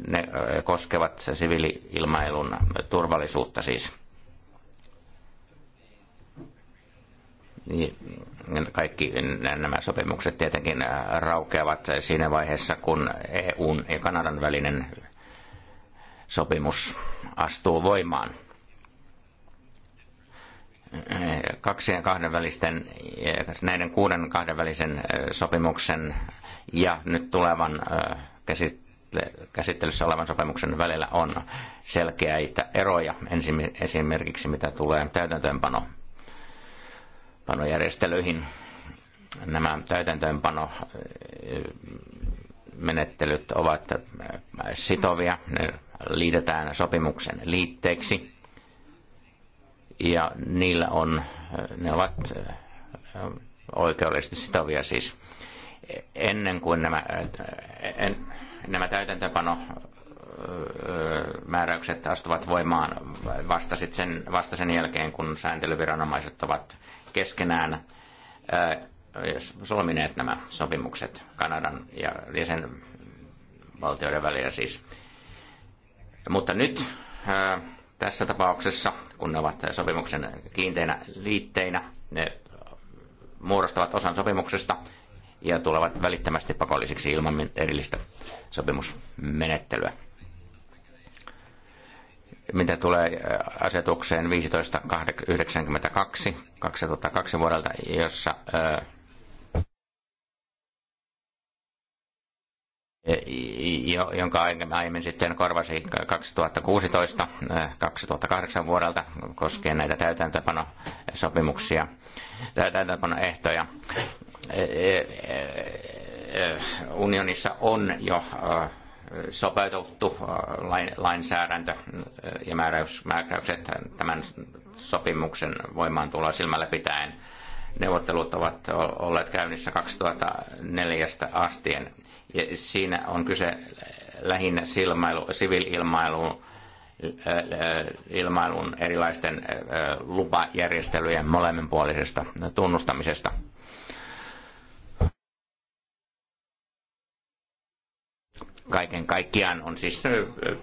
Ne koskevat ilmailun turvallisuutta siis. Niin, niin kaikki nämä sopimukset tietenkin äh, raukeavat siinä vaiheessa, kun EUn ja Kanadan välinen sopimus astuu voimaan. Kaksien välisten, näiden kuuden kahdenvälisen äh, sopimuksen ja nyt tulevan äh, käsittelyssä olevan sopimuksen välillä on selkeitä eroja esimerkiksi mitä tulee täytäntöönpanoon täytäntöönpanojärjestelyihin. Nämä täytäntöönpano äh, menettelyt ovat sitovia, ne liitetään sopimuksen liitteeksi ja niillä on, ne ovat äh, oikeudellisesti sitovia siis ennen kuin nämä, äh, en, nämä täytäntöpano määräykset astuvat voimaan vasta, sit sen, vasta sen jälkeen, kun sääntelyviranomaiset ovat keskenään solmineet nämä sopimukset Kanadan ja jäsenvaltioiden välillä siis. Mutta nyt tässä tapauksessa, kun ne ovat sopimuksen kiinteinä liitteinä, ne muodostavat osan sopimuksesta ja tulevat välittömästi pakollisiksi ilman erillistä sopimusmenettelyä mitä tulee äh, asetukseen 1592 2002 vuodelta, jossa äh, e, jonka aiemmin sitten korvasi 2016, 2008 äh, vuodelta koskien näitä täytäntöpanosopimuksia, täytäntöpanoehtoja. E, e, unionissa on jo sopeutettu äh, lainsäädäntö äh, ja määräykset tämän sopimuksen voimaantuloa silmällä pitäen. Neuvottelut ovat olleet käynnissä 2004 asti, Ja siinä on kyse lähinnä silmailu, siviililmailuun äh, ilmailun erilaisten lupajärjestelyjen molemminpuolisesta tunnustamisesta – Kaiken kaikkiaan on siis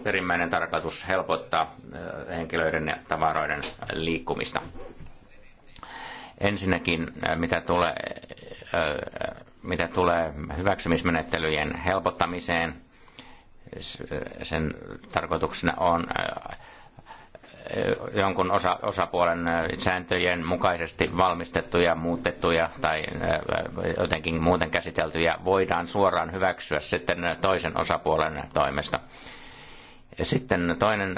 perimmäinen tarkoitus helpottaa henkilöiden ja tavaroiden liikkumista. Ensinnäkin, mitä tulee, mitä tulee hyväksymismenettelyjen helpottamiseen, sen tarkoituksena on Eh, jonkun osa, osapuolen eh, sääntöjen mukaisesti valmistettuja, muutettuja tai eh, jotenkin muuten käsiteltyjä voidaan suoraan hyväksyä sitten toisen osapuolen toimesta. Sitten toinen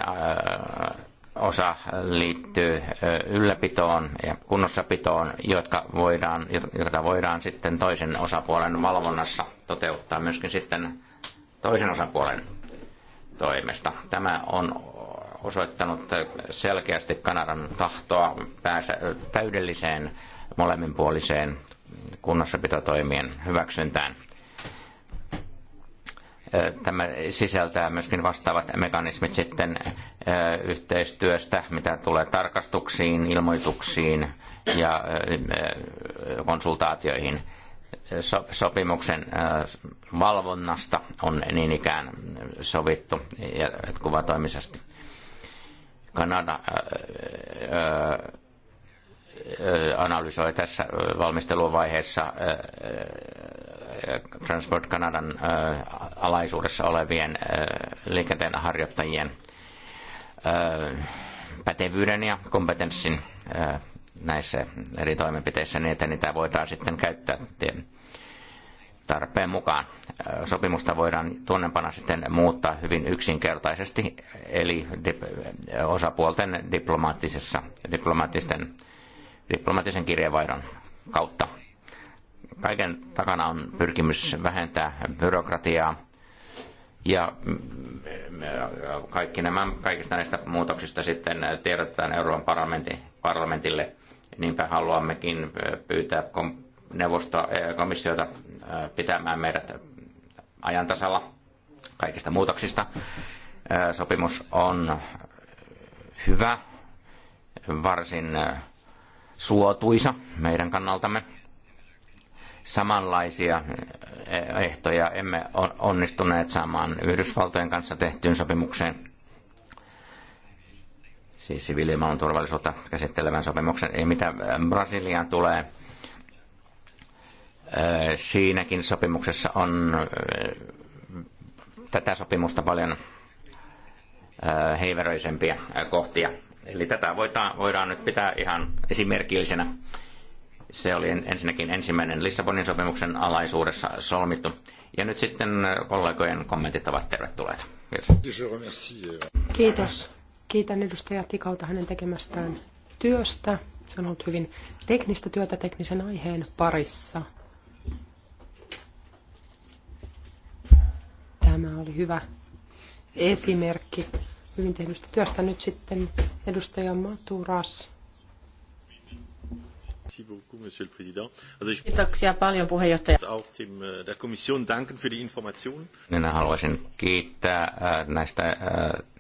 osa liittyy ylläpitoon ja kunnossapitoon, jotka voidaan, jota voidaan sitten toisen osapuolen valvonnassa toteuttaa myöskin sitten toisen osapuolen toimesta. Tämä on osoittanut selkeästi Kanadan tahtoa päästä täydelliseen molemminpuoliseen kunnossapitotoimien hyväksyntään. Tämä sisältää myöskin vastaavat mekanismit sitten yhteistyöstä, mitä tulee tarkastuksiin, ilmoituksiin ja konsultaatioihin. Sopimuksen valvonnasta on niin ikään sovittu jatkuvatoimisesti. Kanada äh, äh, analysoi tässä äh, valmisteluvaiheessa Transport Kanadan alaisuudessa olevien liikenteen harjoittajien pätevyyden ja kompetenssin näissä eri toimenpiteissä niin, että niitä voidaan sitten käyttää tarpeen mukaan. Sopimusta voidaan tuonnepana sitten muuttaa hyvin yksinkertaisesti, eli dip, osapuolten diplomaattisessa, diplomaattisten, diplomaattisen kirjeenvaihdon kautta. Kaiken takana on pyrkimys vähentää byrokratiaa, ja mm, kaikki nämä, kaikista näistä muutoksista sitten tiedotetaan Euroopan parlamentille. Niinpä haluammekin pyytää neuvosto komissiota pitämään meidät ajantasalla kaikista muutoksista. Sopimus on hyvä, varsin suotuisa meidän kannaltamme. Samanlaisia ehtoja emme onnistuneet saamaan Yhdysvaltojen kanssa tehtyyn sopimukseen siis siviilimaan turvallisuutta käsittelevän sopimuksen. Ei mitä Brasiliaan tulee, Siinäkin sopimuksessa on tätä sopimusta paljon heiveröisempiä kohtia. Eli tätä voidaan, voidaan nyt pitää ihan esimerkillisenä. Se oli ensinnäkin ensimmäinen Lissabonin sopimuksen alaisuudessa solmittu. Ja nyt sitten kollegojen kommentit ovat tervetulleita. Kiitos. Euh, Kiitos. Kiitän edustaja Tikauta hänen tekemästään työstä. Se on ollut hyvin teknistä työtä teknisen aiheen parissa. Tämä oli hyvä esimerkki hyvin tehdystä työstä. Nyt sitten edustaja Maturas. Kiitoksia paljon puheenjohtaja. Äh, Minä haluaisin kiittää äh, näistä, äh,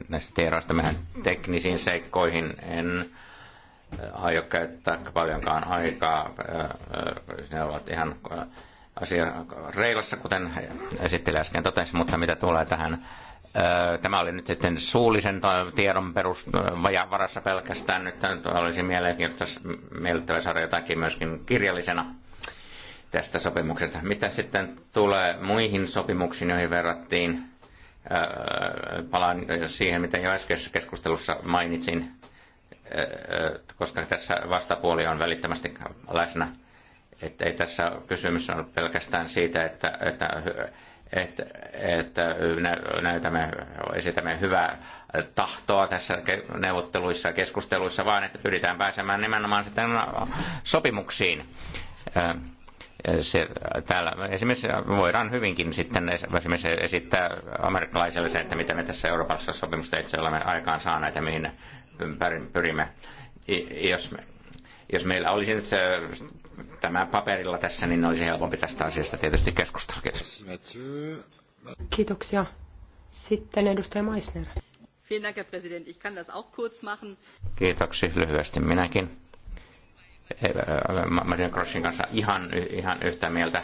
näistä tiedoista mehän teknisiin seikkoihin. En aio käyttää paljonkaan aikaa. Ne ovat ihan asia reilassa, kuten esittelijä äsken totesi, mutta mitä tulee tähän Tämä oli nyt sitten suullisen tiedon perus varassa pelkästään. Nyt olisi mielenkiintoista saada jotakin myöskin kirjallisena tästä sopimuksesta. Mitä sitten tulee muihin sopimuksiin, joihin verrattiin? Palaan siihen, mitä jo äskeisessä keskustelussa mainitsin, koska tässä vastapuoli on välittömästi läsnä että ei tässä kysymys on pelkästään siitä, että, että, että, että näytämme, esitämme hyvää tahtoa tässä neuvotteluissa ja keskusteluissa, vaan että pyritään pääsemään nimenomaan sitten sopimuksiin. Se, täällä esimerkiksi voidaan hyvinkin sitten esimerkiksi esittää amerikkalaiselle se, että mitä me tässä Euroopassa sopimusta itse olemme aikaan saaneet ja mihin pyrimme. Jos me, jos meillä olisi nyt tämä paperilla tässä, niin olisi helpompi tästä asiasta tietysti keskustella. Kiitos. Kiitoksia. Sitten edustaja Meissner. Kiitoksia lyhyesti minäkin. Martin Grossin kanssa ihan, ihan yhtä mieltä.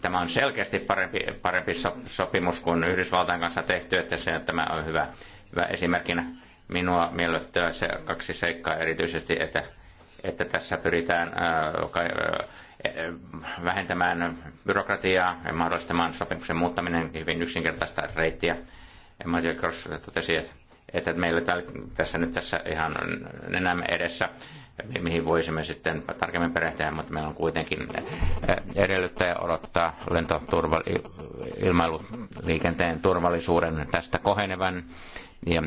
Tämä on selkeästi parempi, parempi sopimus kuin Yhdysvaltain kanssa tehty, että se, tämä on hyvä, hyvä esimerkkinä. Minua miellyttää se kaksi seikkaa erityisesti, että että tässä pyritään äh, äh, äh, vähentämään byrokratiaa ja mahdollistamaan sopimuksen muuttaminen hyvin yksinkertaista reittiä. Matthew Cross totesi, että, että meillä tässä nyt tässä ihan nenämme edessä, mihin voisimme sitten tarkemmin perehtyä, mutta meillä on kuitenkin edellyttäjä odottaa lentoturvallisuuden, ilmailuliikenteen turvallisuuden tästä kohenevan ja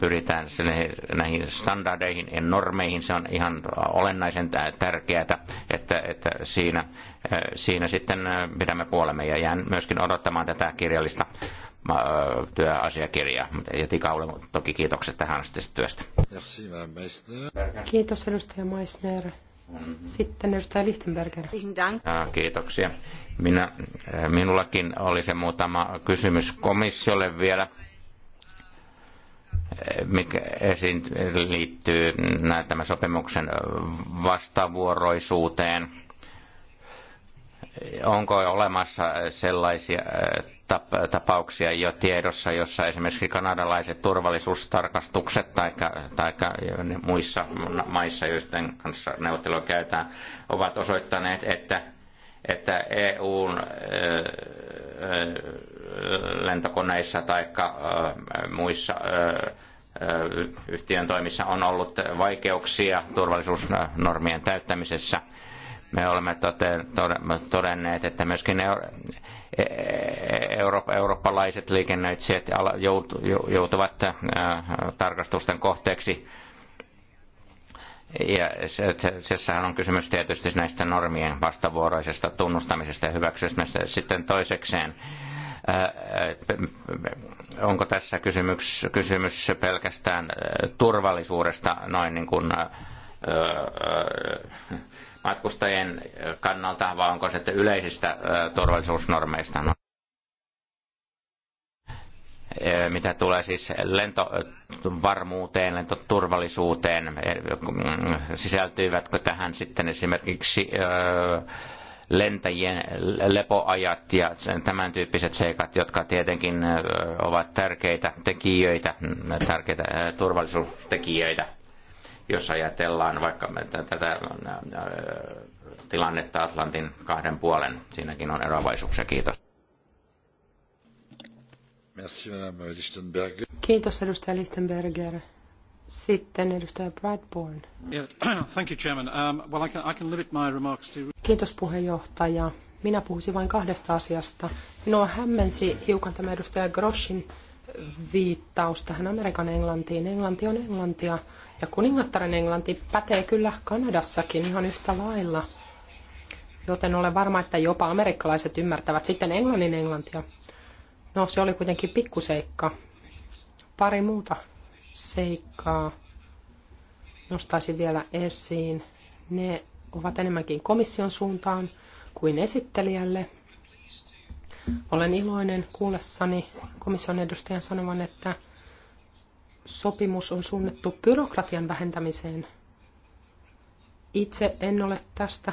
pyritään näihin standardeihin ja normeihin. Se on ihan olennaisen tärkeää, että, että siinä, äh, siinä sitten äh, pidämme puolemme ja jään myöskin odottamaan tätä kirjallista äh, työasiakirjaa. Jeti Kaule, toki kiitokset tähän asti työstä. Kiitos edustaja Meissner. Sitten edustaja Lichtenberger. Ah, kiitoksia. Minä, minullakin oli se muutama kysymys komissiolle vielä mikä esiin liittyy tämän sopimuksen vastavuoroisuuteen. Onko olemassa sellaisia äh, tapauksia jo tiedossa, jossa esimerkiksi kanadalaiset turvallisuustarkastukset tai, tai muissa maissa, joiden kanssa neuvottelua käytetään, ovat osoittaneet, että, että EUn äh, äh, lentokoneissa tai muissa yhtiön toimissa on ollut vaikeuksia turvallisuusnormien täyttämisessä. Me olemme todenneet, että myöskin euro, e-, e-, eurooppalaiset liikennöitsijät joutuvat tarkastusten kohteeksi. Ja sehän on kysymys tietysti näistä normien vastavuoroisesta tunnustamisesta ja hyväksymisestä. Sitten toisekseen onko tässä kysymys, kysymys pelkästään turvallisuudesta noin niin kuin matkustajien kannalta, vai onko se yleisistä turvallisuusnormeista? No. Mitä tulee siis lentovarmuuteen, lentoturvallisuuteen, sisältyivätkö tähän sitten esimerkiksi lentäjien lepoajat ja tämän tyyppiset seikat, jotka tietenkin ovat tärkeitä tekijöitä, tärkeitä turvallisuustekijöitä, jos ajatellaan vaikka tätä tilannetta Atlantin kahden puolen. Siinäkin on eroavaisuuksia. Kiitos. Merci, Madame Lichtenberger. Kiitos, edustaja Lichtenberger. Sitten edustaja Bradbourne. Thank you, Chairman. Um, well, I can, I can limit my remarks to... Kiitos puheenjohtaja. Minä puhuisin vain kahdesta asiasta. Minua hämmensi hiukan tämä edustaja Groshin viittaus tähän Amerikan englantiin. Englanti on englantia ja kuningattaren englanti pätee kyllä Kanadassakin ihan yhtä lailla. Joten olen varma, että jopa amerikkalaiset ymmärtävät sitten englannin englantia. No se oli kuitenkin pikkuseikka. Pari muuta seikkaa nostaisin vielä esiin. Ne ovat enemmänkin komission suuntaan kuin esittelijälle. Olen iloinen kuullessani komission edustajan sanovan, että sopimus on suunnattu byrokratian vähentämiseen. Itse en ole tästä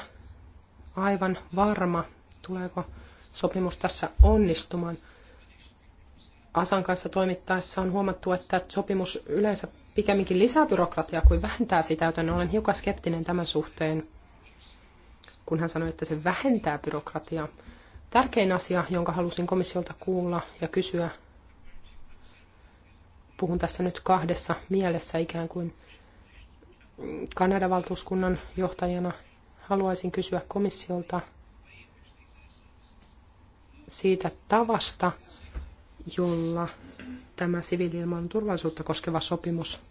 aivan varma, tuleeko sopimus tässä onnistumaan. Asan kanssa toimittaessa on huomattu, että sopimus yleensä pikemminkin lisää byrokratiaa kuin vähentää sitä, joten olen hiukan skeptinen tämän suhteen, kun hän sanoi, että se vähentää byrokratiaa. Tärkein asia, jonka halusin komissiolta kuulla ja kysyä, puhun tässä nyt kahdessa mielessä ikään kuin Kanadan valtuuskunnan johtajana, haluaisin kysyä komissiolta siitä tavasta, jolla tämä siviiliilman turvallisuutta koskeva sopimus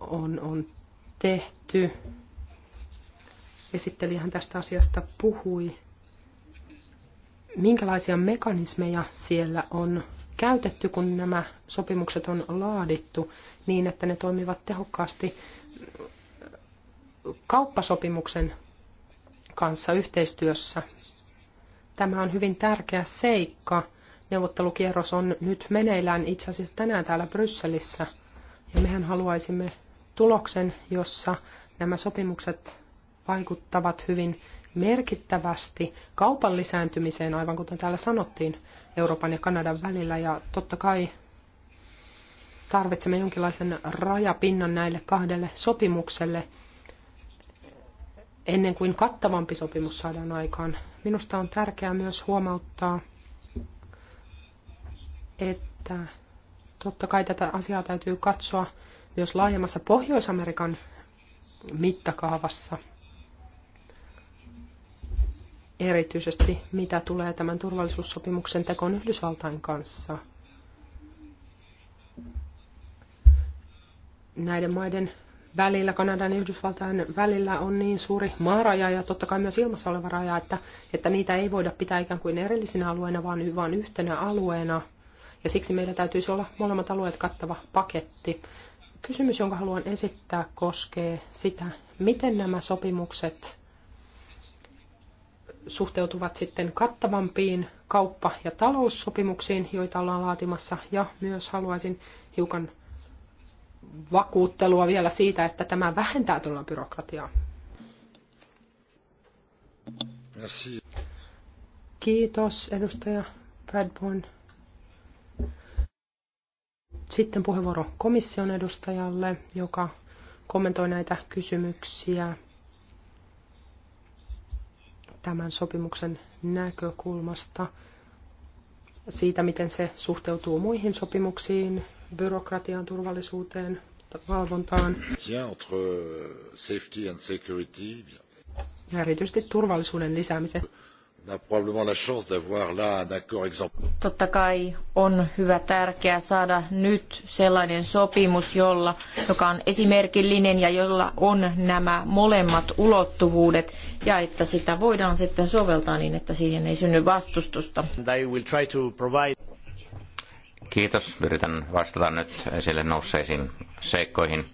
on, on tehty. Esittelijähän tästä asiasta puhui. Minkälaisia mekanismeja siellä on käytetty, kun nämä sopimukset on laadittu niin, että ne toimivat tehokkaasti kauppasopimuksen kanssa yhteistyössä. Tämä on hyvin tärkeä seikka neuvottelukierros on nyt meneillään itse asiassa tänään täällä Brysselissä. Ja mehän haluaisimme tuloksen, jossa nämä sopimukset vaikuttavat hyvin merkittävästi kaupan lisääntymiseen, aivan kuten täällä sanottiin, Euroopan ja Kanadan välillä. Ja totta kai tarvitsemme jonkinlaisen rajapinnan näille kahdelle sopimukselle ennen kuin kattavampi sopimus saadaan aikaan. Minusta on tärkeää myös huomauttaa että totta kai tätä asiaa täytyy katsoa myös laajemmassa Pohjois-Amerikan mittakaavassa. Erityisesti mitä tulee tämän turvallisuussopimuksen tekoon Yhdysvaltain kanssa. Näiden maiden välillä, Kanadan ja Yhdysvaltain välillä on niin suuri maaraja ja totta kai myös ilmassa oleva raja, että, että niitä ei voida pitää ikään kuin erillisinä alueina, vaan, vaan yhtenä alueena – ja siksi meillä täytyisi olla molemmat alueet kattava paketti. Kysymys, jonka haluan esittää, koskee sitä, miten nämä sopimukset suhteutuvat sitten kattavampiin kauppa- ja taloussopimuksiin, joita ollaan laatimassa, ja myös haluaisin hiukan vakuuttelua vielä siitä, että tämä vähentää tuolla byrokratiaa. Merci. Kiitos, edustaja Bradburn. Sitten puheenvuoro komission edustajalle, joka kommentoi näitä kysymyksiä tämän sopimuksen näkökulmasta siitä, miten se suhteutuu muihin sopimuksiin, byrokratian turvallisuuteen, valvontaan. Ja erityisesti turvallisuuden lisäämiseen. Totta kai on hyvä tärkeää saada nyt sellainen sopimus, jolla, joka on esimerkillinen ja jolla on nämä molemmat ulottuvuudet ja että sitä voidaan sitten soveltaa niin, että siihen ei synny vastustusta. Kiitos. Yritän vastata nyt esille nousseisiin seikkoihin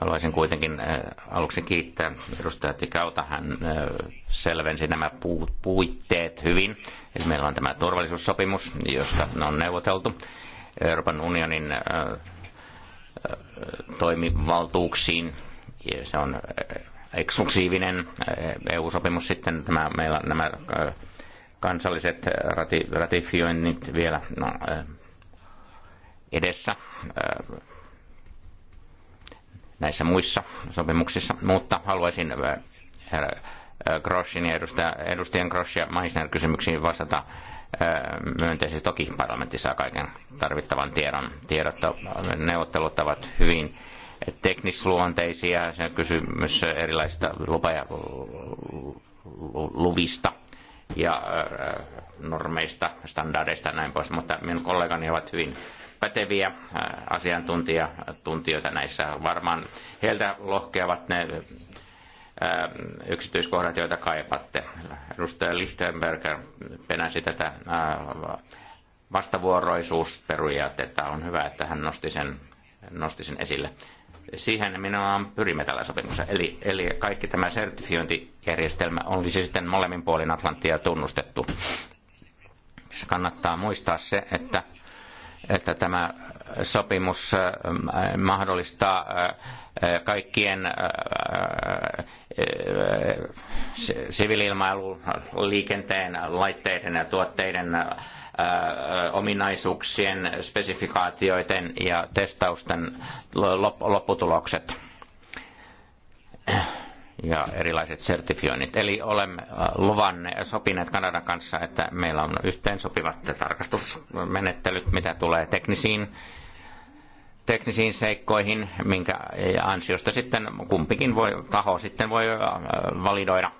Haluaisin kuitenkin äh, aluksi kiittää edustaja Tikauta. Hän äh, selvensi nämä puitteet hyvin. meillä on tämä turvallisuussopimus, josta on neuvoteltu. Euroopan unionin äh, toimivaltuuksiin. Se on eksklusiivinen EU-sopimus sitten. Tämä, meillä nämä kansalliset ratifioinnit vielä no, edessä näissä muissa sopimuksissa, mutta haluaisin äh, herra äh, Groschin ja edustaja, edustajan Grosch ja Meissner kysymyksiin vastata äh, myönteisesti. Toki parlamentti saa kaiken tarvittavan tiedon. Tiedot, neuvottelut ovat hyvin teknisluonteisia. Se on kysymys erilaisista lupa- ja luvista ja normeista, standardeista ja näin pois, mutta minun kollegani ovat hyvin päteviä äh, asiantuntijoita näissä. Varmaan heiltä lohkeavat ne äh, yksityiskohdat, joita kaipatte. Edustaja Lichtenberger penäsi tätä äh, vastavuoroisuusperiaatetta. On hyvä, että hän nosti sen, nosti sen esille. Siihen minua pyrimme tällä sopimuksessa. Eli, eli kaikki tämä sertifiointijärjestelmä olisi sitten molemmin puolin Atlanttia tunnustettu. Kannattaa muistaa se, että että tämä sopimus äh, äh, mahdollistaa äh, kaikkien liikenteen laitteiden ja tuotteiden ominaisuuksien, spesifikaatioiden ja testausten lopputulokset ja erilaiset sertifioinnit. Eli olemme äh, luvanne sopineet Kanadan kanssa, että meillä on yhteen sopivat tarkastusmenettelyt, mitä tulee teknisiin teknisiin seikkoihin, minkä ansiosta sitten kumpikin voi, taho sitten voi äh, validoida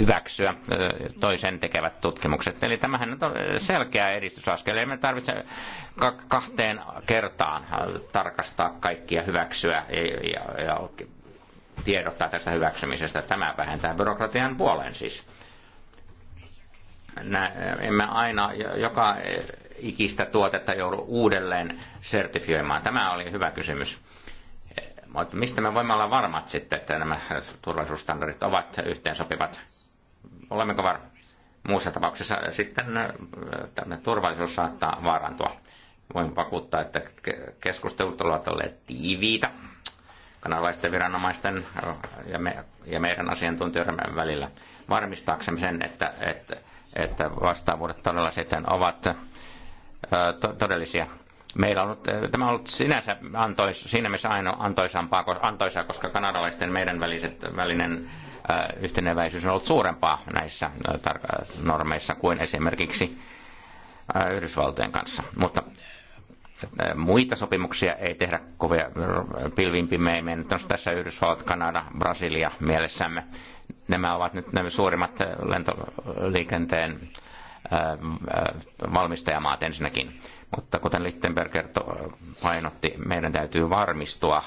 hyväksyä äh, toisen tekevät tutkimukset. Eli tämähän on selkeä edistysaskel. Ei me tarvitse kahteen kertaan tarkastaa kaikkia hyväksyä ja, ja, ja tiedottaa tästä hyväksymisestä. Tämä vähentää byrokratian puolen siis. Nä, emme aina joka ikistä tuotetta joudu uudelleen sertifioimaan. Tämä oli hyvä kysymys. Mutta mistä me voimme olla varmat sitten, että nämä turvallisuusstandardit ovat yhteensopivat? Olemmeko varmoja? Muussa tapauksessa sitten tämä turvallisuus saattaa vaarantua. Voin vakuuttaa, että keskustelut ovat olleet tiiviitä kanalaisten viranomaisten äh, ja, me, ja meidän asiantuntijoiden välillä varmistaaksemme sen, että, että, että vastaavuudet todella sitten ovat äh, to, todellisia. Meillä on ollut, äh, tämä on ollut sinänsä antois, siinä missä ainoa antoisampaa, antoisaa, koska kanadalaisten meidän väliset, välinen yhteneväisyys on ollut suurempaa näissä normeissa kuin esimerkiksi Yhdysvaltojen kanssa. Mutta Äh, muita sopimuksia ei tehdä kovia äh, pilvin on Tässä Yhdysvallat, Kanada, Brasilia mielessämme. Nämä ovat nyt nämä suurimmat äh, lentoliikenteen valmistajamaat ensinnäkin. Mutta kuten Littenberg painotti, meidän täytyy varmistua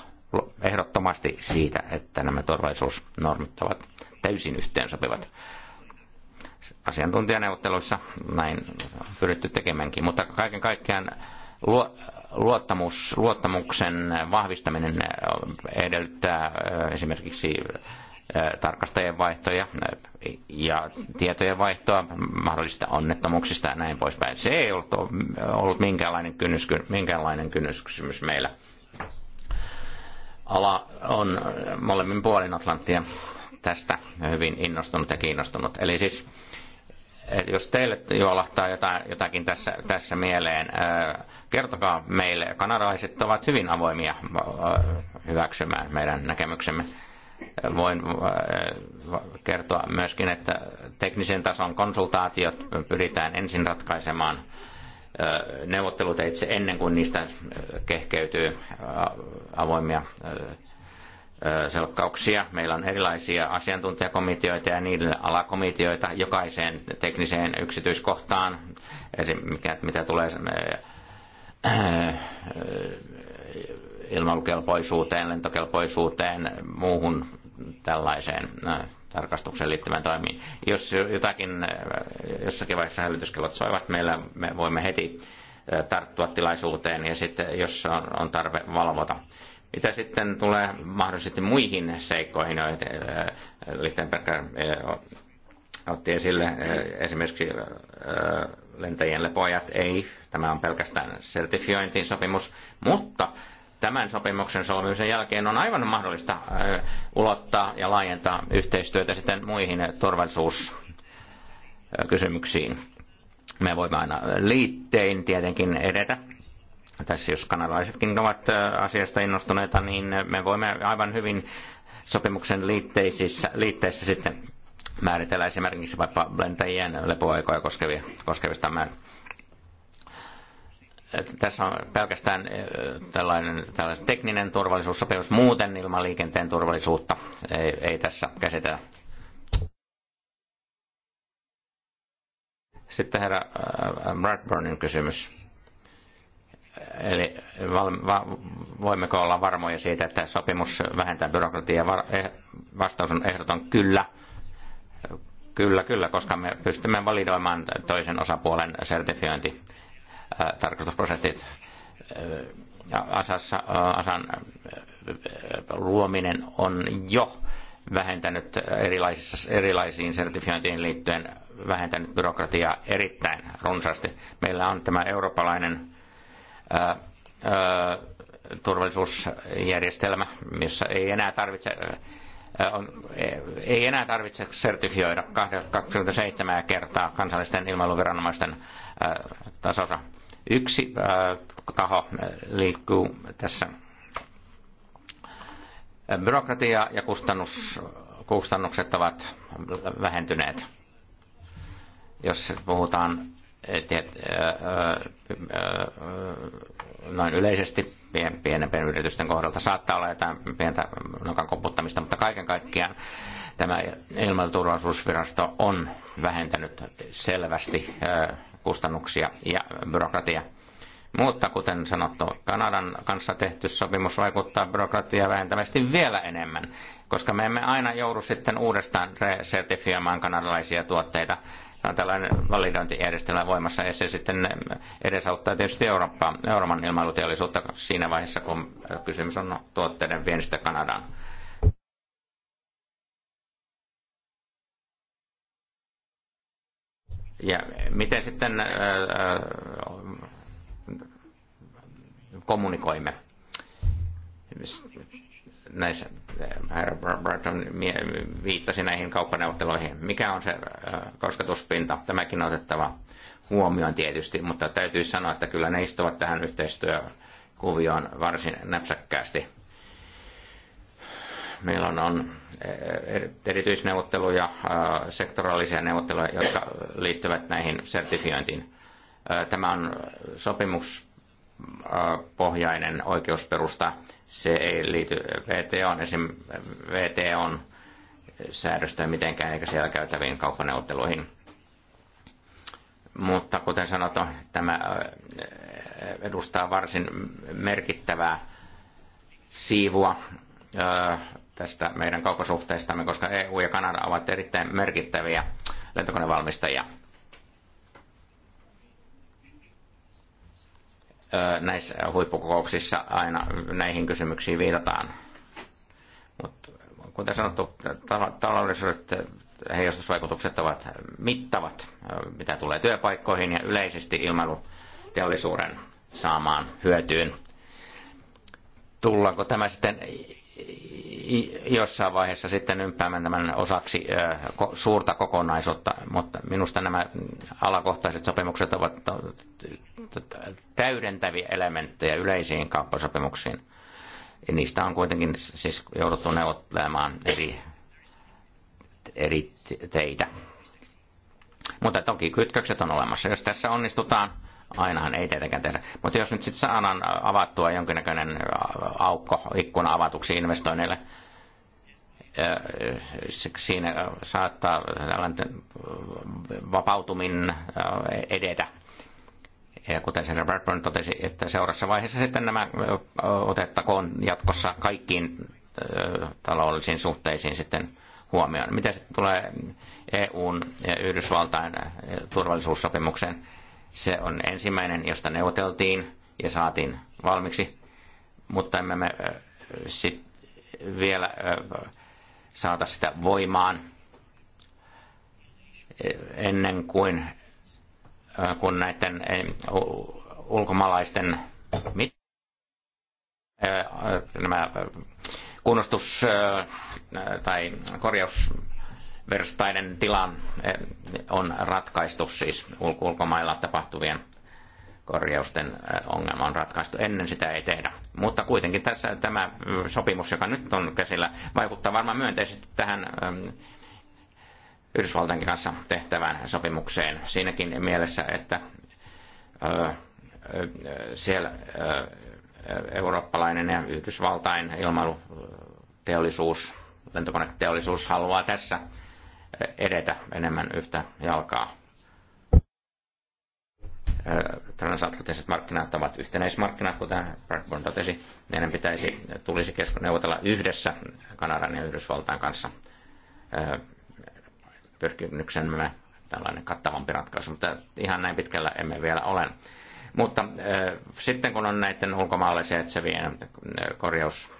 ehdottomasti siitä, että nämä turvallisuusnormit ovat täysin yhteensopivat asiantuntijaneuvotteluissa näin pyritty tekemäänkin. Mutta kaiken kaikkiaan luottamus, luottamuksen vahvistaminen äh, edellyttää äh, esimerkiksi äh, tarkastajien vaihtoja ja tietojen vaihtoa mahdollisista onnettomuuksista ja näin poispäin. Se ei ollut, ollut minkäänlainen, kynnys, minkäänlainen kynnyskysymys meillä. Ala on molemmin puolin Atlanttia tästä hyvin innostunut ja kiinnostunut. Eli siis Eh, jos teille juolahtaa jotain, jotakin tässä, tässä mieleen, eh, kertokaa meille. Kanadalaiset ovat hyvin avoimia eh, hyväksymään meidän näkemyksemme. Voin kertoa myöskin, että teknisen tason konsultaatiot pyritään ensin ratkaisemaan neuvotteluteitse ennen kuin niistä kehkeytyy avoimia selkkauksia. Meillä on erilaisia asiantuntijakomiteoita ja niiden alakomiteoita jokaiseen tekniseen yksityiskohtaan, mikä, mitä tulee ilmailukelpoisuuteen, lentokelpoisuuteen, muuhun tällaiseen tarkastukseen liittyvään toimiin. Jos jotakin, jossakin vaiheessa hälytyskellot soivat, meillä me voimme heti tarttua tilaisuuteen ja sitten, jos on, on tarve valvota mitä sitten tulee mahdollisesti muihin seikkoihin, joita äh, Lichtenberg äh, otti esille, äh, esimerkiksi lentäjien lepojat, ei, tämä on pelkästään sopimus, mutta tämän sopimuksen solmimisen jälkeen on aivan mahdollista ulottaa ja laajentaa yhteistyötä sitten muihin turvallisuuskysymyksiin. Me voimme aina liittein tietenkin edetä tässä jos kanalaisetkin ovat asiasta innostuneita, niin me voimme aivan hyvin sopimuksen liitteissä liitteissä sitten määritellä esimerkiksi vaikka lentäjien lepoaikoja koskevia, koskevista määrin. Tässä on pelkästään tällainen, tällainen tekninen turvallisuussopimus, muuten ilman liikenteen turvallisuutta ei, ei tässä käsitellä. Sitten herra Bradburnin kysymys Eli voimmeko olla varmoja siitä, että sopimus vähentää byrokratiaa? Eh, vastaus on ehdoton kyllä. Kyllä, kyllä, koska me pystymme validoimaan toisen osapuolen sertifiointi tarkastusprosessit. Asassa, asan luominen on jo vähentänyt erilaisiin sertifiointiin liittyen vähentänyt byrokratiaa erittäin runsaasti. Meillä on tämä eurooppalainen turvallisuusjärjestelmä, missä ei enää tarvitse on, e, ei enää tarvitse sertifioida 27 kertaa kansallisten ilmailuviranomaisten tasossa. Yksi taho liikkuu tässä byrokratia ja kustannus, kustannukset ovat vähentyneet. Jos puhutaan noin yleisesti pien, pienempien yritysten kohdalta saattaa olla jotain pientä nokan koputtamista, mutta kaiken kaikkiaan tämä ilmailuturvallisuusvirasto on vähentänyt selvästi kustannuksia ja byrokratiaa. Mutta kuten sanottu, Kanadan kanssa tehty sopimus vaikuttaa byrokratiaa vähentävästi vielä enemmän, koska me emme aina joudu sitten uudestaan resertifioimaan kanadalaisia tuotteita tällainen validointijärjestelmä voimassa ja se sitten edesauttaa tietysti Eurooppaa, Euroopan ilmailuteollisuutta siinä vaiheessa, kun kysymys on tuotteiden viennistä Kanadaan. Ja miten sitten kommunikoimme? näissä, eh, herra Burton viittasi näihin kauppaneuvotteluihin. Mikä on se eh, kosketuspinta? Tämäkin on otettava huomioon tietysti, mutta täytyy sanoa, että kyllä ne istuvat tähän yhteistyökuvioon varsin näpsäkkäästi. Meillä on, on eh, erityisneuvotteluja, sektoraalisia neuvotteluja, jotka liittyvät näihin sertifiointiin. Tämä on sopimus pohjainen oikeusperusta. Se ei liity VTOn, esim. VTOn säädöstöön mitenkään, eikä siellä käytäviin kauppaneuvotteluihin. Mutta kuten sanottu, tämä edustaa varsin merkittävää siivua tästä meidän kauppasuhteistamme, koska EU ja Kanada ovat erittäin merkittäviä lentokonevalmistajia – näissä huippukokouksissa aina näihin kysymyksiin viitataan. Mutta kuten sanottu, taloudelliset heijastusvaikutukset ovat mittavat, mitä tulee työpaikkoihin ja yleisesti ilmailuteollisuuden saamaan hyötyyn. Tullaanko tämä sitten jossain vaiheessa sitten ympäämään tämän osaksi suurta kokonaisuutta, mutta minusta nämä alakohtaiset sopimukset ovat täydentäviä elementtejä yleisiin kauppasopimuksiin. Niistä on kuitenkin siis jouduttu neuvottelemaan eri, eri teitä. Mutta toki kytkökset on olemassa. Jos tässä onnistutaan, ainahan ei tietenkään tehdä. Mutta jos nyt sitten saadaan avattua jonkinnäköinen aukko, ikkuna avatuksi investoinneille, Äh, äh, siinä saattaa tällainen vapautumin äh, edetä. Ja kuten Sarah Bradburn totesi, että seuraavassa vaiheessa sitten nämä otettakoon jatkossa kaikkiin taloudellisiin suhteisiin sitten huomioon. Mitä sitten tulee EUn ja Yhdysvaltain turvallisuussopimukseen? Se on ensimmäinen, josta neuvoteltiin ja saatiin valmiiksi, mutta emme me sitten vielä saata sitä voimaan ennen kuin kun näiden eh, ulkomaalaisten eh, nämä kunnostus- eh, tai korjausverstaiden tilan on ratkaistu siis ulkomailla tapahtuvien korjausten äh, ongelma on ratkaistu. Ennen sitä ei tehdä. Mutta kuitenkin tässä tämä äh, sopimus, joka nyt on käsillä, vaikuttaa varmaan myönteisesti tähän ähm, Yhdysvaltain kanssa tehtävään sopimukseen siinäkin mielessä, että äh, siellä eurooppalainen ja Yhdysvaltain ilmailuteollisuus, lentokoneteollisuus haluaa tässä edetä enemmän yhtä jalkaa transatlanttiset markkinat ovat yhtenäismarkkinat, kuten Blackburn totesi, meidän pitäisi, tulisi neuvotella yhdessä Kanadan ja Yhdysvaltain kanssa pyrkimyksemme tällainen kattavampi ratkaisu, mutta ihan näin pitkällä emme vielä ole. Mutta äh, sitten kun on näiden ulkomaalaisia etsevien äh, korjaus-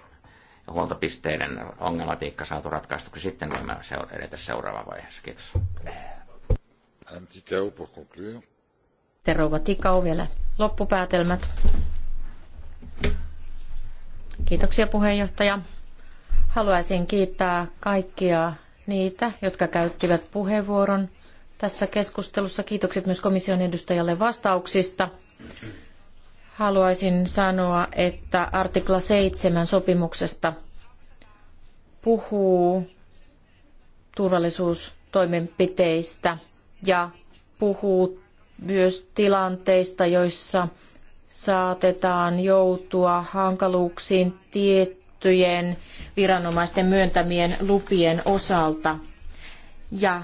ja huoltopisteiden ongelmatiikka saatu ratkaistuksi, sitten voimme seura- edetä seuraavaan vaiheessa. Kiitos. Un petit pour conclure. Sitten rouva Tikau vielä loppupäätelmät. Kiitoksia puheenjohtaja. Haluaisin kiittää kaikkia niitä, jotka käyttivät puheenvuoron tässä keskustelussa. Kiitokset myös komission edustajalle vastauksista. Haluaisin sanoa, että artikla 7 sopimuksesta puhuu turvallisuustoimenpiteistä ja puhuu myös tilanteista, joissa saatetaan joutua hankaluuksiin tiettyjen viranomaisten myöntämien lupien osalta. Ja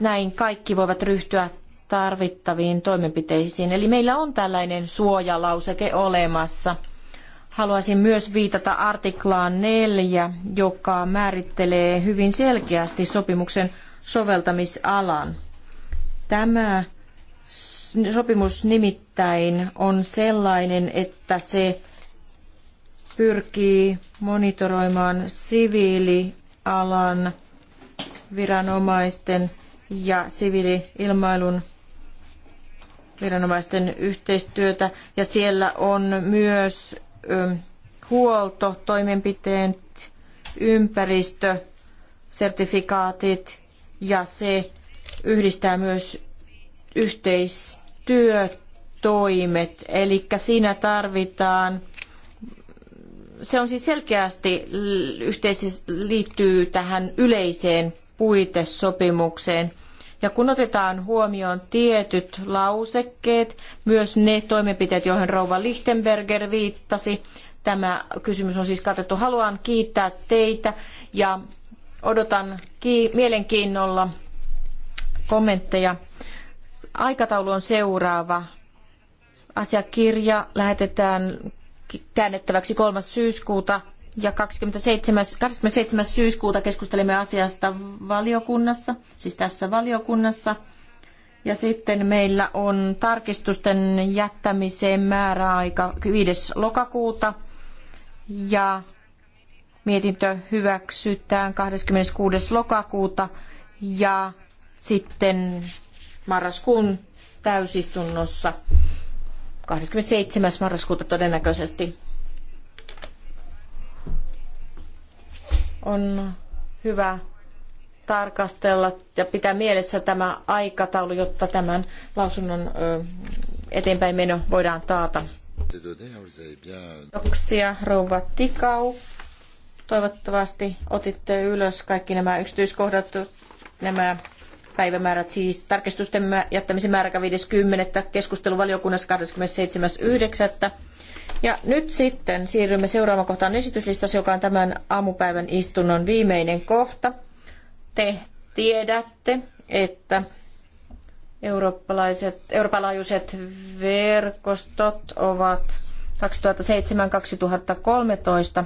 näin kaikki voivat ryhtyä tarvittaviin toimenpiteisiin. Eli meillä on tällainen suojalauseke olemassa. Haluaisin myös viitata artiklaan 4, joka määrittelee hyvin selkeästi sopimuksen soveltamisalan. Tämä sopimus nimittäin on sellainen, että se pyrkii monitoroimaan siviilialan viranomaisten ja siviili-ilmailun viranomaisten yhteistyötä. Ja siellä on myös ö, huolto, toimenpiteen ympäristö, sertifikaatit ja se yhdistää myös yhteistyötoimet, eli siinä tarvitaan, se on siis selkeästi yhteisesti liittyy tähän yleiseen puitesopimukseen. Ja kun otetaan huomioon tietyt lausekkeet, myös ne toimenpiteet, joihin rouva Lichtenberger viittasi, tämä kysymys on siis katettu. Haluan kiittää teitä ja odotan mielenkiinnolla kommentteja Aikataulu on seuraava. Asiakirja lähetetään käännettäväksi 3. syyskuuta ja 27, 27. syyskuuta keskustelemme asiasta valiokunnassa, siis tässä valiokunnassa. Ja sitten meillä on tarkistusten jättämiseen määräaika 5. lokakuuta ja mietintö hyväksytään 26. lokakuuta ja sitten marraskuun täysistunnossa 27. marraskuuta todennäköisesti. On hyvä tarkastella ja pitää mielessä tämä aikataulu, jotta tämän lausunnon eteenpäin meno voidaan taata. Kiitoksia rouva Tikau. Toivottavasti otitte ylös kaikki nämä yksityiskohdat, nämä Päivämäärät siis tarkistusten jättämisen määräkä 50. keskustelu valiokunnassa 27.9. Ja nyt sitten siirrymme seuraavaan kohtaan esityslistassa, joka on tämän aamupäivän istunnon viimeinen kohta. Te tiedätte, että eurooppalaiset, Euroopan laajuiset verkostot ovat 2007-2013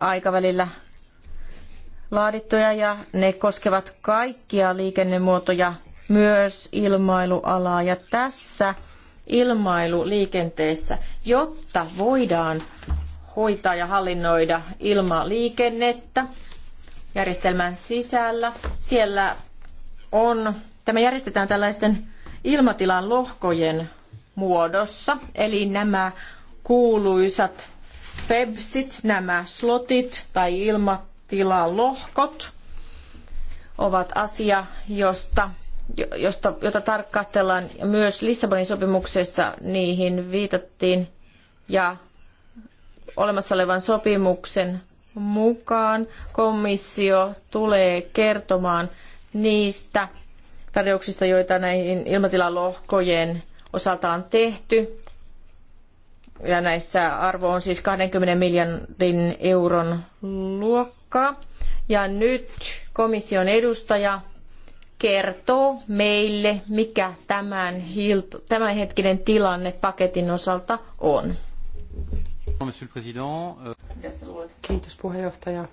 aikavälillä laadittuja ja ne koskevat kaikkia liikennemuotoja, myös ilmailualaa. Ja tässä ilmailuliikenteessä, jotta voidaan hoitaa ja hallinnoida ilmaliikennettä järjestelmän sisällä, siellä on, tämä järjestetään tällaisten ilmatilan lohkojen muodossa, eli nämä kuuluisat FEBSit, nämä slotit tai ilma, tilalohkot ovat asia, josta, josta, jota tarkastellaan myös Lissabonin sopimuksessa. Niihin viitattiin ja olemassa olevan sopimuksen mukaan komissio tulee kertomaan niistä tarjouksista, joita näihin ilmatilalohkojen osalta on tehty ja näissä arvo on siis 20 miljardin euron luokkaa. Ja nyt komission edustaja kertoo meille, mikä tämän, tämänhetkinen tilanne paketin osalta on. Kiitos puheenjohtaja.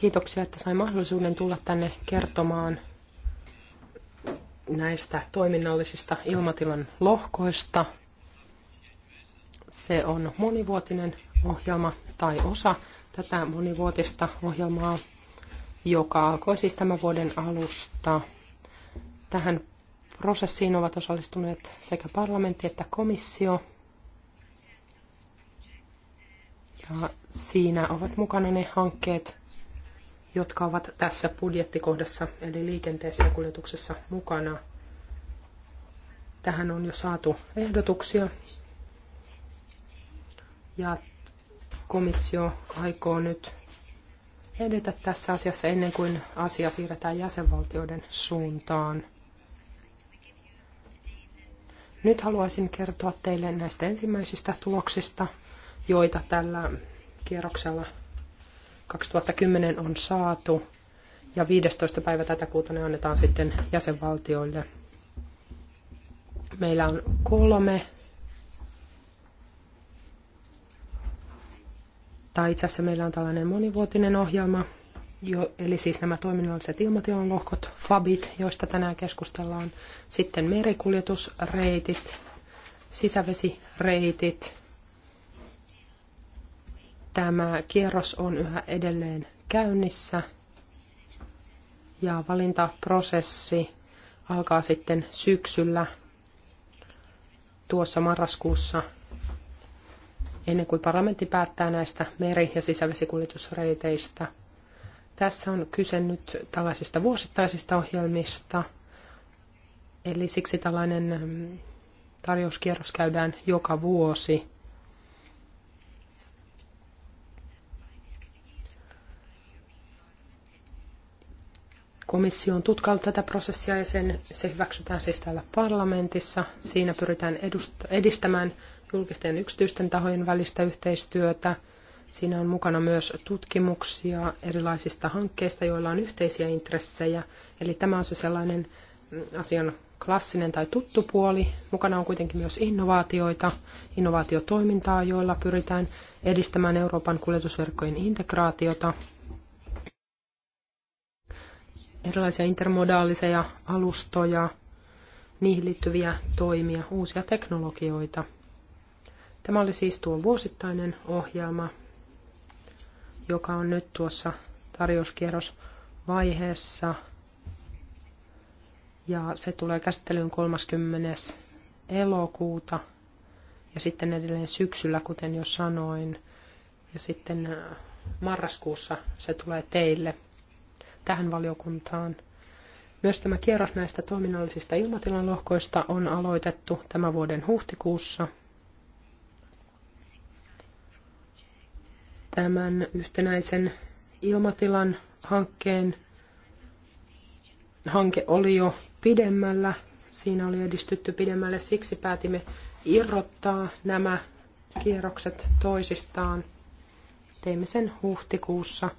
Kiitoksia, että sain mahdollisuuden tulla tänne kertomaan näistä toiminnallisista ilmatilan lohkoista, se on monivuotinen ohjelma tai osa tätä monivuotista ohjelmaa, joka alkoi siis tämän vuoden alusta. Tähän prosessiin ovat osallistuneet sekä parlamentti että komissio. Ja siinä ovat mukana ne hankkeet, jotka ovat tässä budjettikohdassa, eli liikenteessä ja kuljetuksessa mukana. Tähän on jo saatu ehdotuksia ja komissio aikoo nyt edetä tässä asiassa ennen kuin asia siirretään jäsenvaltioiden suuntaan. Nyt haluaisin kertoa teille näistä ensimmäisistä tuloksista, joita tällä kierroksella 2010 on saatu. Ja 15. päivä tätä kuuta ne annetaan sitten jäsenvaltioille. Meillä on kolme tai itse asiassa meillä on tällainen monivuotinen ohjelma, jo, eli siis nämä toiminnalliset ilmatilan lohkot, FABit, joista tänään keskustellaan, sitten merikuljetusreitit, sisävesireitit. Tämä kierros on yhä edelleen käynnissä ja valintaprosessi alkaa sitten syksyllä tuossa marraskuussa ennen kuin parlamentti päättää näistä meri- ja sisävesikuljetusreiteistä. Tässä on kyse nyt tällaisista vuosittaisista ohjelmista, eli siksi tällainen mm, tarjouskierros käydään joka vuosi. Komissio on tutkaillut tätä prosessia ja sen, se hyväksytään siis täällä parlamentissa. Siinä pyritään edust- edistämään julkisten ja yksityisten tahojen välistä yhteistyötä. Siinä on mukana myös tutkimuksia erilaisista hankkeista, joilla on yhteisiä intressejä. Eli tämä on se sellainen mm, asian klassinen tai tuttu puoli. Mukana on kuitenkin myös innovaatioita, innovaatiotoimintaa, joilla pyritään edistämään Euroopan kuljetusverkkojen integraatiota. Erilaisia intermodaalisia alustoja, niihin liittyviä toimia, uusia teknologioita – Tämä oli siis tuo vuosittainen ohjelma, joka on nyt tuossa tarjouskierrosvaiheessa. Ja se tulee käsittelyyn 30. elokuuta ja sitten edelleen syksyllä, kuten jo sanoin. Ja sitten äh, marraskuussa se tulee teille tähän valiokuntaan. Myös tämä kierros näistä toiminnallisista ilmatilan lohkoista on aloitettu tämän vuoden huhtikuussa – tämän yhtenäisen ilmatilan hankkeen hanke oli jo pidemmällä. Siinä oli edistytty pidemmälle, siksi päätimme irrottaa nämä kierrokset toisistaan. Teimme sen huhtikuussa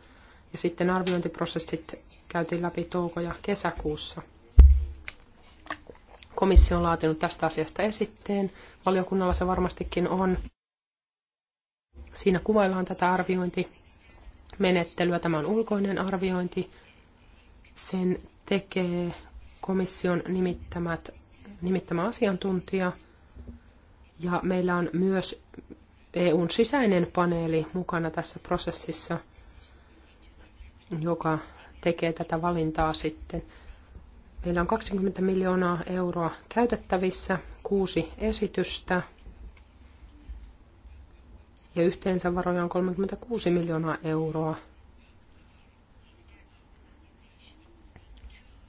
ja sitten arviointiprosessit käytiin läpi touko- ja kesäkuussa. Komissio on laatinut tästä asiasta esitteen. Valiokunnalla se varmastikin on. Siinä kuvaillaan tätä arviointimenettelyä. Tämä on ulkoinen arviointi. Sen tekee komission nimittämät, nimittämä asiantuntija. Ja meillä on myös EUn sisäinen paneeli mukana tässä prosessissa, joka tekee tätä valintaa sitten. Meillä on 20 miljoonaa euroa käytettävissä, kuusi esitystä ja yhteensä varoja on 36 miljoonaa euroa.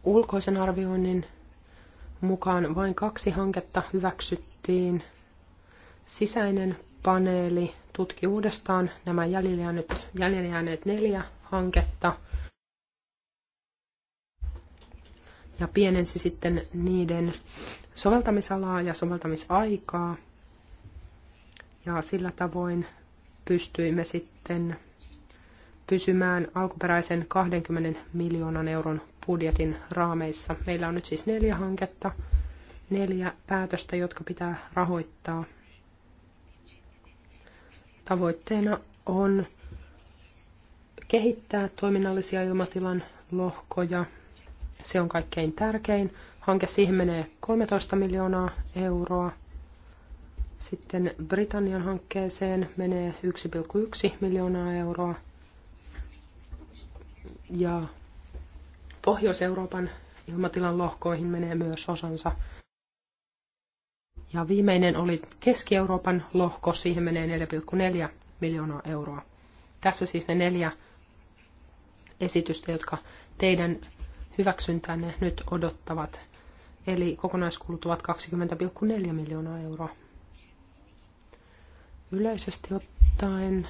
Ulkoisen arvioinnin mukaan vain kaksi hanketta hyväksyttiin. Sisäinen paneeli tutki uudestaan nämä jäljellä jääneet, jääneet neljä hanketta ja pienensi sitten niiden soveltamisalaa ja soveltamisaikaa – ja sillä tavoin pystyimme sitten pysymään alkuperäisen 20 miljoonan euron budjetin raameissa. Meillä on nyt siis neljä hanketta, neljä päätöstä, jotka pitää rahoittaa. Tavoitteena on kehittää toiminnallisia ilmatilan lohkoja. Se on kaikkein tärkein hanke. Siihen menee 13 miljoonaa euroa. Sitten Britannian hankkeeseen menee 1,1 miljoonaa euroa. Ja Pohjois-Euroopan ilmatilan lohkoihin menee myös osansa. Ja viimeinen oli Keski-Euroopan lohko, siihen menee 4,4 miljoonaa euroa. Tässä siis ne neljä esitystä, jotka teidän hyväksyntänne nyt odottavat. Eli kokonaiskulut ovat 20,4 miljoonaa euroa. Yleisesti ottaen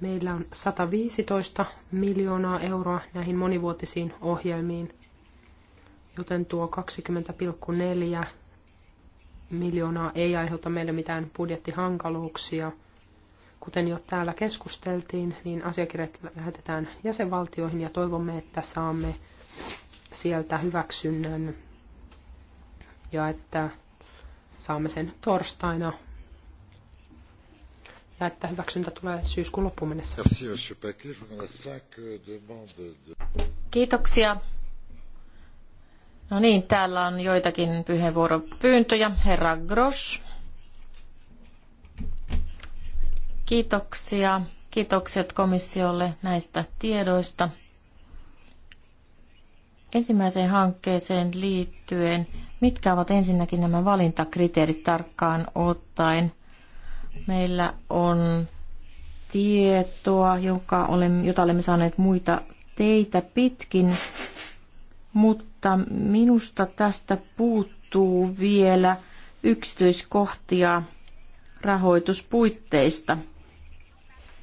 meillä on 115 miljoonaa euroa näihin monivuotisiin ohjelmiin, joten tuo 20,4 miljoonaa ei aiheuta meille mitään budjettihankaluuksia. Kuten jo täällä keskusteltiin, niin asiakirjat lähetetään jäsenvaltioihin ja toivomme, että saamme sieltä hyväksynnän ja että saamme sen torstaina ja että hyväksyntä tulee syyskuun loppuun mennessä. Kiitoksia. No niin, täällä on joitakin puheenvuoropyyntöjä. Herra Gross. Kiitoksia. Kiitokset komissiolle näistä tiedoista. Ensimmäiseen hankkeeseen liittyen, mitkä ovat ensinnäkin nämä valintakriteerit tarkkaan ottaen? Meillä on tietoa, joka olemme, jota olemme saaneet muita teitä pitkin, mutta minusta tästä puuttuu vielä yksityiskohtia rahoituspuitteista.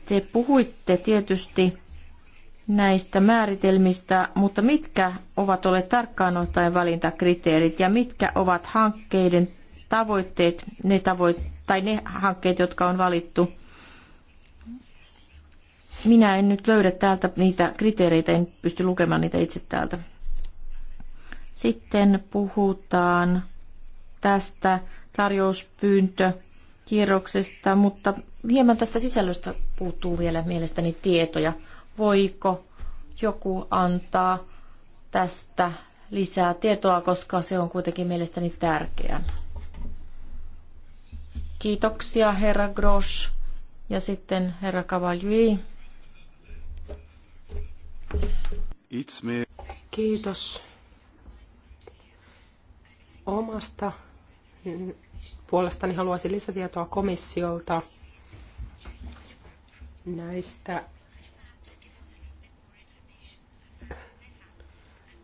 Te puhuitte tietysti näistä määritelmistä, mutta mitkä ovat olleet tarkkaan ottaen valintakriteerit ja mitkä ovat hankkeiden tavoitteet, ne tavoitteet, tai ne hankkeet, jotka on valittu. Minä en nyt löydä täältä niitä kriteereitä, en pysty lukemaan niitä itse täältä. Sitten puhutaan tästä tarjouspyyntökierroksesta, mutta hieman tästä sisällöstä puuttuu vielä mielestäni tietoja. Voiko joku antaa tästä lisää tietoa, koska se on kuitenkin mielestäni tärkeää. Kiitoksia, herra Grosch. Ja sitten herra Cavalli. Kiitos omasta puolestani haluaisin lisätietoa komissiolta näistä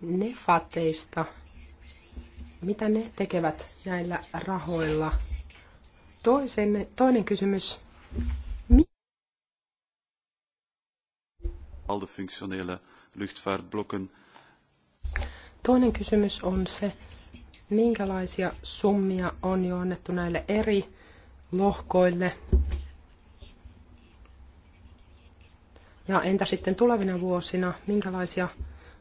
nefateista. Mitä ne tekevät näillä rahoilla? Toisen, toinen kysymys. Al de functionele luchtvaartblokken. Toinen kysymys on se, minkälaisia summia on jo annettu näille eri lohkoille. Ja entä sitten tulevina vuosina, minkälaisia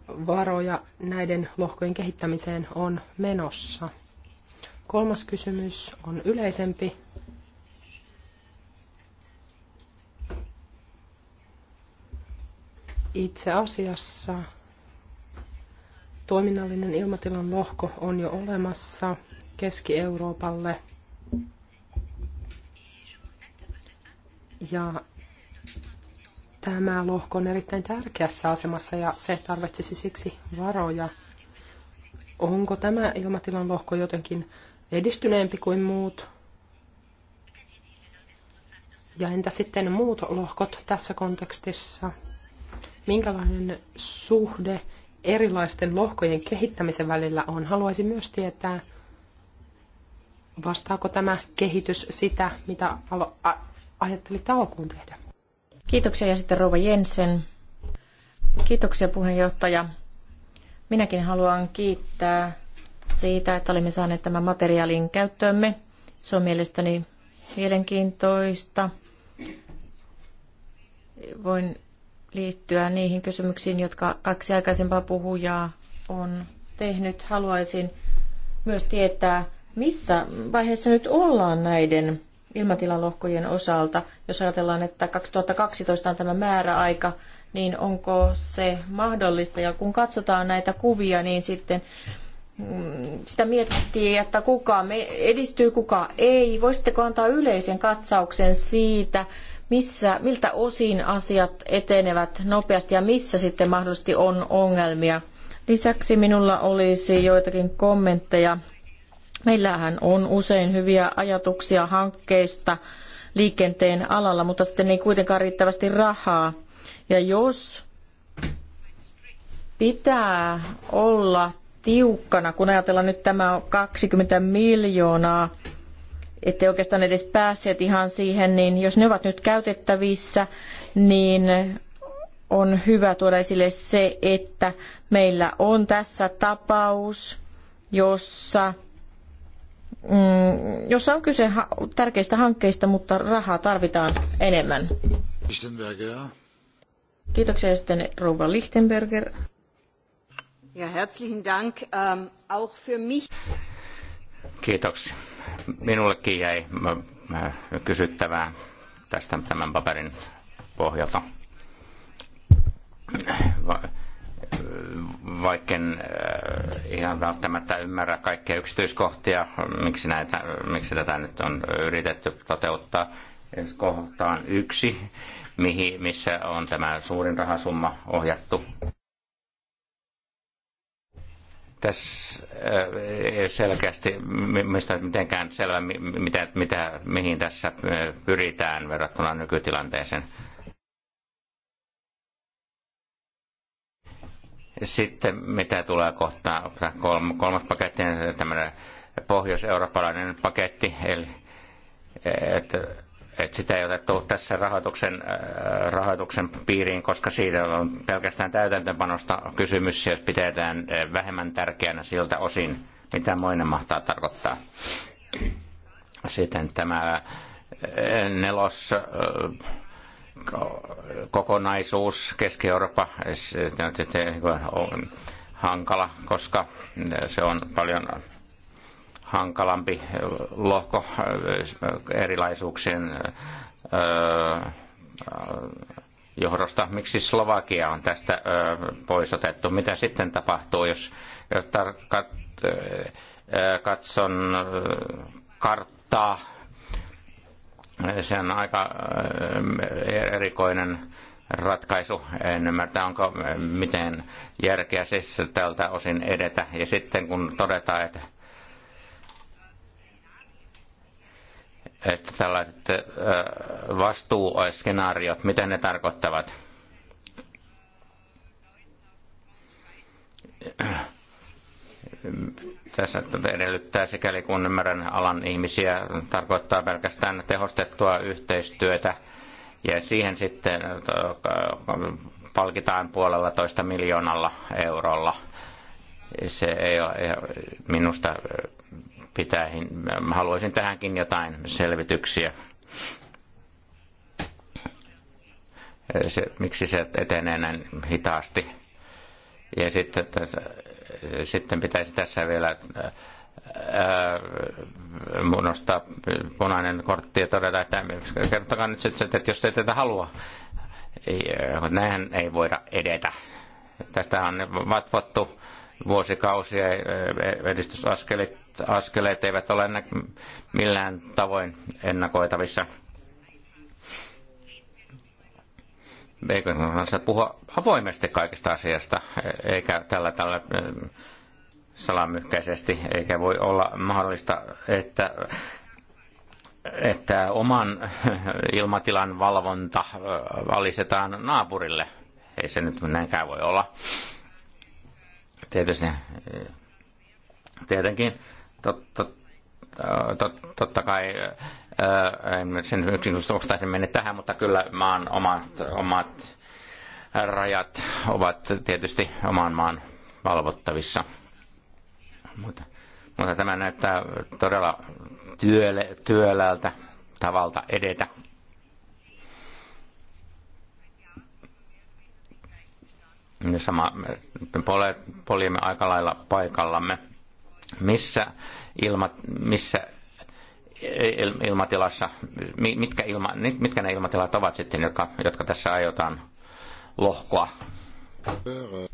varoja näiden lohkojen kehittämiseen on menossa? Kolmas kysymys on yleisempi. Itse asiassa toiminnallinen ilmatilan lohko on jo olemassa Keski-Euroopalle. Ja tämä lohko on erittäin tärkeässä asemassa ja se tarvitsisi siksi varoja. Onko tämä ilmatilan lohko jotenkin edistyneempi kuin muut? Ja entä sitten muut lohkot tässä kontekstissa? minkälainen suhde erilaisten lohkojen kehittämisen välillä on. Haluaisin myös tietää, vastaako tämä kehitys sitä, mitä alo- a- ajattelitte alkuun tehdä. Kiitoksia ja sitten Rouva Jensen. Kiitoksia puheenjohtaja. Minäkin haluan kiittää siitä, että olemme saaneet tämän materiaalin käyttöömme. Se on mielestäni mielenkiintoista. Voin liittyä niihin kysymyksiin, jotka kaksi aikaisempaa puhujaa on tehnyt. Haluaisin myös tietää, missä vaiheessa nyt ollaan näiden ilmatilalohkojen osalta. Jos ajatellaan, että 2012 on tämä määräaika, niin onko se mahdollista? Ja kun katsotaan näitä kuvia, niin sitten mm, sitä miettii, että kuka edistyy, kuka ei. Voisitteko antaa yleisen katsauksen siitä, missä, miltä osin asiat etenevät nopeasti ja missä sitten mahdollisesti on ongelmia. Lisäksi minulla olisi joitakin kommentteja. Meillähän on usein hyviä ajatuksia hankkeista liikenteen alalla, mutta sitten ei kuitenkaan riittävästi rahaa. Ja jos pitää olla tiukkana, kun ajatellaan nyt tämä 20 miljoonaa ette oikeastaan edes päässeet ihan siihen, niin jos ne ovat nyt käytettävissä, niin on hyvä tuoda esille se, että meillä on tässä tapaus, jossa, mm, jossa on kyse tärkeistä hankkeista, mutta rahaa tarvitaan enemmän. Lichtenberger. Kiitoksia sitten rouva Lichtenberger. Ja herzlichen Dank ähm, auch für mich. Kiitoksia. Minullekin jäi kysyttävää tästä tämän paperin pohjalta. Va- vaikken äh, ihan välttämättä ymmärrä kaikkia yksityiskohtia, miksi, näitä, miksi tätä nyt on yritetty toteuttaa. Kohtaan yksi, mihin, missä on tämä suurin rahasumma ohjattu tässä äh, selkeästi, mistä mitenkään selvä, mitä, mitä, mihin tässä äh, pyritään verrattuna nykytilanteeseen. Sitten mitä tulee kohta kolmas paketti, tämmöinen pohjois-eurooppalainen paketti, eli äh, että että sitä ei otettu tässä rahoituksen, äh, rahoituksen piiriin, koska siitä on pelkästään täytäntöpanosta kysymys, jos pidetään äh, vähemmän tärkeänä siltä osin, mitä moinen mahtaa tarkoittaa. Sitten tämä äh, nelos kokonaisuus Keski-Eurooppa on hankala, koska se on paljon hankalampi lohko äh, erilaisuuksien äh, johdosta. Miksi Slovakia on tästä äh, pois otettu? Mitä sitten tapahtuu, jos katson karttaa? Se on aika erikoinen ratkaisu. En ymmärtä, onko miten järkeä siis tältä osin edetä. Ja sitten kun todetaan, että että tällaiset vastuuskenaariot, mitä ne tarkoittavat? Tässä edellyttää sikäli kun ymmärrän alan ihmisiä, tarkoittaa pelkästään tehostettua yhteistyötä ja siihen sitten palkitaan puolella toista miljoonalla eurolla. Se ei ole minusta pitäihin. Haluaisin tähänkin jotain selvityksiä. Se, miksi se etenee näin hitaasti. Ja sitten, sitten pitäisi tässä vielä nostaa punainen kortti ja todeta, että kertokaa nyt että jos ei tätä halua, näinhän ei voida edetä. Tästä on vatvottu vuosikausia edistysaskelit askeleet eivät ole millään tavoin ennakoitavissa. Eikö kanssa puhua avoimesti kaikesta asiasta, eikä tällä tällä eh, salamyhkäisesti, eikä voi olla mahdollista, että että oman ilmatilan valvonta valisetaan eh, naapurille. Ei se nyt näinkään voi olla. Tietysti, eh, tietenkin Totta, äh, tot, totta kai äh, sen yksinkertaisesti mennä tähän, mutta kyllä maan omat, omat rajat ovat tietysti oman maan valvottavissa. Mutta, mutta tämä näyttää todella työle, työläältä tavalta edetä. Sama, poljemme aika lailla paikallamme missä, ilma, missä ilmatilassa, mitkä, ilma, mitkä ne ilmatilat ovat sitten, jotka, jotka tässä aiotaan lohkoa.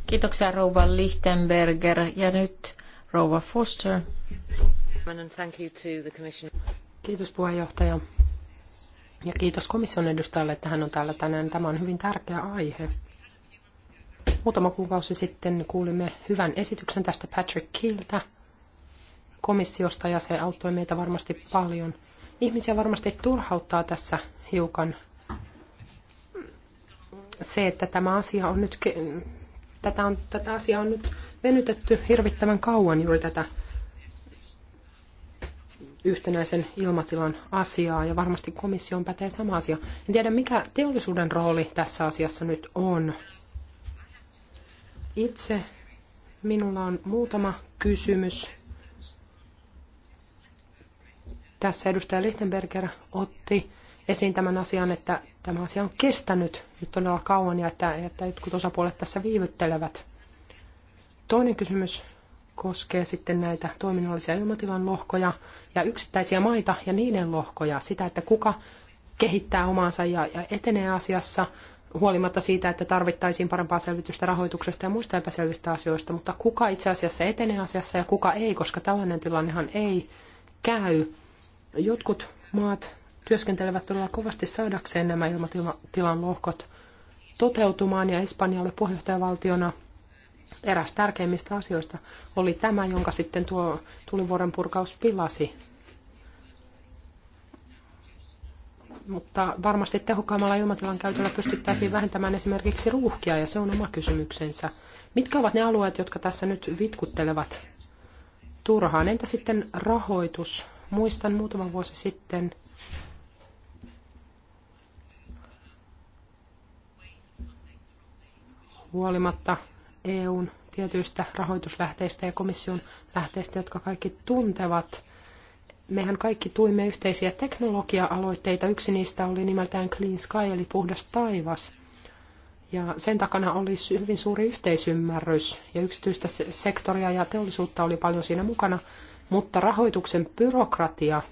Kiitoksia rouva Lichtenberger ja nyt rouva Foster. Kiitos puheenjohtaja. Ja kiitos komission edustajalle, että hän on täällä tänään. Tämä on hyvin tärkeä aihe. Muutama kuukausi sitten kuulimme hyvän esityksen tästä Patrick Kiltä, komissiosta ja se auttoi meitä varmasti paljon. Ihmisiä varmasti turhauttaa tässä hiukan se, että tämä asia on nyt, tätä, on, tätä asiaa on nyt venytetty hirvittävän kauan juuri tätä yhtenäisen ilmatilan asiaa ja varmasti komission pätee sama asia. En tiedä, mikä teollisuuden rooli tässä asiassa nyt on. Itse minulla on muutama kysymys tässä edustaja Lichtenberger otti esiin tämän asian, että tämä asia on kestänyt nyt todella kauan ja että, että jotkut osapuolet tässä viivyttelevät. Toinen kysymys koskee sitten näitä toiminnallisia ilmatilan lohkoja ja yksittäisiä maita ja niiden lohkoja. Sitä, että kuka kehittää omaansa ja, ja etenee asiassa huolimatta siitä, että tarvittaisiin parempaa selvitystä rahoituksesta ja muista epäselvistä asioista, mutta kuka itse asiassa etenee asiassa ja kuka ei, koska tällainen tilannehan ei käy Jotkut maat työskentelevät todella kovasti saadakseen nämä ilmatilan lohkot toteutumaan ja Espanja oli puheenjohtajavaltiona eräs tärkeimmistä asioista oli tämä, jonka sitten tuo tulivuoren purkaus pilasi. Mutta varmasti tehokkaammalla ilmatilan käytöllä pystyttäisiin vähentämään esimerkiksi ruuhkia, ja se on oma kysymyksensä. Mitkä ovat ne alueet, jotka tässä nyt vitkuttelevat turhaan? Entä sitten rahoitus? Muistan muutama vuosi sitten huolimatta EUn tietyistä rahoituslähteistä ja komission lähteistä, jotka kaikki tuntevat. Mehän kaikki tuimme yhteisiä teknologia-aloitteita. Yksi niistä oli nimeltään Clean Sky eli puhdas taivas. Ja sen takana oli hyvin suuri yhteisymmärrys ja yksityistä sektoria ja teollisuutta oli paljon siinä mukana mutta rahoituksen byrokratia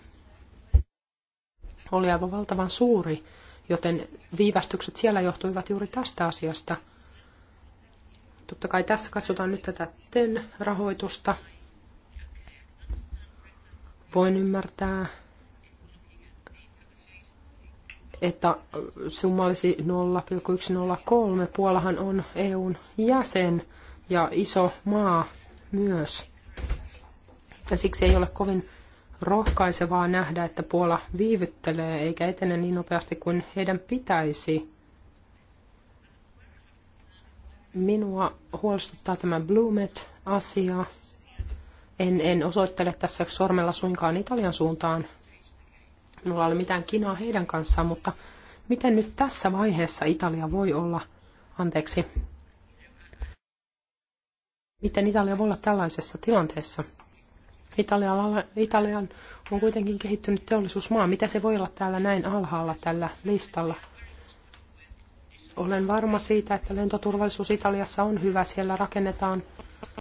oli aivan valtavan suuri, joten viivästykset siellä johtuivat juuri tästä asiasta. Totta kai tässä katsotaan nyt tätä TEN-rahoitusta. Voin ymmärtää, että summa olisi 0,103. Puolahan on EUn jäsen ja iso maa myös ja siksi ei ole kovin rohkaisevaa nähdä, että Puola viivyttelee eikä etene niin nopeasti kuin heidän pitäisi. Minua huolestuttaa tämä Blumet-asia. En, en osoittele tässä sormella suinkaan Italian suuntaan. Minulla ei ole mitään kinaa heidän kanssaan, mutta miten nyt tässä vaiheessa Italia voi olla, anteeksi, miten Italia voi olla tällaisessa tilanteessa? Italialla, Italian on kuitenkin kehittynyt teollisuusmaa. Mitä se voi olla täällä näin alhaalla tällä listalla? Olen varma siitä, että lentoturvallisuus Italiassa on hyvä. Siellä rakennetaan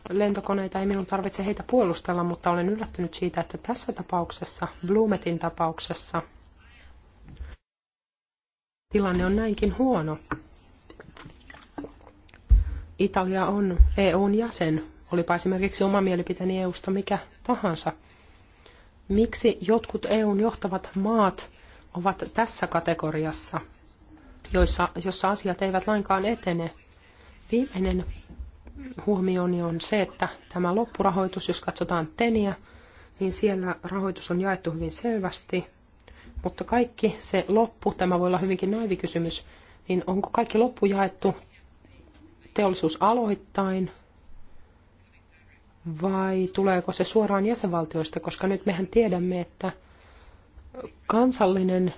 lentokoneita, ei minun tarvitse heitä puolustella, mutta olen yllättynyt siitä, että tässä tapauksessa, Blumetin tapauksessa, tilanne on näinkin huono. Italia on EUn jäsen, olipa esimerkiksi oma mielipiteeni EUsta mikä tahansa. Miksi jotkut EUn johtavat maat ovat tässä kategoriassa, joissa, jossa asiat eivät lainkaan etene? Viimeinen huomioni on se, että tämä loppurahoitus, jos katsotaan TENiä, niin siellä rahoitus on jaettu hyvin selvästi. Mutta kaikki se loppu, tämä voi olla hyvinkin naivi kysymys, niin onko kaikki loppu jaettu teollisuusaloittain vai tuleeko se suoraan jäsenvaltioista, koska nyt mehän tiedämme, että kansallinen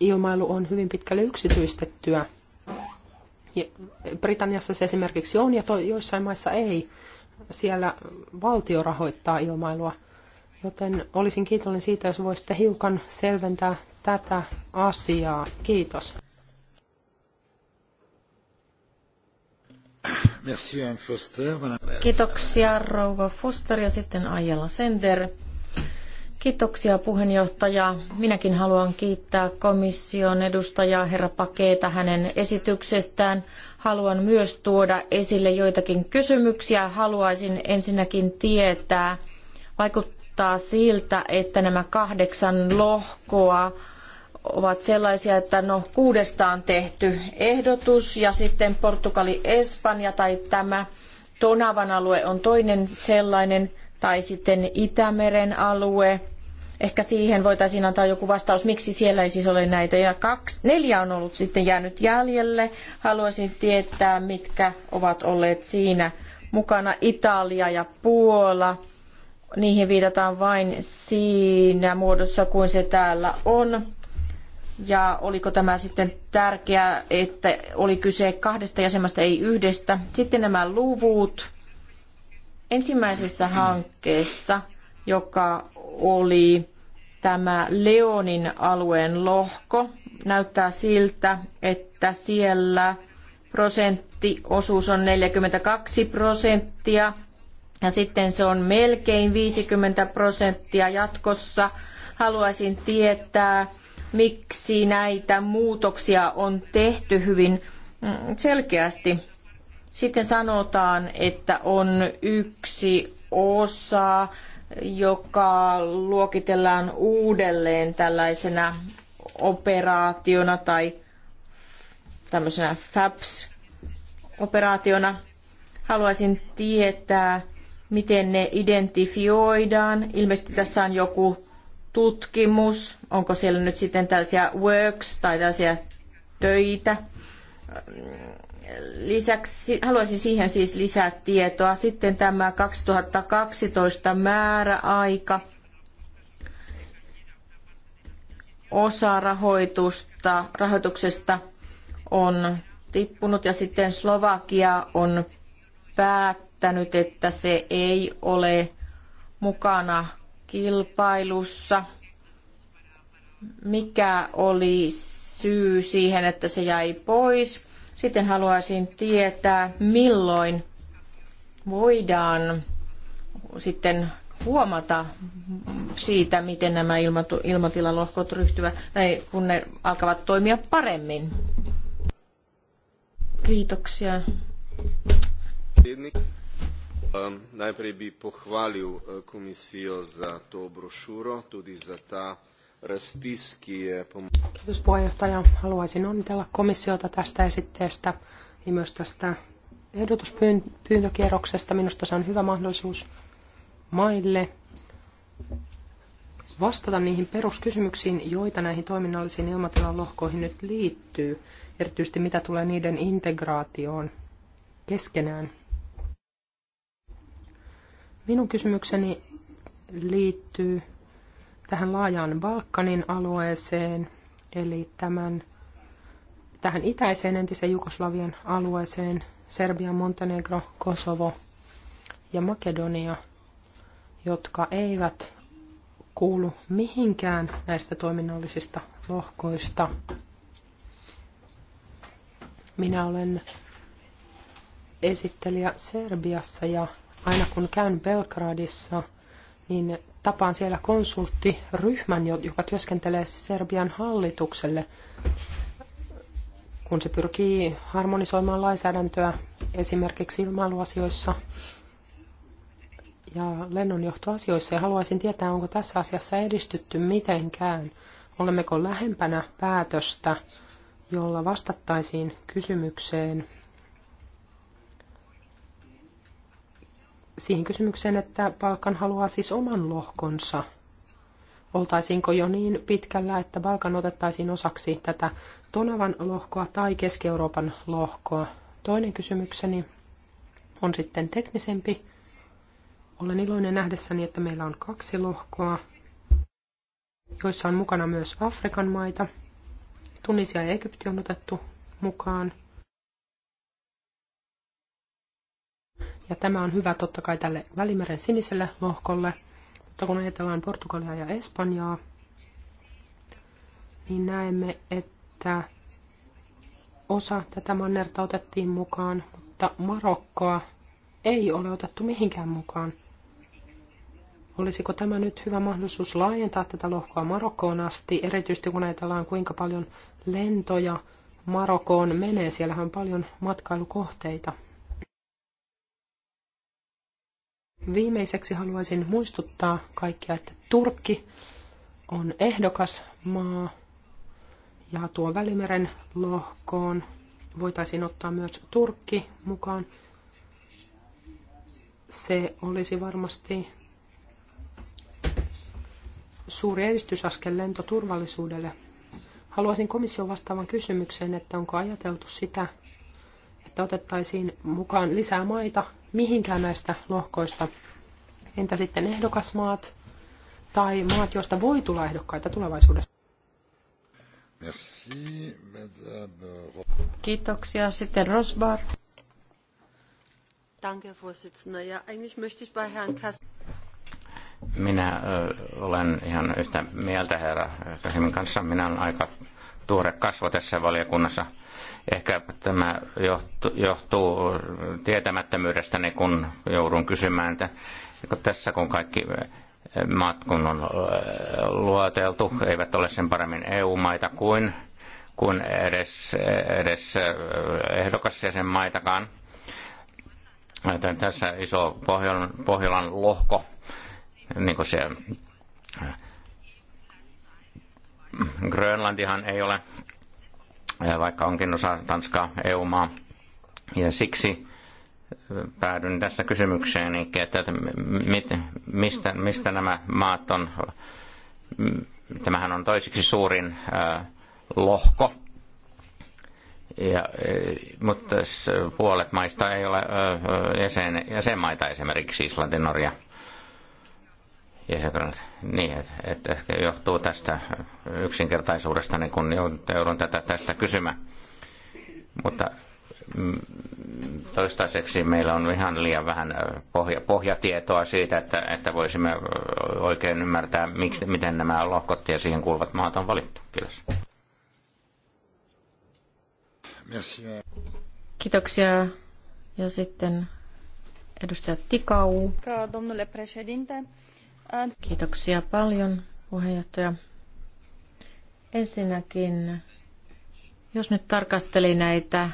ilmailu on hyvin pitkälle yksityistettyä. Britanniassa se esimerkiksi on ja to, joissain maissa ei. Siellä valtio rahoittaa ilmailua. Joten olisin kiitollinen siitä, jos voisitte hiukan selventää tätä asiaa. Kiitos. Merci, Kiitoksia rouva Foster ja sitten Ajella Sender. Kiitoksia puheenjohtaja. Minäkin haluan kiittää komission edustajaa herra Pakeeta hänen esityksestään. Haluan myös tuoda esille joitakin kysymyksiä. Haluaisin ensinnäkin tietää, vaikuttaa siltä, että nämä kahdeksan lohkoa ovat sellaisia, että no kuudestaan tehty ehdotus ja sitten Portugali, Espanja tai tämä Tonavan alue on toinen sellainen tai sitten Itämeren alue. Ehkä siihen voitaisiin antaa joku vastaus, miksi siellä ei siis ole näitä. Ja kaksi, neljä on ollut sitten jäänyt jäljelle. Haluaisin tietää, mitkä ovat olleet siinä mukana Italia ja Puola niihin viitataan vain siinä muodossa kuin se täällä on ja oliko tämä sitten tärkeää, että oli kyse kahdesta jäsenmästä, ei yhdestä. Sitten nämä luvut. Ensimmäisessä hankkeessa, joka oli tämä Leonin alueen lohko, näyttää siltä, että siellä prosenttiosuus on 42 prosenttia ja sitten se on melkein 50 prosenttia jatkossa. Haluaisin tietää, miksi näitä muutoksia on tehty hyvin selkeästi. Sitten sanotaan, että on yksi osa, joka luokitellaan uudelleen tällaisena operaationa tai tämmöisenä FAPS-operaationa. Haluaisin tietää, miten ne identifioidaan. Ilmeisesti tässä on joku tutkimus, onko siellä nyt sitten tällaisia works tai tällaisia töitä. Lisäksi haluaisin siihen siis lisää tietoa. Sitten tämä 2012 määräaika osa rahoitusta, rahoituksesta on tippunut ja sitten Slovakia on päättänyt, että se ei ole mukana kilpailussa. Mikä oli syy siihen, että se jäi pois? Sitten haluaisin tietää, milloin voidaan sitten huomata siitä, miten nämä ilmatilalohkot ryhtyvät, tai kun ne alkavat toimia paremmin. Kiitoksia. Ehm, najprej bi pohvalil eh, komisijo za to brošuro, tudi za ta razpis, ki je... Kiitos puheenjohtaja. Haluaisin onnitella komissiota tästä esitteestä ja myös tästä ehdotuspyyntökierroksesta. Minusta se on hyvä mahdollisuus maille vastata niihin peruskysymyksiin, joita näihin toiminnallisiin ilmatilan lohkoihin nyt liittyy, erityisesti mitä tulee niiden integraatioon keskenään Minun kysymykseni liittyy tähän laajaan Balkanin alueeseen, eli tämän, tähän itäiseen entisen Jugoslavian alueeseen, Serbia, Montenegro, Kosovo ja Makedonia, jotka eivät kuulu mihinkään näistä toiminnallisista lohkoista. Minä olen esittelijä Serbiassa ja Aina kun käyn Belgradissa, niin tapaan siellä konsulttiryhmän, joka työskentelee Serbian hallitukselle, kun se pyrkii harmonisoimaan lainsäädäntöä esimerkiksi ilmailuasioissa ja lennonjohtoasioissa. Ja haluaisin tietää, onko tässä asiassa edistytty mitenkään. Olemmeko lähempänä päätöstä, jolla vastattaisiin kysymykseen siihen kysymykseen, että Balkan haluaa siis oman lohkonsa. Oltaisiinko jo niin pitkällä, että Balkan otettaisiin osaksi tätä Tonavan lohkoa tai Keski-Euroopan lohkoa? Toinen kysymykseni on sitten teknisempi. Olen iloinen nähdessäni, että meillä on kaksi lohkoa, joissa on mukana myös Afrikan maita. Tunisia ja Egypti on otettu mukaan. Ja tämä on hyvä totta kai tälle Välimeren siniselle lohkolle, mutta kun ajatellaan Portugalia ja Espanjaa, niin näemme, että osa tätä mannerta otettiin mukaan, mutta Marokkoa ei ole otettu mihinkään mukaan. Olisiko tämä nyt hyvä mahdollisuus laajentaa tätä lohkoa Marokkoon asti, erityisesti kun ajatellaan kuinka paljon lentoja Marokkoon menee. Siellähän on paljon matkailukohteita Viimeiseksi haluaisin muistuttaa kaikkia, että Turkki on ehdokas maa ja tuo Välimeren lohkoon voitaisiin ottaa myös Turkki mukaan. Se olisi varmasti suuri edistysaskel lentoturvallisuudelle. Haluaisin komission vastaavan kysymykseen, että onko ajateltu sitä, että otettaisiin mukaan lisää maita mihinkään näistä lohkoista. Entä sitten ehdokasmaat tai maat, joista voi tulla ehdokkaita tulevaisuudessa? Merci, Madame... Kiitoksia. Sitten Rosbar. Danke, Vorsitzender. Ja, eigentlich möchte ich bei Herrn Minä ö, olen ihan yhtä mieltä herra Kasimin kanssa. Minä olen aika tuore kasvo tässä valiokunnassa. Ehkä tämä johtuu tietämättömyydestäni, kun joudun kysymään, että kun tässä kun kaikki maat kun on äh, luoteltu, eivät ole sen paremmin EU-maita kuin, kuin edes, edes äh, ehdokasjäsenmaitakaan. Joten tässä iso Pohjolan, Pohjolan lohko, niin kuin se äh, Grönlantihan ei ole, vaikka onkin osa Tanskaa, EU-maa. Ja siksi päädyn tässä kysymykseen, niin että mit, mistä, mistä nämä maat on, tämähän on toiseksi suurin lohko, ja, mutta puolet maista ei ole jäsen, jäsenmaita esimerkiksi Islanti, Norja, jäsenkunnat. Niin, että että ehkä johtuu tästä yksinkertaisuudesta, niin kun joudun tätä tästä kysymään. Mutta mm, toistaiseksi meillä on ihan liian vähän pohja, pohjatietoa siitä, että, että voisimme oikein ymmärtää, miksi, miten nämä lohkot ja siihen kuuluvat maat on valittu. Kiitos. Kiitoksia. Ja sitten edustaja Tikau. Domnule presidente. Kiitoksia paljon, puheenjohtaja. Ensinnäkin, jos nyt tarkastelin näitä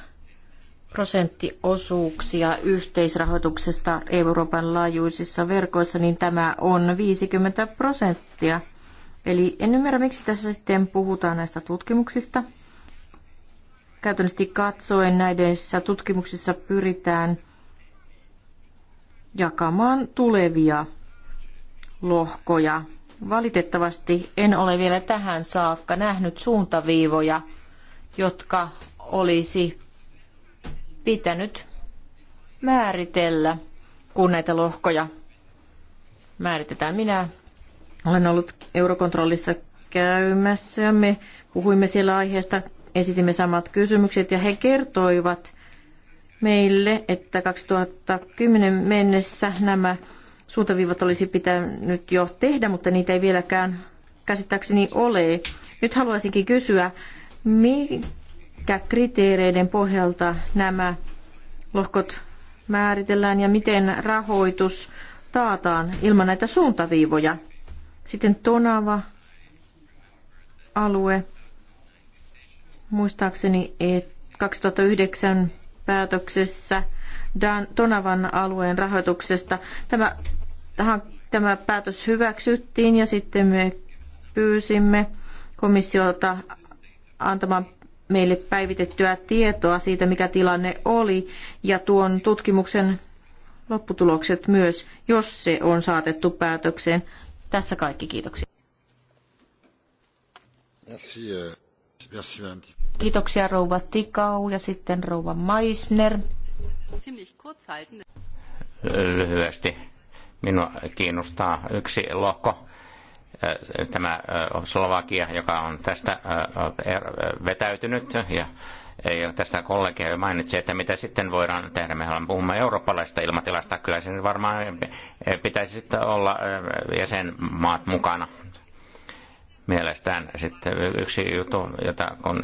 prosenttiosuuksia yhteisrahoituksesta Euroopan laajuisissa verkoissa, niin tämä on 50 prosenttia. Eli en ymmärrä, miksi tässä sitten puhutaan näistä tutkimuksista. Käytännössä katsoen näissä tutkimuksissa pyritään jakamaan tulevia lohkoja. Valitettavasti en ole vielä tähän saakka nähnyt suuntaviivoja, jotka olisi pitänyt määritellä, kun näitä lohkoja määritetään. Minä olen ollut Eurokontrollissa käymässä ja me puhuimme siellä aiheesta, esitimme samat kysymykset ja he kertoivat meille, että 2010 mennessä nämä suuntaviivat olisi pitänyt jo tehdä, mutta niitä ei vieläkään käsittääkseni ole. Nyt haluaisinkin kysyä, mikä kriteereiden pohjalta nämä lohkot määritellään ja miten rahoitus taataan ilman näitä suuntaviivoja. Sitten Tonava alue. Muistaakseni, että 2009 päätöksessä Tonavan alueen rahoituksesta. Tämä tämä päätös hyväksyttiin ja sitten me pyysimme komissiolta antamaan meille päivitettyä tietoa siitä, mikä tilanne oli, ja tuon tutkimuksen lopputulokset myös, jos se on saatettu päätökseen. Tässä kaikki, kiitoksia. Euh, kiitoksia rouva Tikau ja sitten rouva Meisner. Lyhyesti Minua kiinnostaa yksi lohko, tämä Slovakia, joka on tästä er, vetäytynyt ja ja tästä kollegia jo mainitsi, että mitä sitten voidaan tehdä. Me puhumme eurooppalaisesta ilmatilasta. Kyllä sen varmaan pitäisi sitten olla jäsenmaat mukana mielestään. Sitten yksi juttu, jota kun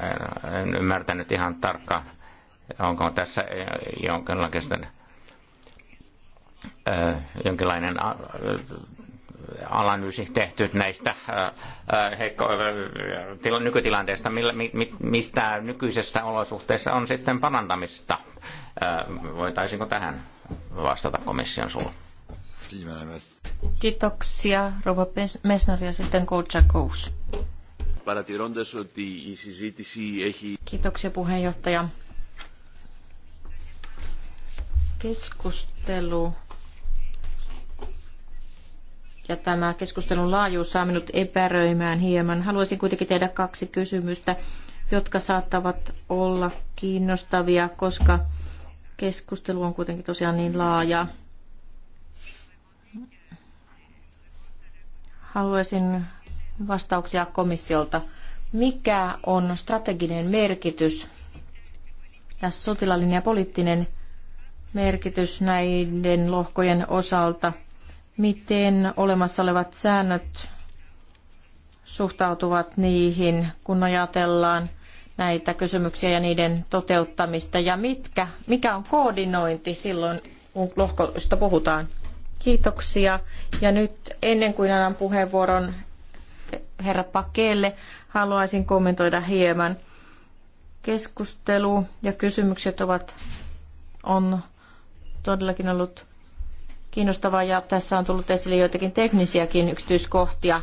en ymmärtänyt ihan tarkkaan, onko tässä jonkinlaista jonkinlainen analyysi tehty näistä heikko, tila, nykytilanteesta, mistä nykyisessä olosuhteessa on sitten parantamista. Voitaisinko tähän vastata komission sulla? Kiitoksia, Rova Mesnar ja sitten Koutsakus. Kiitoksia puheenjohtaja. Keskustelu ja tämä keskustelun laajuus saa minut epäröimään hieman. Haluaisin kuitenkin tehdä kaksi kysymystä, jotka saattavat olla kiinnostavia, koska keskustelu on kuitenkin tosiaan niin laaja. Haluaisin vastauksia komissiolta. Mikä on strateginen merkitys ja sotilallinen ja poliittinen merkitys näiden lohkojen osalta – miten olemassa olevat säännöt suhtautuvat niihin, kun ajatellaan näitä kysymyksiä ja niiden toteuttamista ja mitkä, mikä on koordinointi silloin, kun lohkoista puhutaan. Kiitoksia. Ja nyt ennen kuin annan puheenvuoron herra Pakeelle, haluaisin kommentoida hieman. Keskustelu ja kysymykset ovat, on todellakin ollut kiinnostavaa ja tässä on tullut esille joitakin teknisiäkin yksityiskohtia.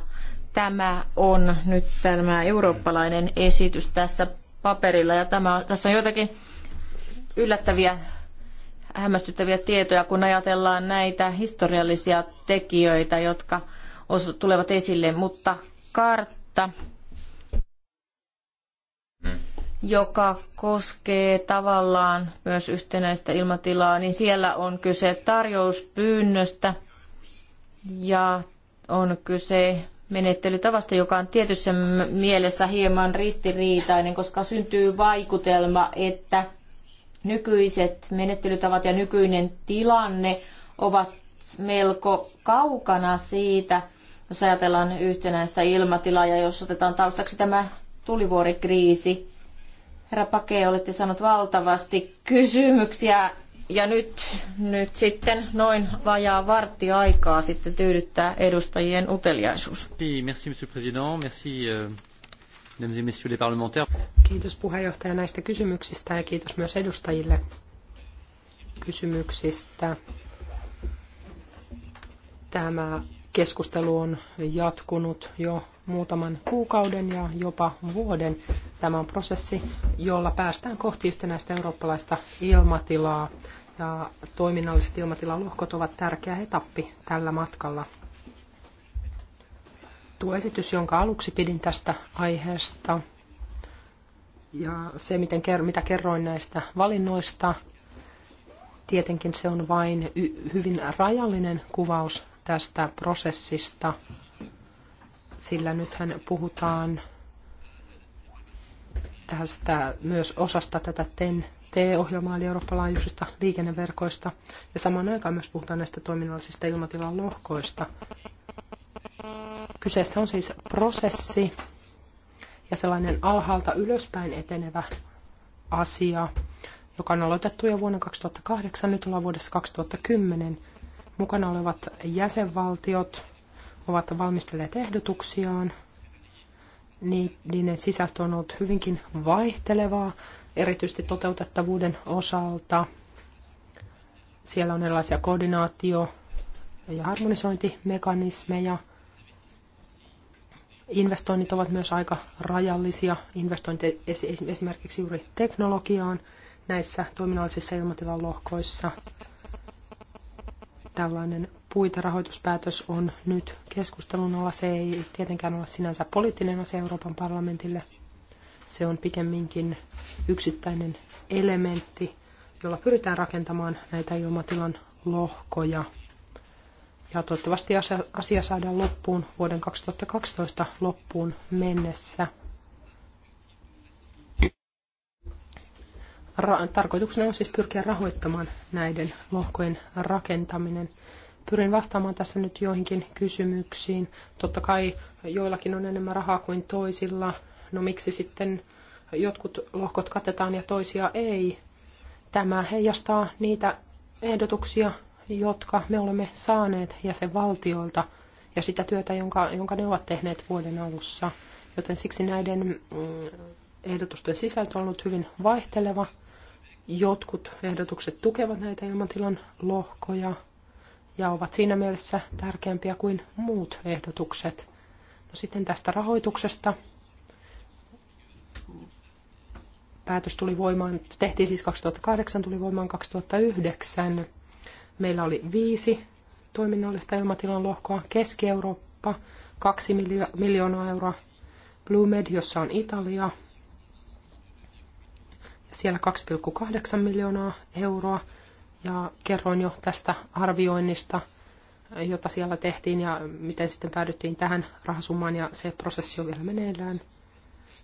Tämä on nyt tämä eurooppalainen esitys tässä paperilla ja tämä, tässä on joitakin yllättäviä hämmästyttäviä tietoja, kun ajatellaan näitä historiallisia tekijöitä, jotka tulevat esille, mutta kartta mm joka koskee tavallaan myös yhtenäistä ilmatilaa, niin siellä on kyse tarjouspyynnöstä ja on kyse menettelytavasta, joka on tietyssä mielessä hieman ristiriitainen, koska syntyy vaikutelma, että nykyiset menettelytavat ja nykyinen tilanne ovat melko kaukana siitä, jos ajatellaan yhtenäistä ilmatilaa ja jos otetaan taustaksi tämä tulivuorikriisi, Herra Pake, olette saanut valtavasti kysymyksiä ja nyt, nyt sitten noin vajaa vartti aikaa sitten tyydyttää edustajien uteliaisuus. Merci, monsieur président. Merci, euh, mesdames et messieurs les parlementaires. Kiitos puheenjohtaja näistä kysymyksistä ja kiitos myös edustajille kysymyksistä. Tämä keskustelu on jatkunut jo muutaman kuukauden ja jopa vuoden. Tämä on prosessi, jolla päästään kohti yhtenäistä eurooppalaista ilmatilaa ja toiminnalliset ilmatilalohkot ovat tärkeä etappi tällä matkalla. Tuo esitys, jonka aluksi pidin tästä aiheesta, ja se, miten, mitä kerroin näistä valinnoista, tietenkin se on vain hyvin rajallinen kuvaus tästä prosessista, sillä nythän puhutaan tästä myös osasta tätä TEN t ohjelmaa eli eurooppalaajuisista liikenneverkoista ja samaan aikaan myös puhutaan näistä toiminnallisista ilmatilan lohkoista. Kyseessä on siis prosessi ja sellainen alhaalta ylöspäin etenevä asia, joka on aloitettu jo vuonna 2008, nyt ollaan vuodessa 2010. Mukana olevat jäsenvaltiot ovat valmistelleet ehdotuksiaan. Niiden sisältö on ollut hyvinkin vaihtelevaa, erityisesti toteutettavuuden osalta. Siellä on erilaisia koordinaatio- ja harmonisointimekanismeja. Investoinnit ovat myös aika rajallisia. Investointi e- esimerkiksi juuri teknologiaan näissä toiminnallisissa ilmatilan lohkoissa. Tällainen rahoituspäätös on nyt keskustelun alla. Se ei tietenkään ole sinänsä poliittinen asia Euroopan parlamentille. Se on pikemminkin yksittäinen elementti, jolla pyritään rakentamaan näitä ilmatilan lohkoja. Ja toivottavasti asia, asia saadaan loppuun vuoden 2012 loppuun mennessä. Ra- tarkoituksena on siis pyrkiä rahoittamaan näiden lohkojen rakentaminen. Pyrin vastaamaan tässä nyt joihinkin kysymyksiin. Totta kai joillakin on enemmän rahaa kuin toisilla. No miksi sitten jotkut lohkot katetaan ja toisia ei? Tämä heijastaa niitä ehdotuksia, jotka me olemme saaneet jäsenvaltioilta ja sitä työtä, jonka, jonka ne ovat tehneet vuoden alussa. Joten siksi näiden mm, ehdotusten sisältö on ollut hyvin vaihteleva. Jotkut ehdotukset tukevat näitä ilmatilan lohkoja, ja ovat siinä mielessä tärkeämpiä kuin muut ehdotukset. No sitten tästä rahoituksesta. Päätös tuli voimaan, se tehtiin siis 2008, tuli voimaan 2009. Meillä oli viisi toiminnallista ilmatilan lohkoa, Keski-Eurooppa, 2 miljoonaa euroa, BlueMed, jossa on Italia, ja siellä 2,8 miljoonaa euroa, ja kerroin jo tästä arvioinnista, jota siellä tehtiin ja miten sitten päädyttiin tähän rahasummaan ja se prosessi on vielä meneillään.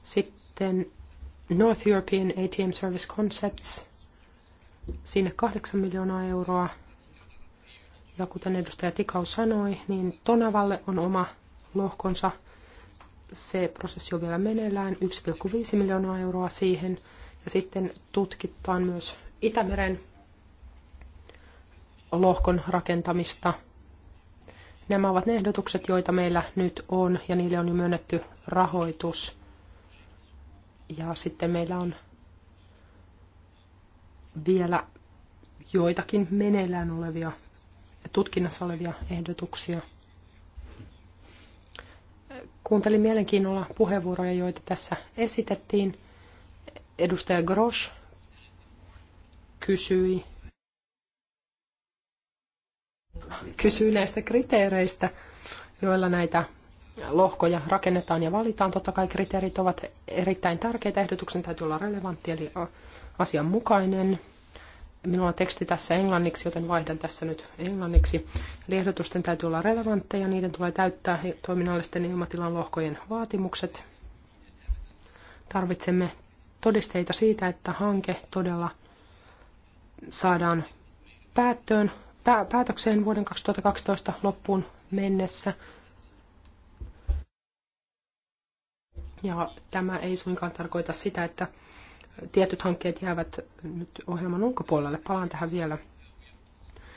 Sitten North European ATM Service Concepts, sinne 8 miljoonaa euroa. Ja kuten edustaja Tikau sanoi, niin Tonavalle on oma lohkonsa. Se prosessi on vielä meneillään, 1,5 miljoonaa euroa siihen. Ja sitten tutkitaan myös Itämeren lohkon rakentamista. Nämä ovat ne ehdotukset, joita meillä nyt on, ja niille on jo myönnetty rahoitus. Ja sitten meillä on vielä joitakin meneillään olevia, tutkinnassa olevia ehdotuksia. Kuuntelin mielenkiinnolla puheenvuoroja, joita tässä esitettiin. Edustaja Grosch kysyi kysyy näistä kriteereistä, joilla näitä lohkoja rakennetaan ja valitaan. Totta kai kriteerit ovat erittäin tärkeitä. Ehdotuksen täytyy olla relevantti eli asianmukainen. Minulla on teksti tässä englanniksi, joten vaihdan tässä nyt englanniksi. Eli ehdotusten täytyy olla relevantteja. Niiden tulee täyttää toiminnallisten ilmatilan lohkojen vaatimukset. Tarvitsemme todisteita siitä, että hanke todella saadaan päättöön päätökseen vuoden 2012 loppuun mennessä. Ja tämä ei suinkaan tarkoita sitä, että tietyt hankkeet jäävät nyt ohjelman ulkopuolelle. Palaan tähän vielä.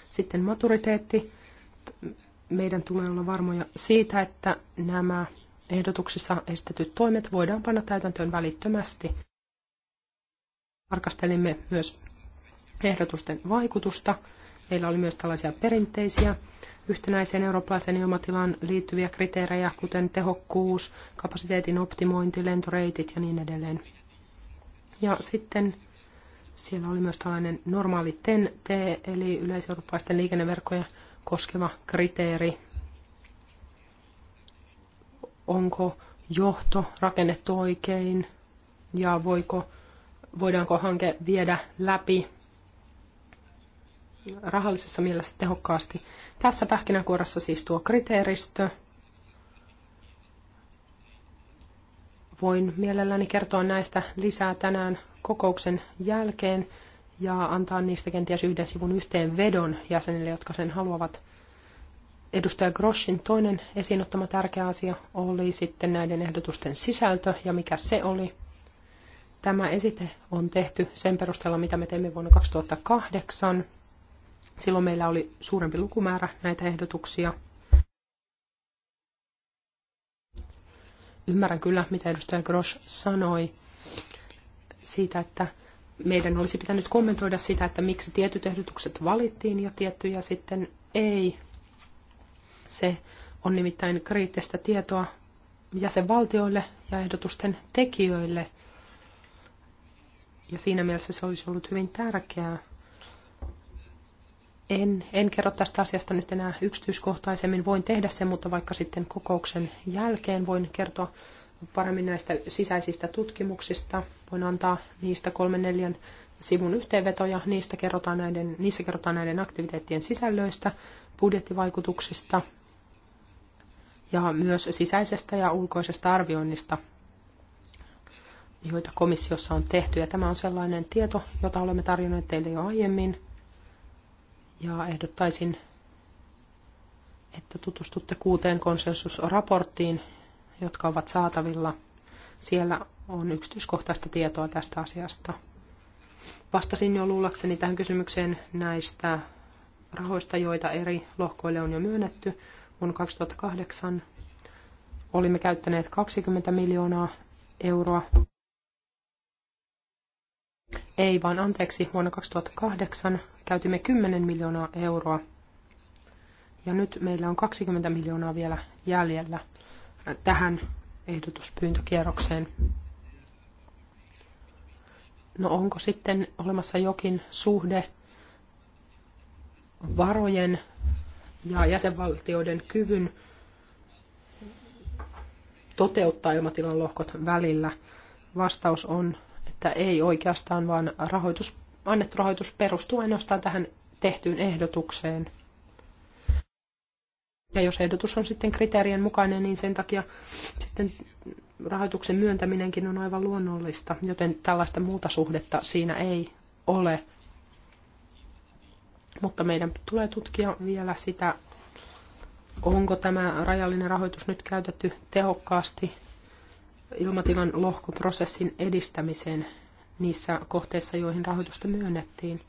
Sitten maturiteetti. Meidän tulee olla varmoja siitä, että nämä ehdotuksissa estetyt toimet voidaan panna täytäntöön välittömästi. Tarkastelimme myös ehdotusten vaikutusta Meillä oli myös tällaisia perinteisiä yhtenäiseen eurooppalaiseen ilmatilaan liittyviä kriteerejä, kuten tehokkuus, kapasiteetin optimointi, lentoreitit ja niin edelleen. Ja sitten siellä oli myös tällainen normaali TEN-T, eli yleiseurooppalaisten liikenneverkkoja koskeva kriteeri. Onko johto rakennettu oikein ja voiko, voidaanko hanke viedä läpi rahallisessa mielessä tehokkaasti. Tässä pähkinäkuorassa siis tuo kriteeristö. Voin mielelläni kertoa näistä lisää tänään kokouksen jälkeen ja antaa niistä kenties yhden sivun yhteen vedon jäsenille, jotka sen haluavat. Edustaja Groschin toinen esiinottama tärkeä asia oli sitten näiden ehdotusten sisältö ja mikä se oli. Tämä esite on tehty sen perusteella, mitä me teimme vuonna 2008. Silloin meillä oli suurempi lukumäärä näitä ehdotuksia. Ymmärrän kyllä, mitä edustaja Grosch sanoi siitä, että meidän olisi pitänyt kommentoida sitä, että miksi tietyt ehdotukset valittiin ja tiettyjä sitten ei. Se on nimittäin kriittistä tietoa jäsenvaltioille ja ehdotusten tekijöille. Ja siinä mielessä se olisi ollut hyvin tärkeää en, en kerro tästä asiasta nyt enää yksityiskohtaisemmin. Voin tehdä sen, mutta vaikka sitten kokouksen jälkeen voin kertoa paremmin näistä sisäisistä tutkimuksista. Voin antaa niistä kolmen neljän sivun yhteenvetoja. Niistä kerrotaan näiden, niissä kerrotaan näiden aktiviteettien sisällöistä, budjettivaikutuksista ja myös sisäisestä ja ulkoisesta arvioinnista, joita komissiossa on tehty. Ja tämä on sellainen tieto, jota olemme tarjonneet teille jo aiemmin. Ja ehdottaisin, että tutustutte kuuteen konsensusraporttiin, jotka ovat saatavilla. Siellä on yksityiskohtaista tietoa tästä asiasta. Vastasin jo luullakseni tähän kysymykseen näistä rahoista, joita eri lohkoille on jo myönnetty. Vuonna 2008 olimme käyttäneet 20 miljoonaa euroa ei vaan anteeksi, vuonna 2008 käytimme 10 miljoonaa euroa ja nyt meillä on 20 miljoonaa vielä jäljellä tähän ehdotuspyyntökierrokseen. No onko sitten olemassa jokin suhde varojen ja jäsenvaltioiden kyvyn toteuttaa ilmatilan lohkot välillä? Vastaus on että ei oikeastaan, vaan rahoitus, annettu rahoitus perustuu ainoastaan tähän tehtyyn ehdotukseen. Ja jos ehdotus on sitten kriteerien mukainen, niin sen takia sitten rahoituksen myöntäminenkin on aivan luonnollista, joten tällaista muuta suhdetta siinä ei ole. Mutta meidän tulee tutkia vielä sitä, onko tämä rajallinen rahoitus nyt käytetty tehokkaasti ilmatilan lohkoprosessin edistämiseen niissä kohteissa, joihin rahoitusta myönnettiin.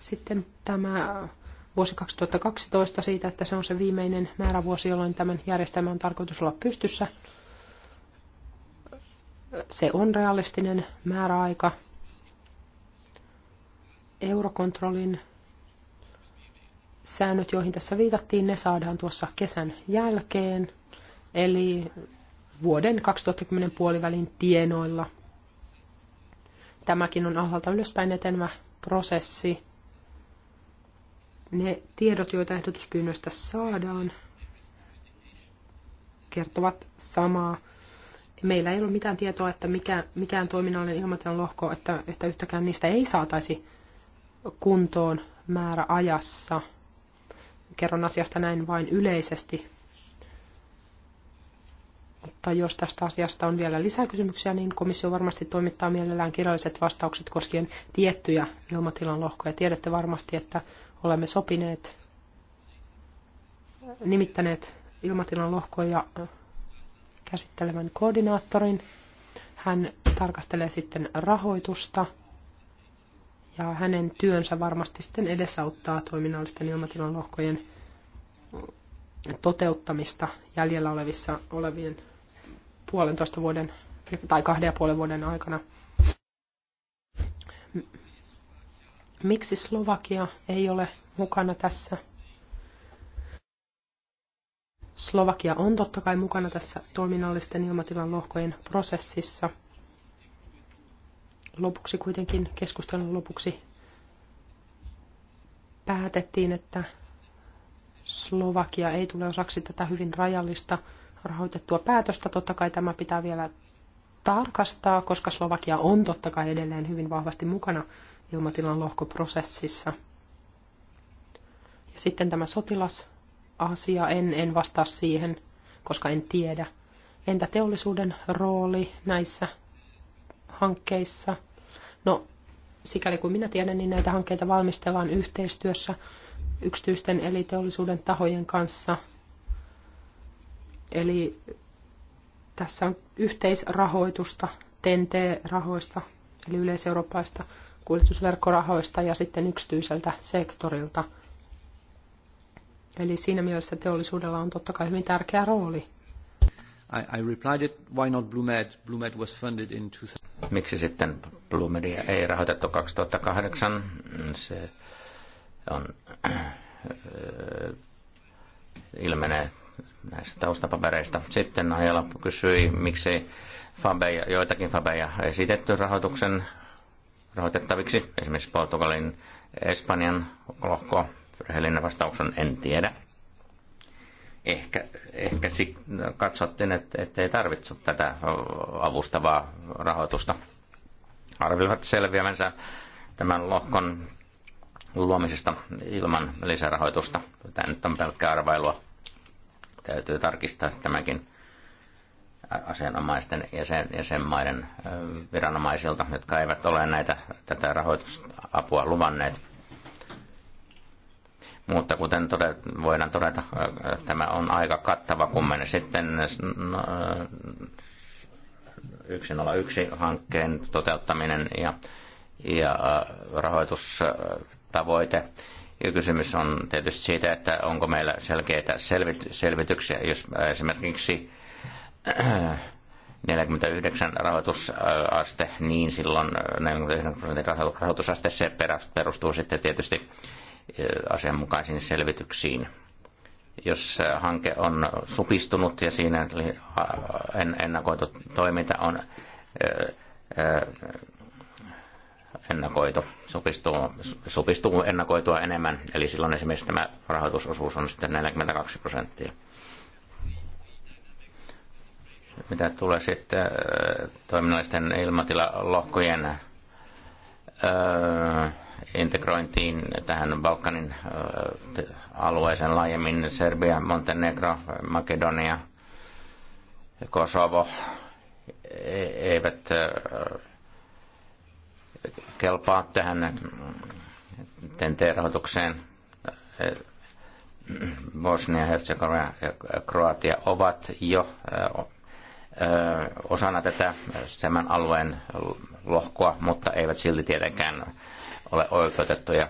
Sitten tämä vuosi 2012 siitä, että se on se viimeinen määrävuosi, jolloin tämän järjestelmän on tarkoitus olla pystyssä. Se on realistinen määräaika. Eurokontrollin säännöt, joihin tässä viitattiin, ne saadaan tuossa kesän jälkeen. Eli vuoden 2010 puolivälin tienoilla. Tämäkin on alhaalta ylöspäin etenevä prosessi. Ne tiedot, joita ehdotuspyynnöistä saadaan, kertovat samaa. Meillä ei ole mitään tietoa, että mikä, mikään toiminnallinen ilmatilan lohko, että, että yhtäkään niistä ei saataisi kuntoon määräajassa. Kerron asiasta näin vain yleisesti mutta jos tästä asiasta on vielä lisää kysymyksiä, niin komissio varmasti toimittaa mielellään kirjalliset vastaukset koskien tiettyjä ilmatilan lohkoja. Tiedätte varmasti, että olemme sopineet, nimittäneet ilmatilan lohkoja käsittelevän koordinaattorin. Hän tarkastelee sitten rahoitusta ja hänen työnsä varmasti sitten edesauttaa toiminnallisten ilmatilan lohkojen toteuttamista jäljellä olevissa olevien puolentoista vuoden tai kahden ja puolen vuoden aikana. Miksi Slovakia ei ole mukana tässä? Slovakia on totta kai mukana tässä toiminnallisten ilmatilan lohkojen prosessissa. Lopuksi kuitenkin keskustelun lopuksi päätettiin, että Slovakia ei tule osaksi tätä hyvin rajallista rahoitettua päätöstä. Totta kai tämä pitää vielä tarkastaa, koska Slovakia on totta kai edelleen hyvin vahvasti mukana ilmatilan lohkoprosessissa. Ja sitten tämä sotilasasia, en, en vastaa siihen, koska en tiedä. Entä teollisuuden rooli näissä hankkeissa? No, sikäli kuin minä tiedän, niin näitä hankkeita valmistellaan yhteistyössä yksityisten eli teollisuuden tahojen kanssa – Eli tässä on yhteisrahoitusta, TNT-rahoista, eli yleiseurooppaista kuljetusverkkorahoista ja sitten yksityiseltä sektorilta. Eli siinä mielessä teollisuudella on totta kai hyvin tärkeä rooli. I, I replied it, why not BlueMed? BlueMed was funded in 2000. Miksi sitten BlueMedia ei rahoitettu 2008? Se on, äh, ilmenee näistä taustapapereista. Sitten Ajala kysyi, miksi fabeja, joitakin fabeja esitetty rahoituksen rahoitettaviksi, esimerkiksi Portugalin, Espanjan lohko. Rehellinen vastaus on en tiedä. Ehkä, ehkä katsottiin, että, että ei tarvitse tätä avustavaa rahoitusta. Arvelivat selviävänsä tämän lohkon luomisesta ilman lisärahoitusta. Tämä nyt on pelkkää arvailua. Täytyy tarkistaa tämäkin asianomaisten jäsen, jäsenmaiden viranomaisilta, jotka eivät ole näitä, tätä rahoitusapua luvanneet. Mutta kuten todet, voidaan todeta, tämä on aika kattava, kun me sitten 101-hankkeen no, toteuttaminen ja, ja rahoitustavoite ja kysymys on tietysti siitä, että onko meillä selkeitä selvityksiä, jos esimerkiksi 49 rahoitusaste, niin silloin 49 prosentin rahoitusaste se perustuu sitten tietysti eh, asianmukaisiin selvityksiin. Jos eh, hanke on supistunut ja siinä eh, ennakoitu toiminta on ennakoitu, supistuu, supistuu ennakoitua enemmän, eli silloin esimerkiksi tämä rahoitusosuus on sitten 42 prosenttia. Mitä tulee sitten äh, toiminnallisten ilmatilalohkojen äh, integrointiin tähän Balkanin äh, alueeseen laajemmin, Serbia, Montenegro, Makedonia, Kosovo, e-, eivät kelpaa tähän TNT-rahoitukseen. Bosnia, Herzegovina ja Kroatia ovat jo osana tätä tämän alueen lohkoa, mutta eivät silti tietenkään ole oikeutettuja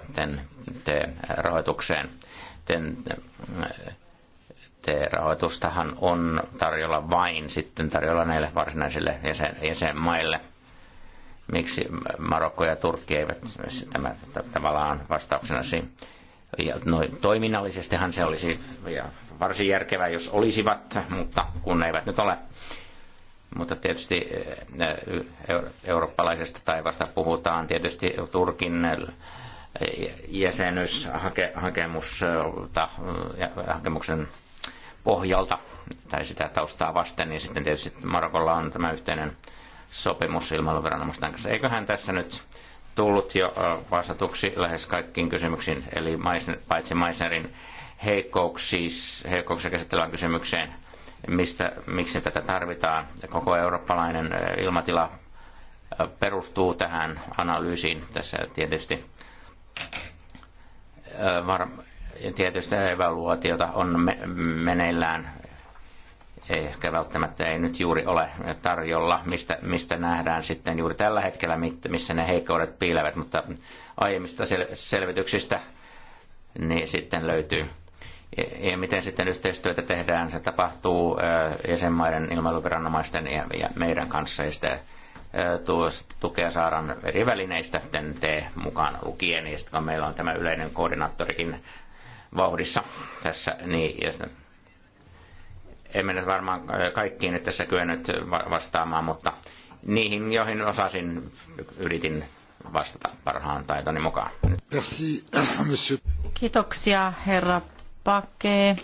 TEN-rahoitukseen. TEN-rahoitustahan on tarjolla vain sitten tarjolla näille varsinaisille jäsen, jäsenmaille miksi Marokko ja Turkki eivät tämä, tavallaan vastauksena siihen. Ja noin toiminnallisestihan se olisi ja varsin järkevää, jos olisivat, mutta kun eivät nyt ole. Mutta tietysti eh, eh, eurooppalaisesta taivasta puhutaan. Tietysti Turkin eh, jäsenyyshakemusta hakemuksen pohjalta tai sitä taustaa vasten, niin sitten tietysti Marokolla on tämä yhteinen sopimus ilmailuviranomaisten kanssa. Eiköhän tässä nyt tullut jo vastatuksi lähes kaikkiin kysymyksiin, eli paitsi Maisnerin heikkouksia käsittelevään kysymykseen, mistä, miksi tätä tarvitaan. Koko eurooppalainen ilmatila perustuu tähän analyysiin tässä tietysti. Var, tietysti evaluatiota on me, meneillään ehkä välttämättä ei nyt juuri ole tarjolla, mistä, mistä nähdään sitten juuri tällä hetkellä, missä ne heikkoudet piilevät, mutta aiemmista sel- selvityksistä niin sitten löytyy. Ja, ja miten sitten yhteistyötä tehdään, se tapahtuu jäsenmaiden ilmailuviranomaisten ja, ja meidän kanssa, ja sitä tuosta tukea saadaan eri välineistä, te mukaan lukien, ja sitten kun meillä on tämä yleinen koordinaattorikin vauhdissa tässä, niin emme nyt varmaan äh, kaikkiin nyt tässä kyennyt vastaamaan, mutta niihin, joihin osasin, yritin vastata parhaan taitoni mukaan. Kiitoksia, herra Pake.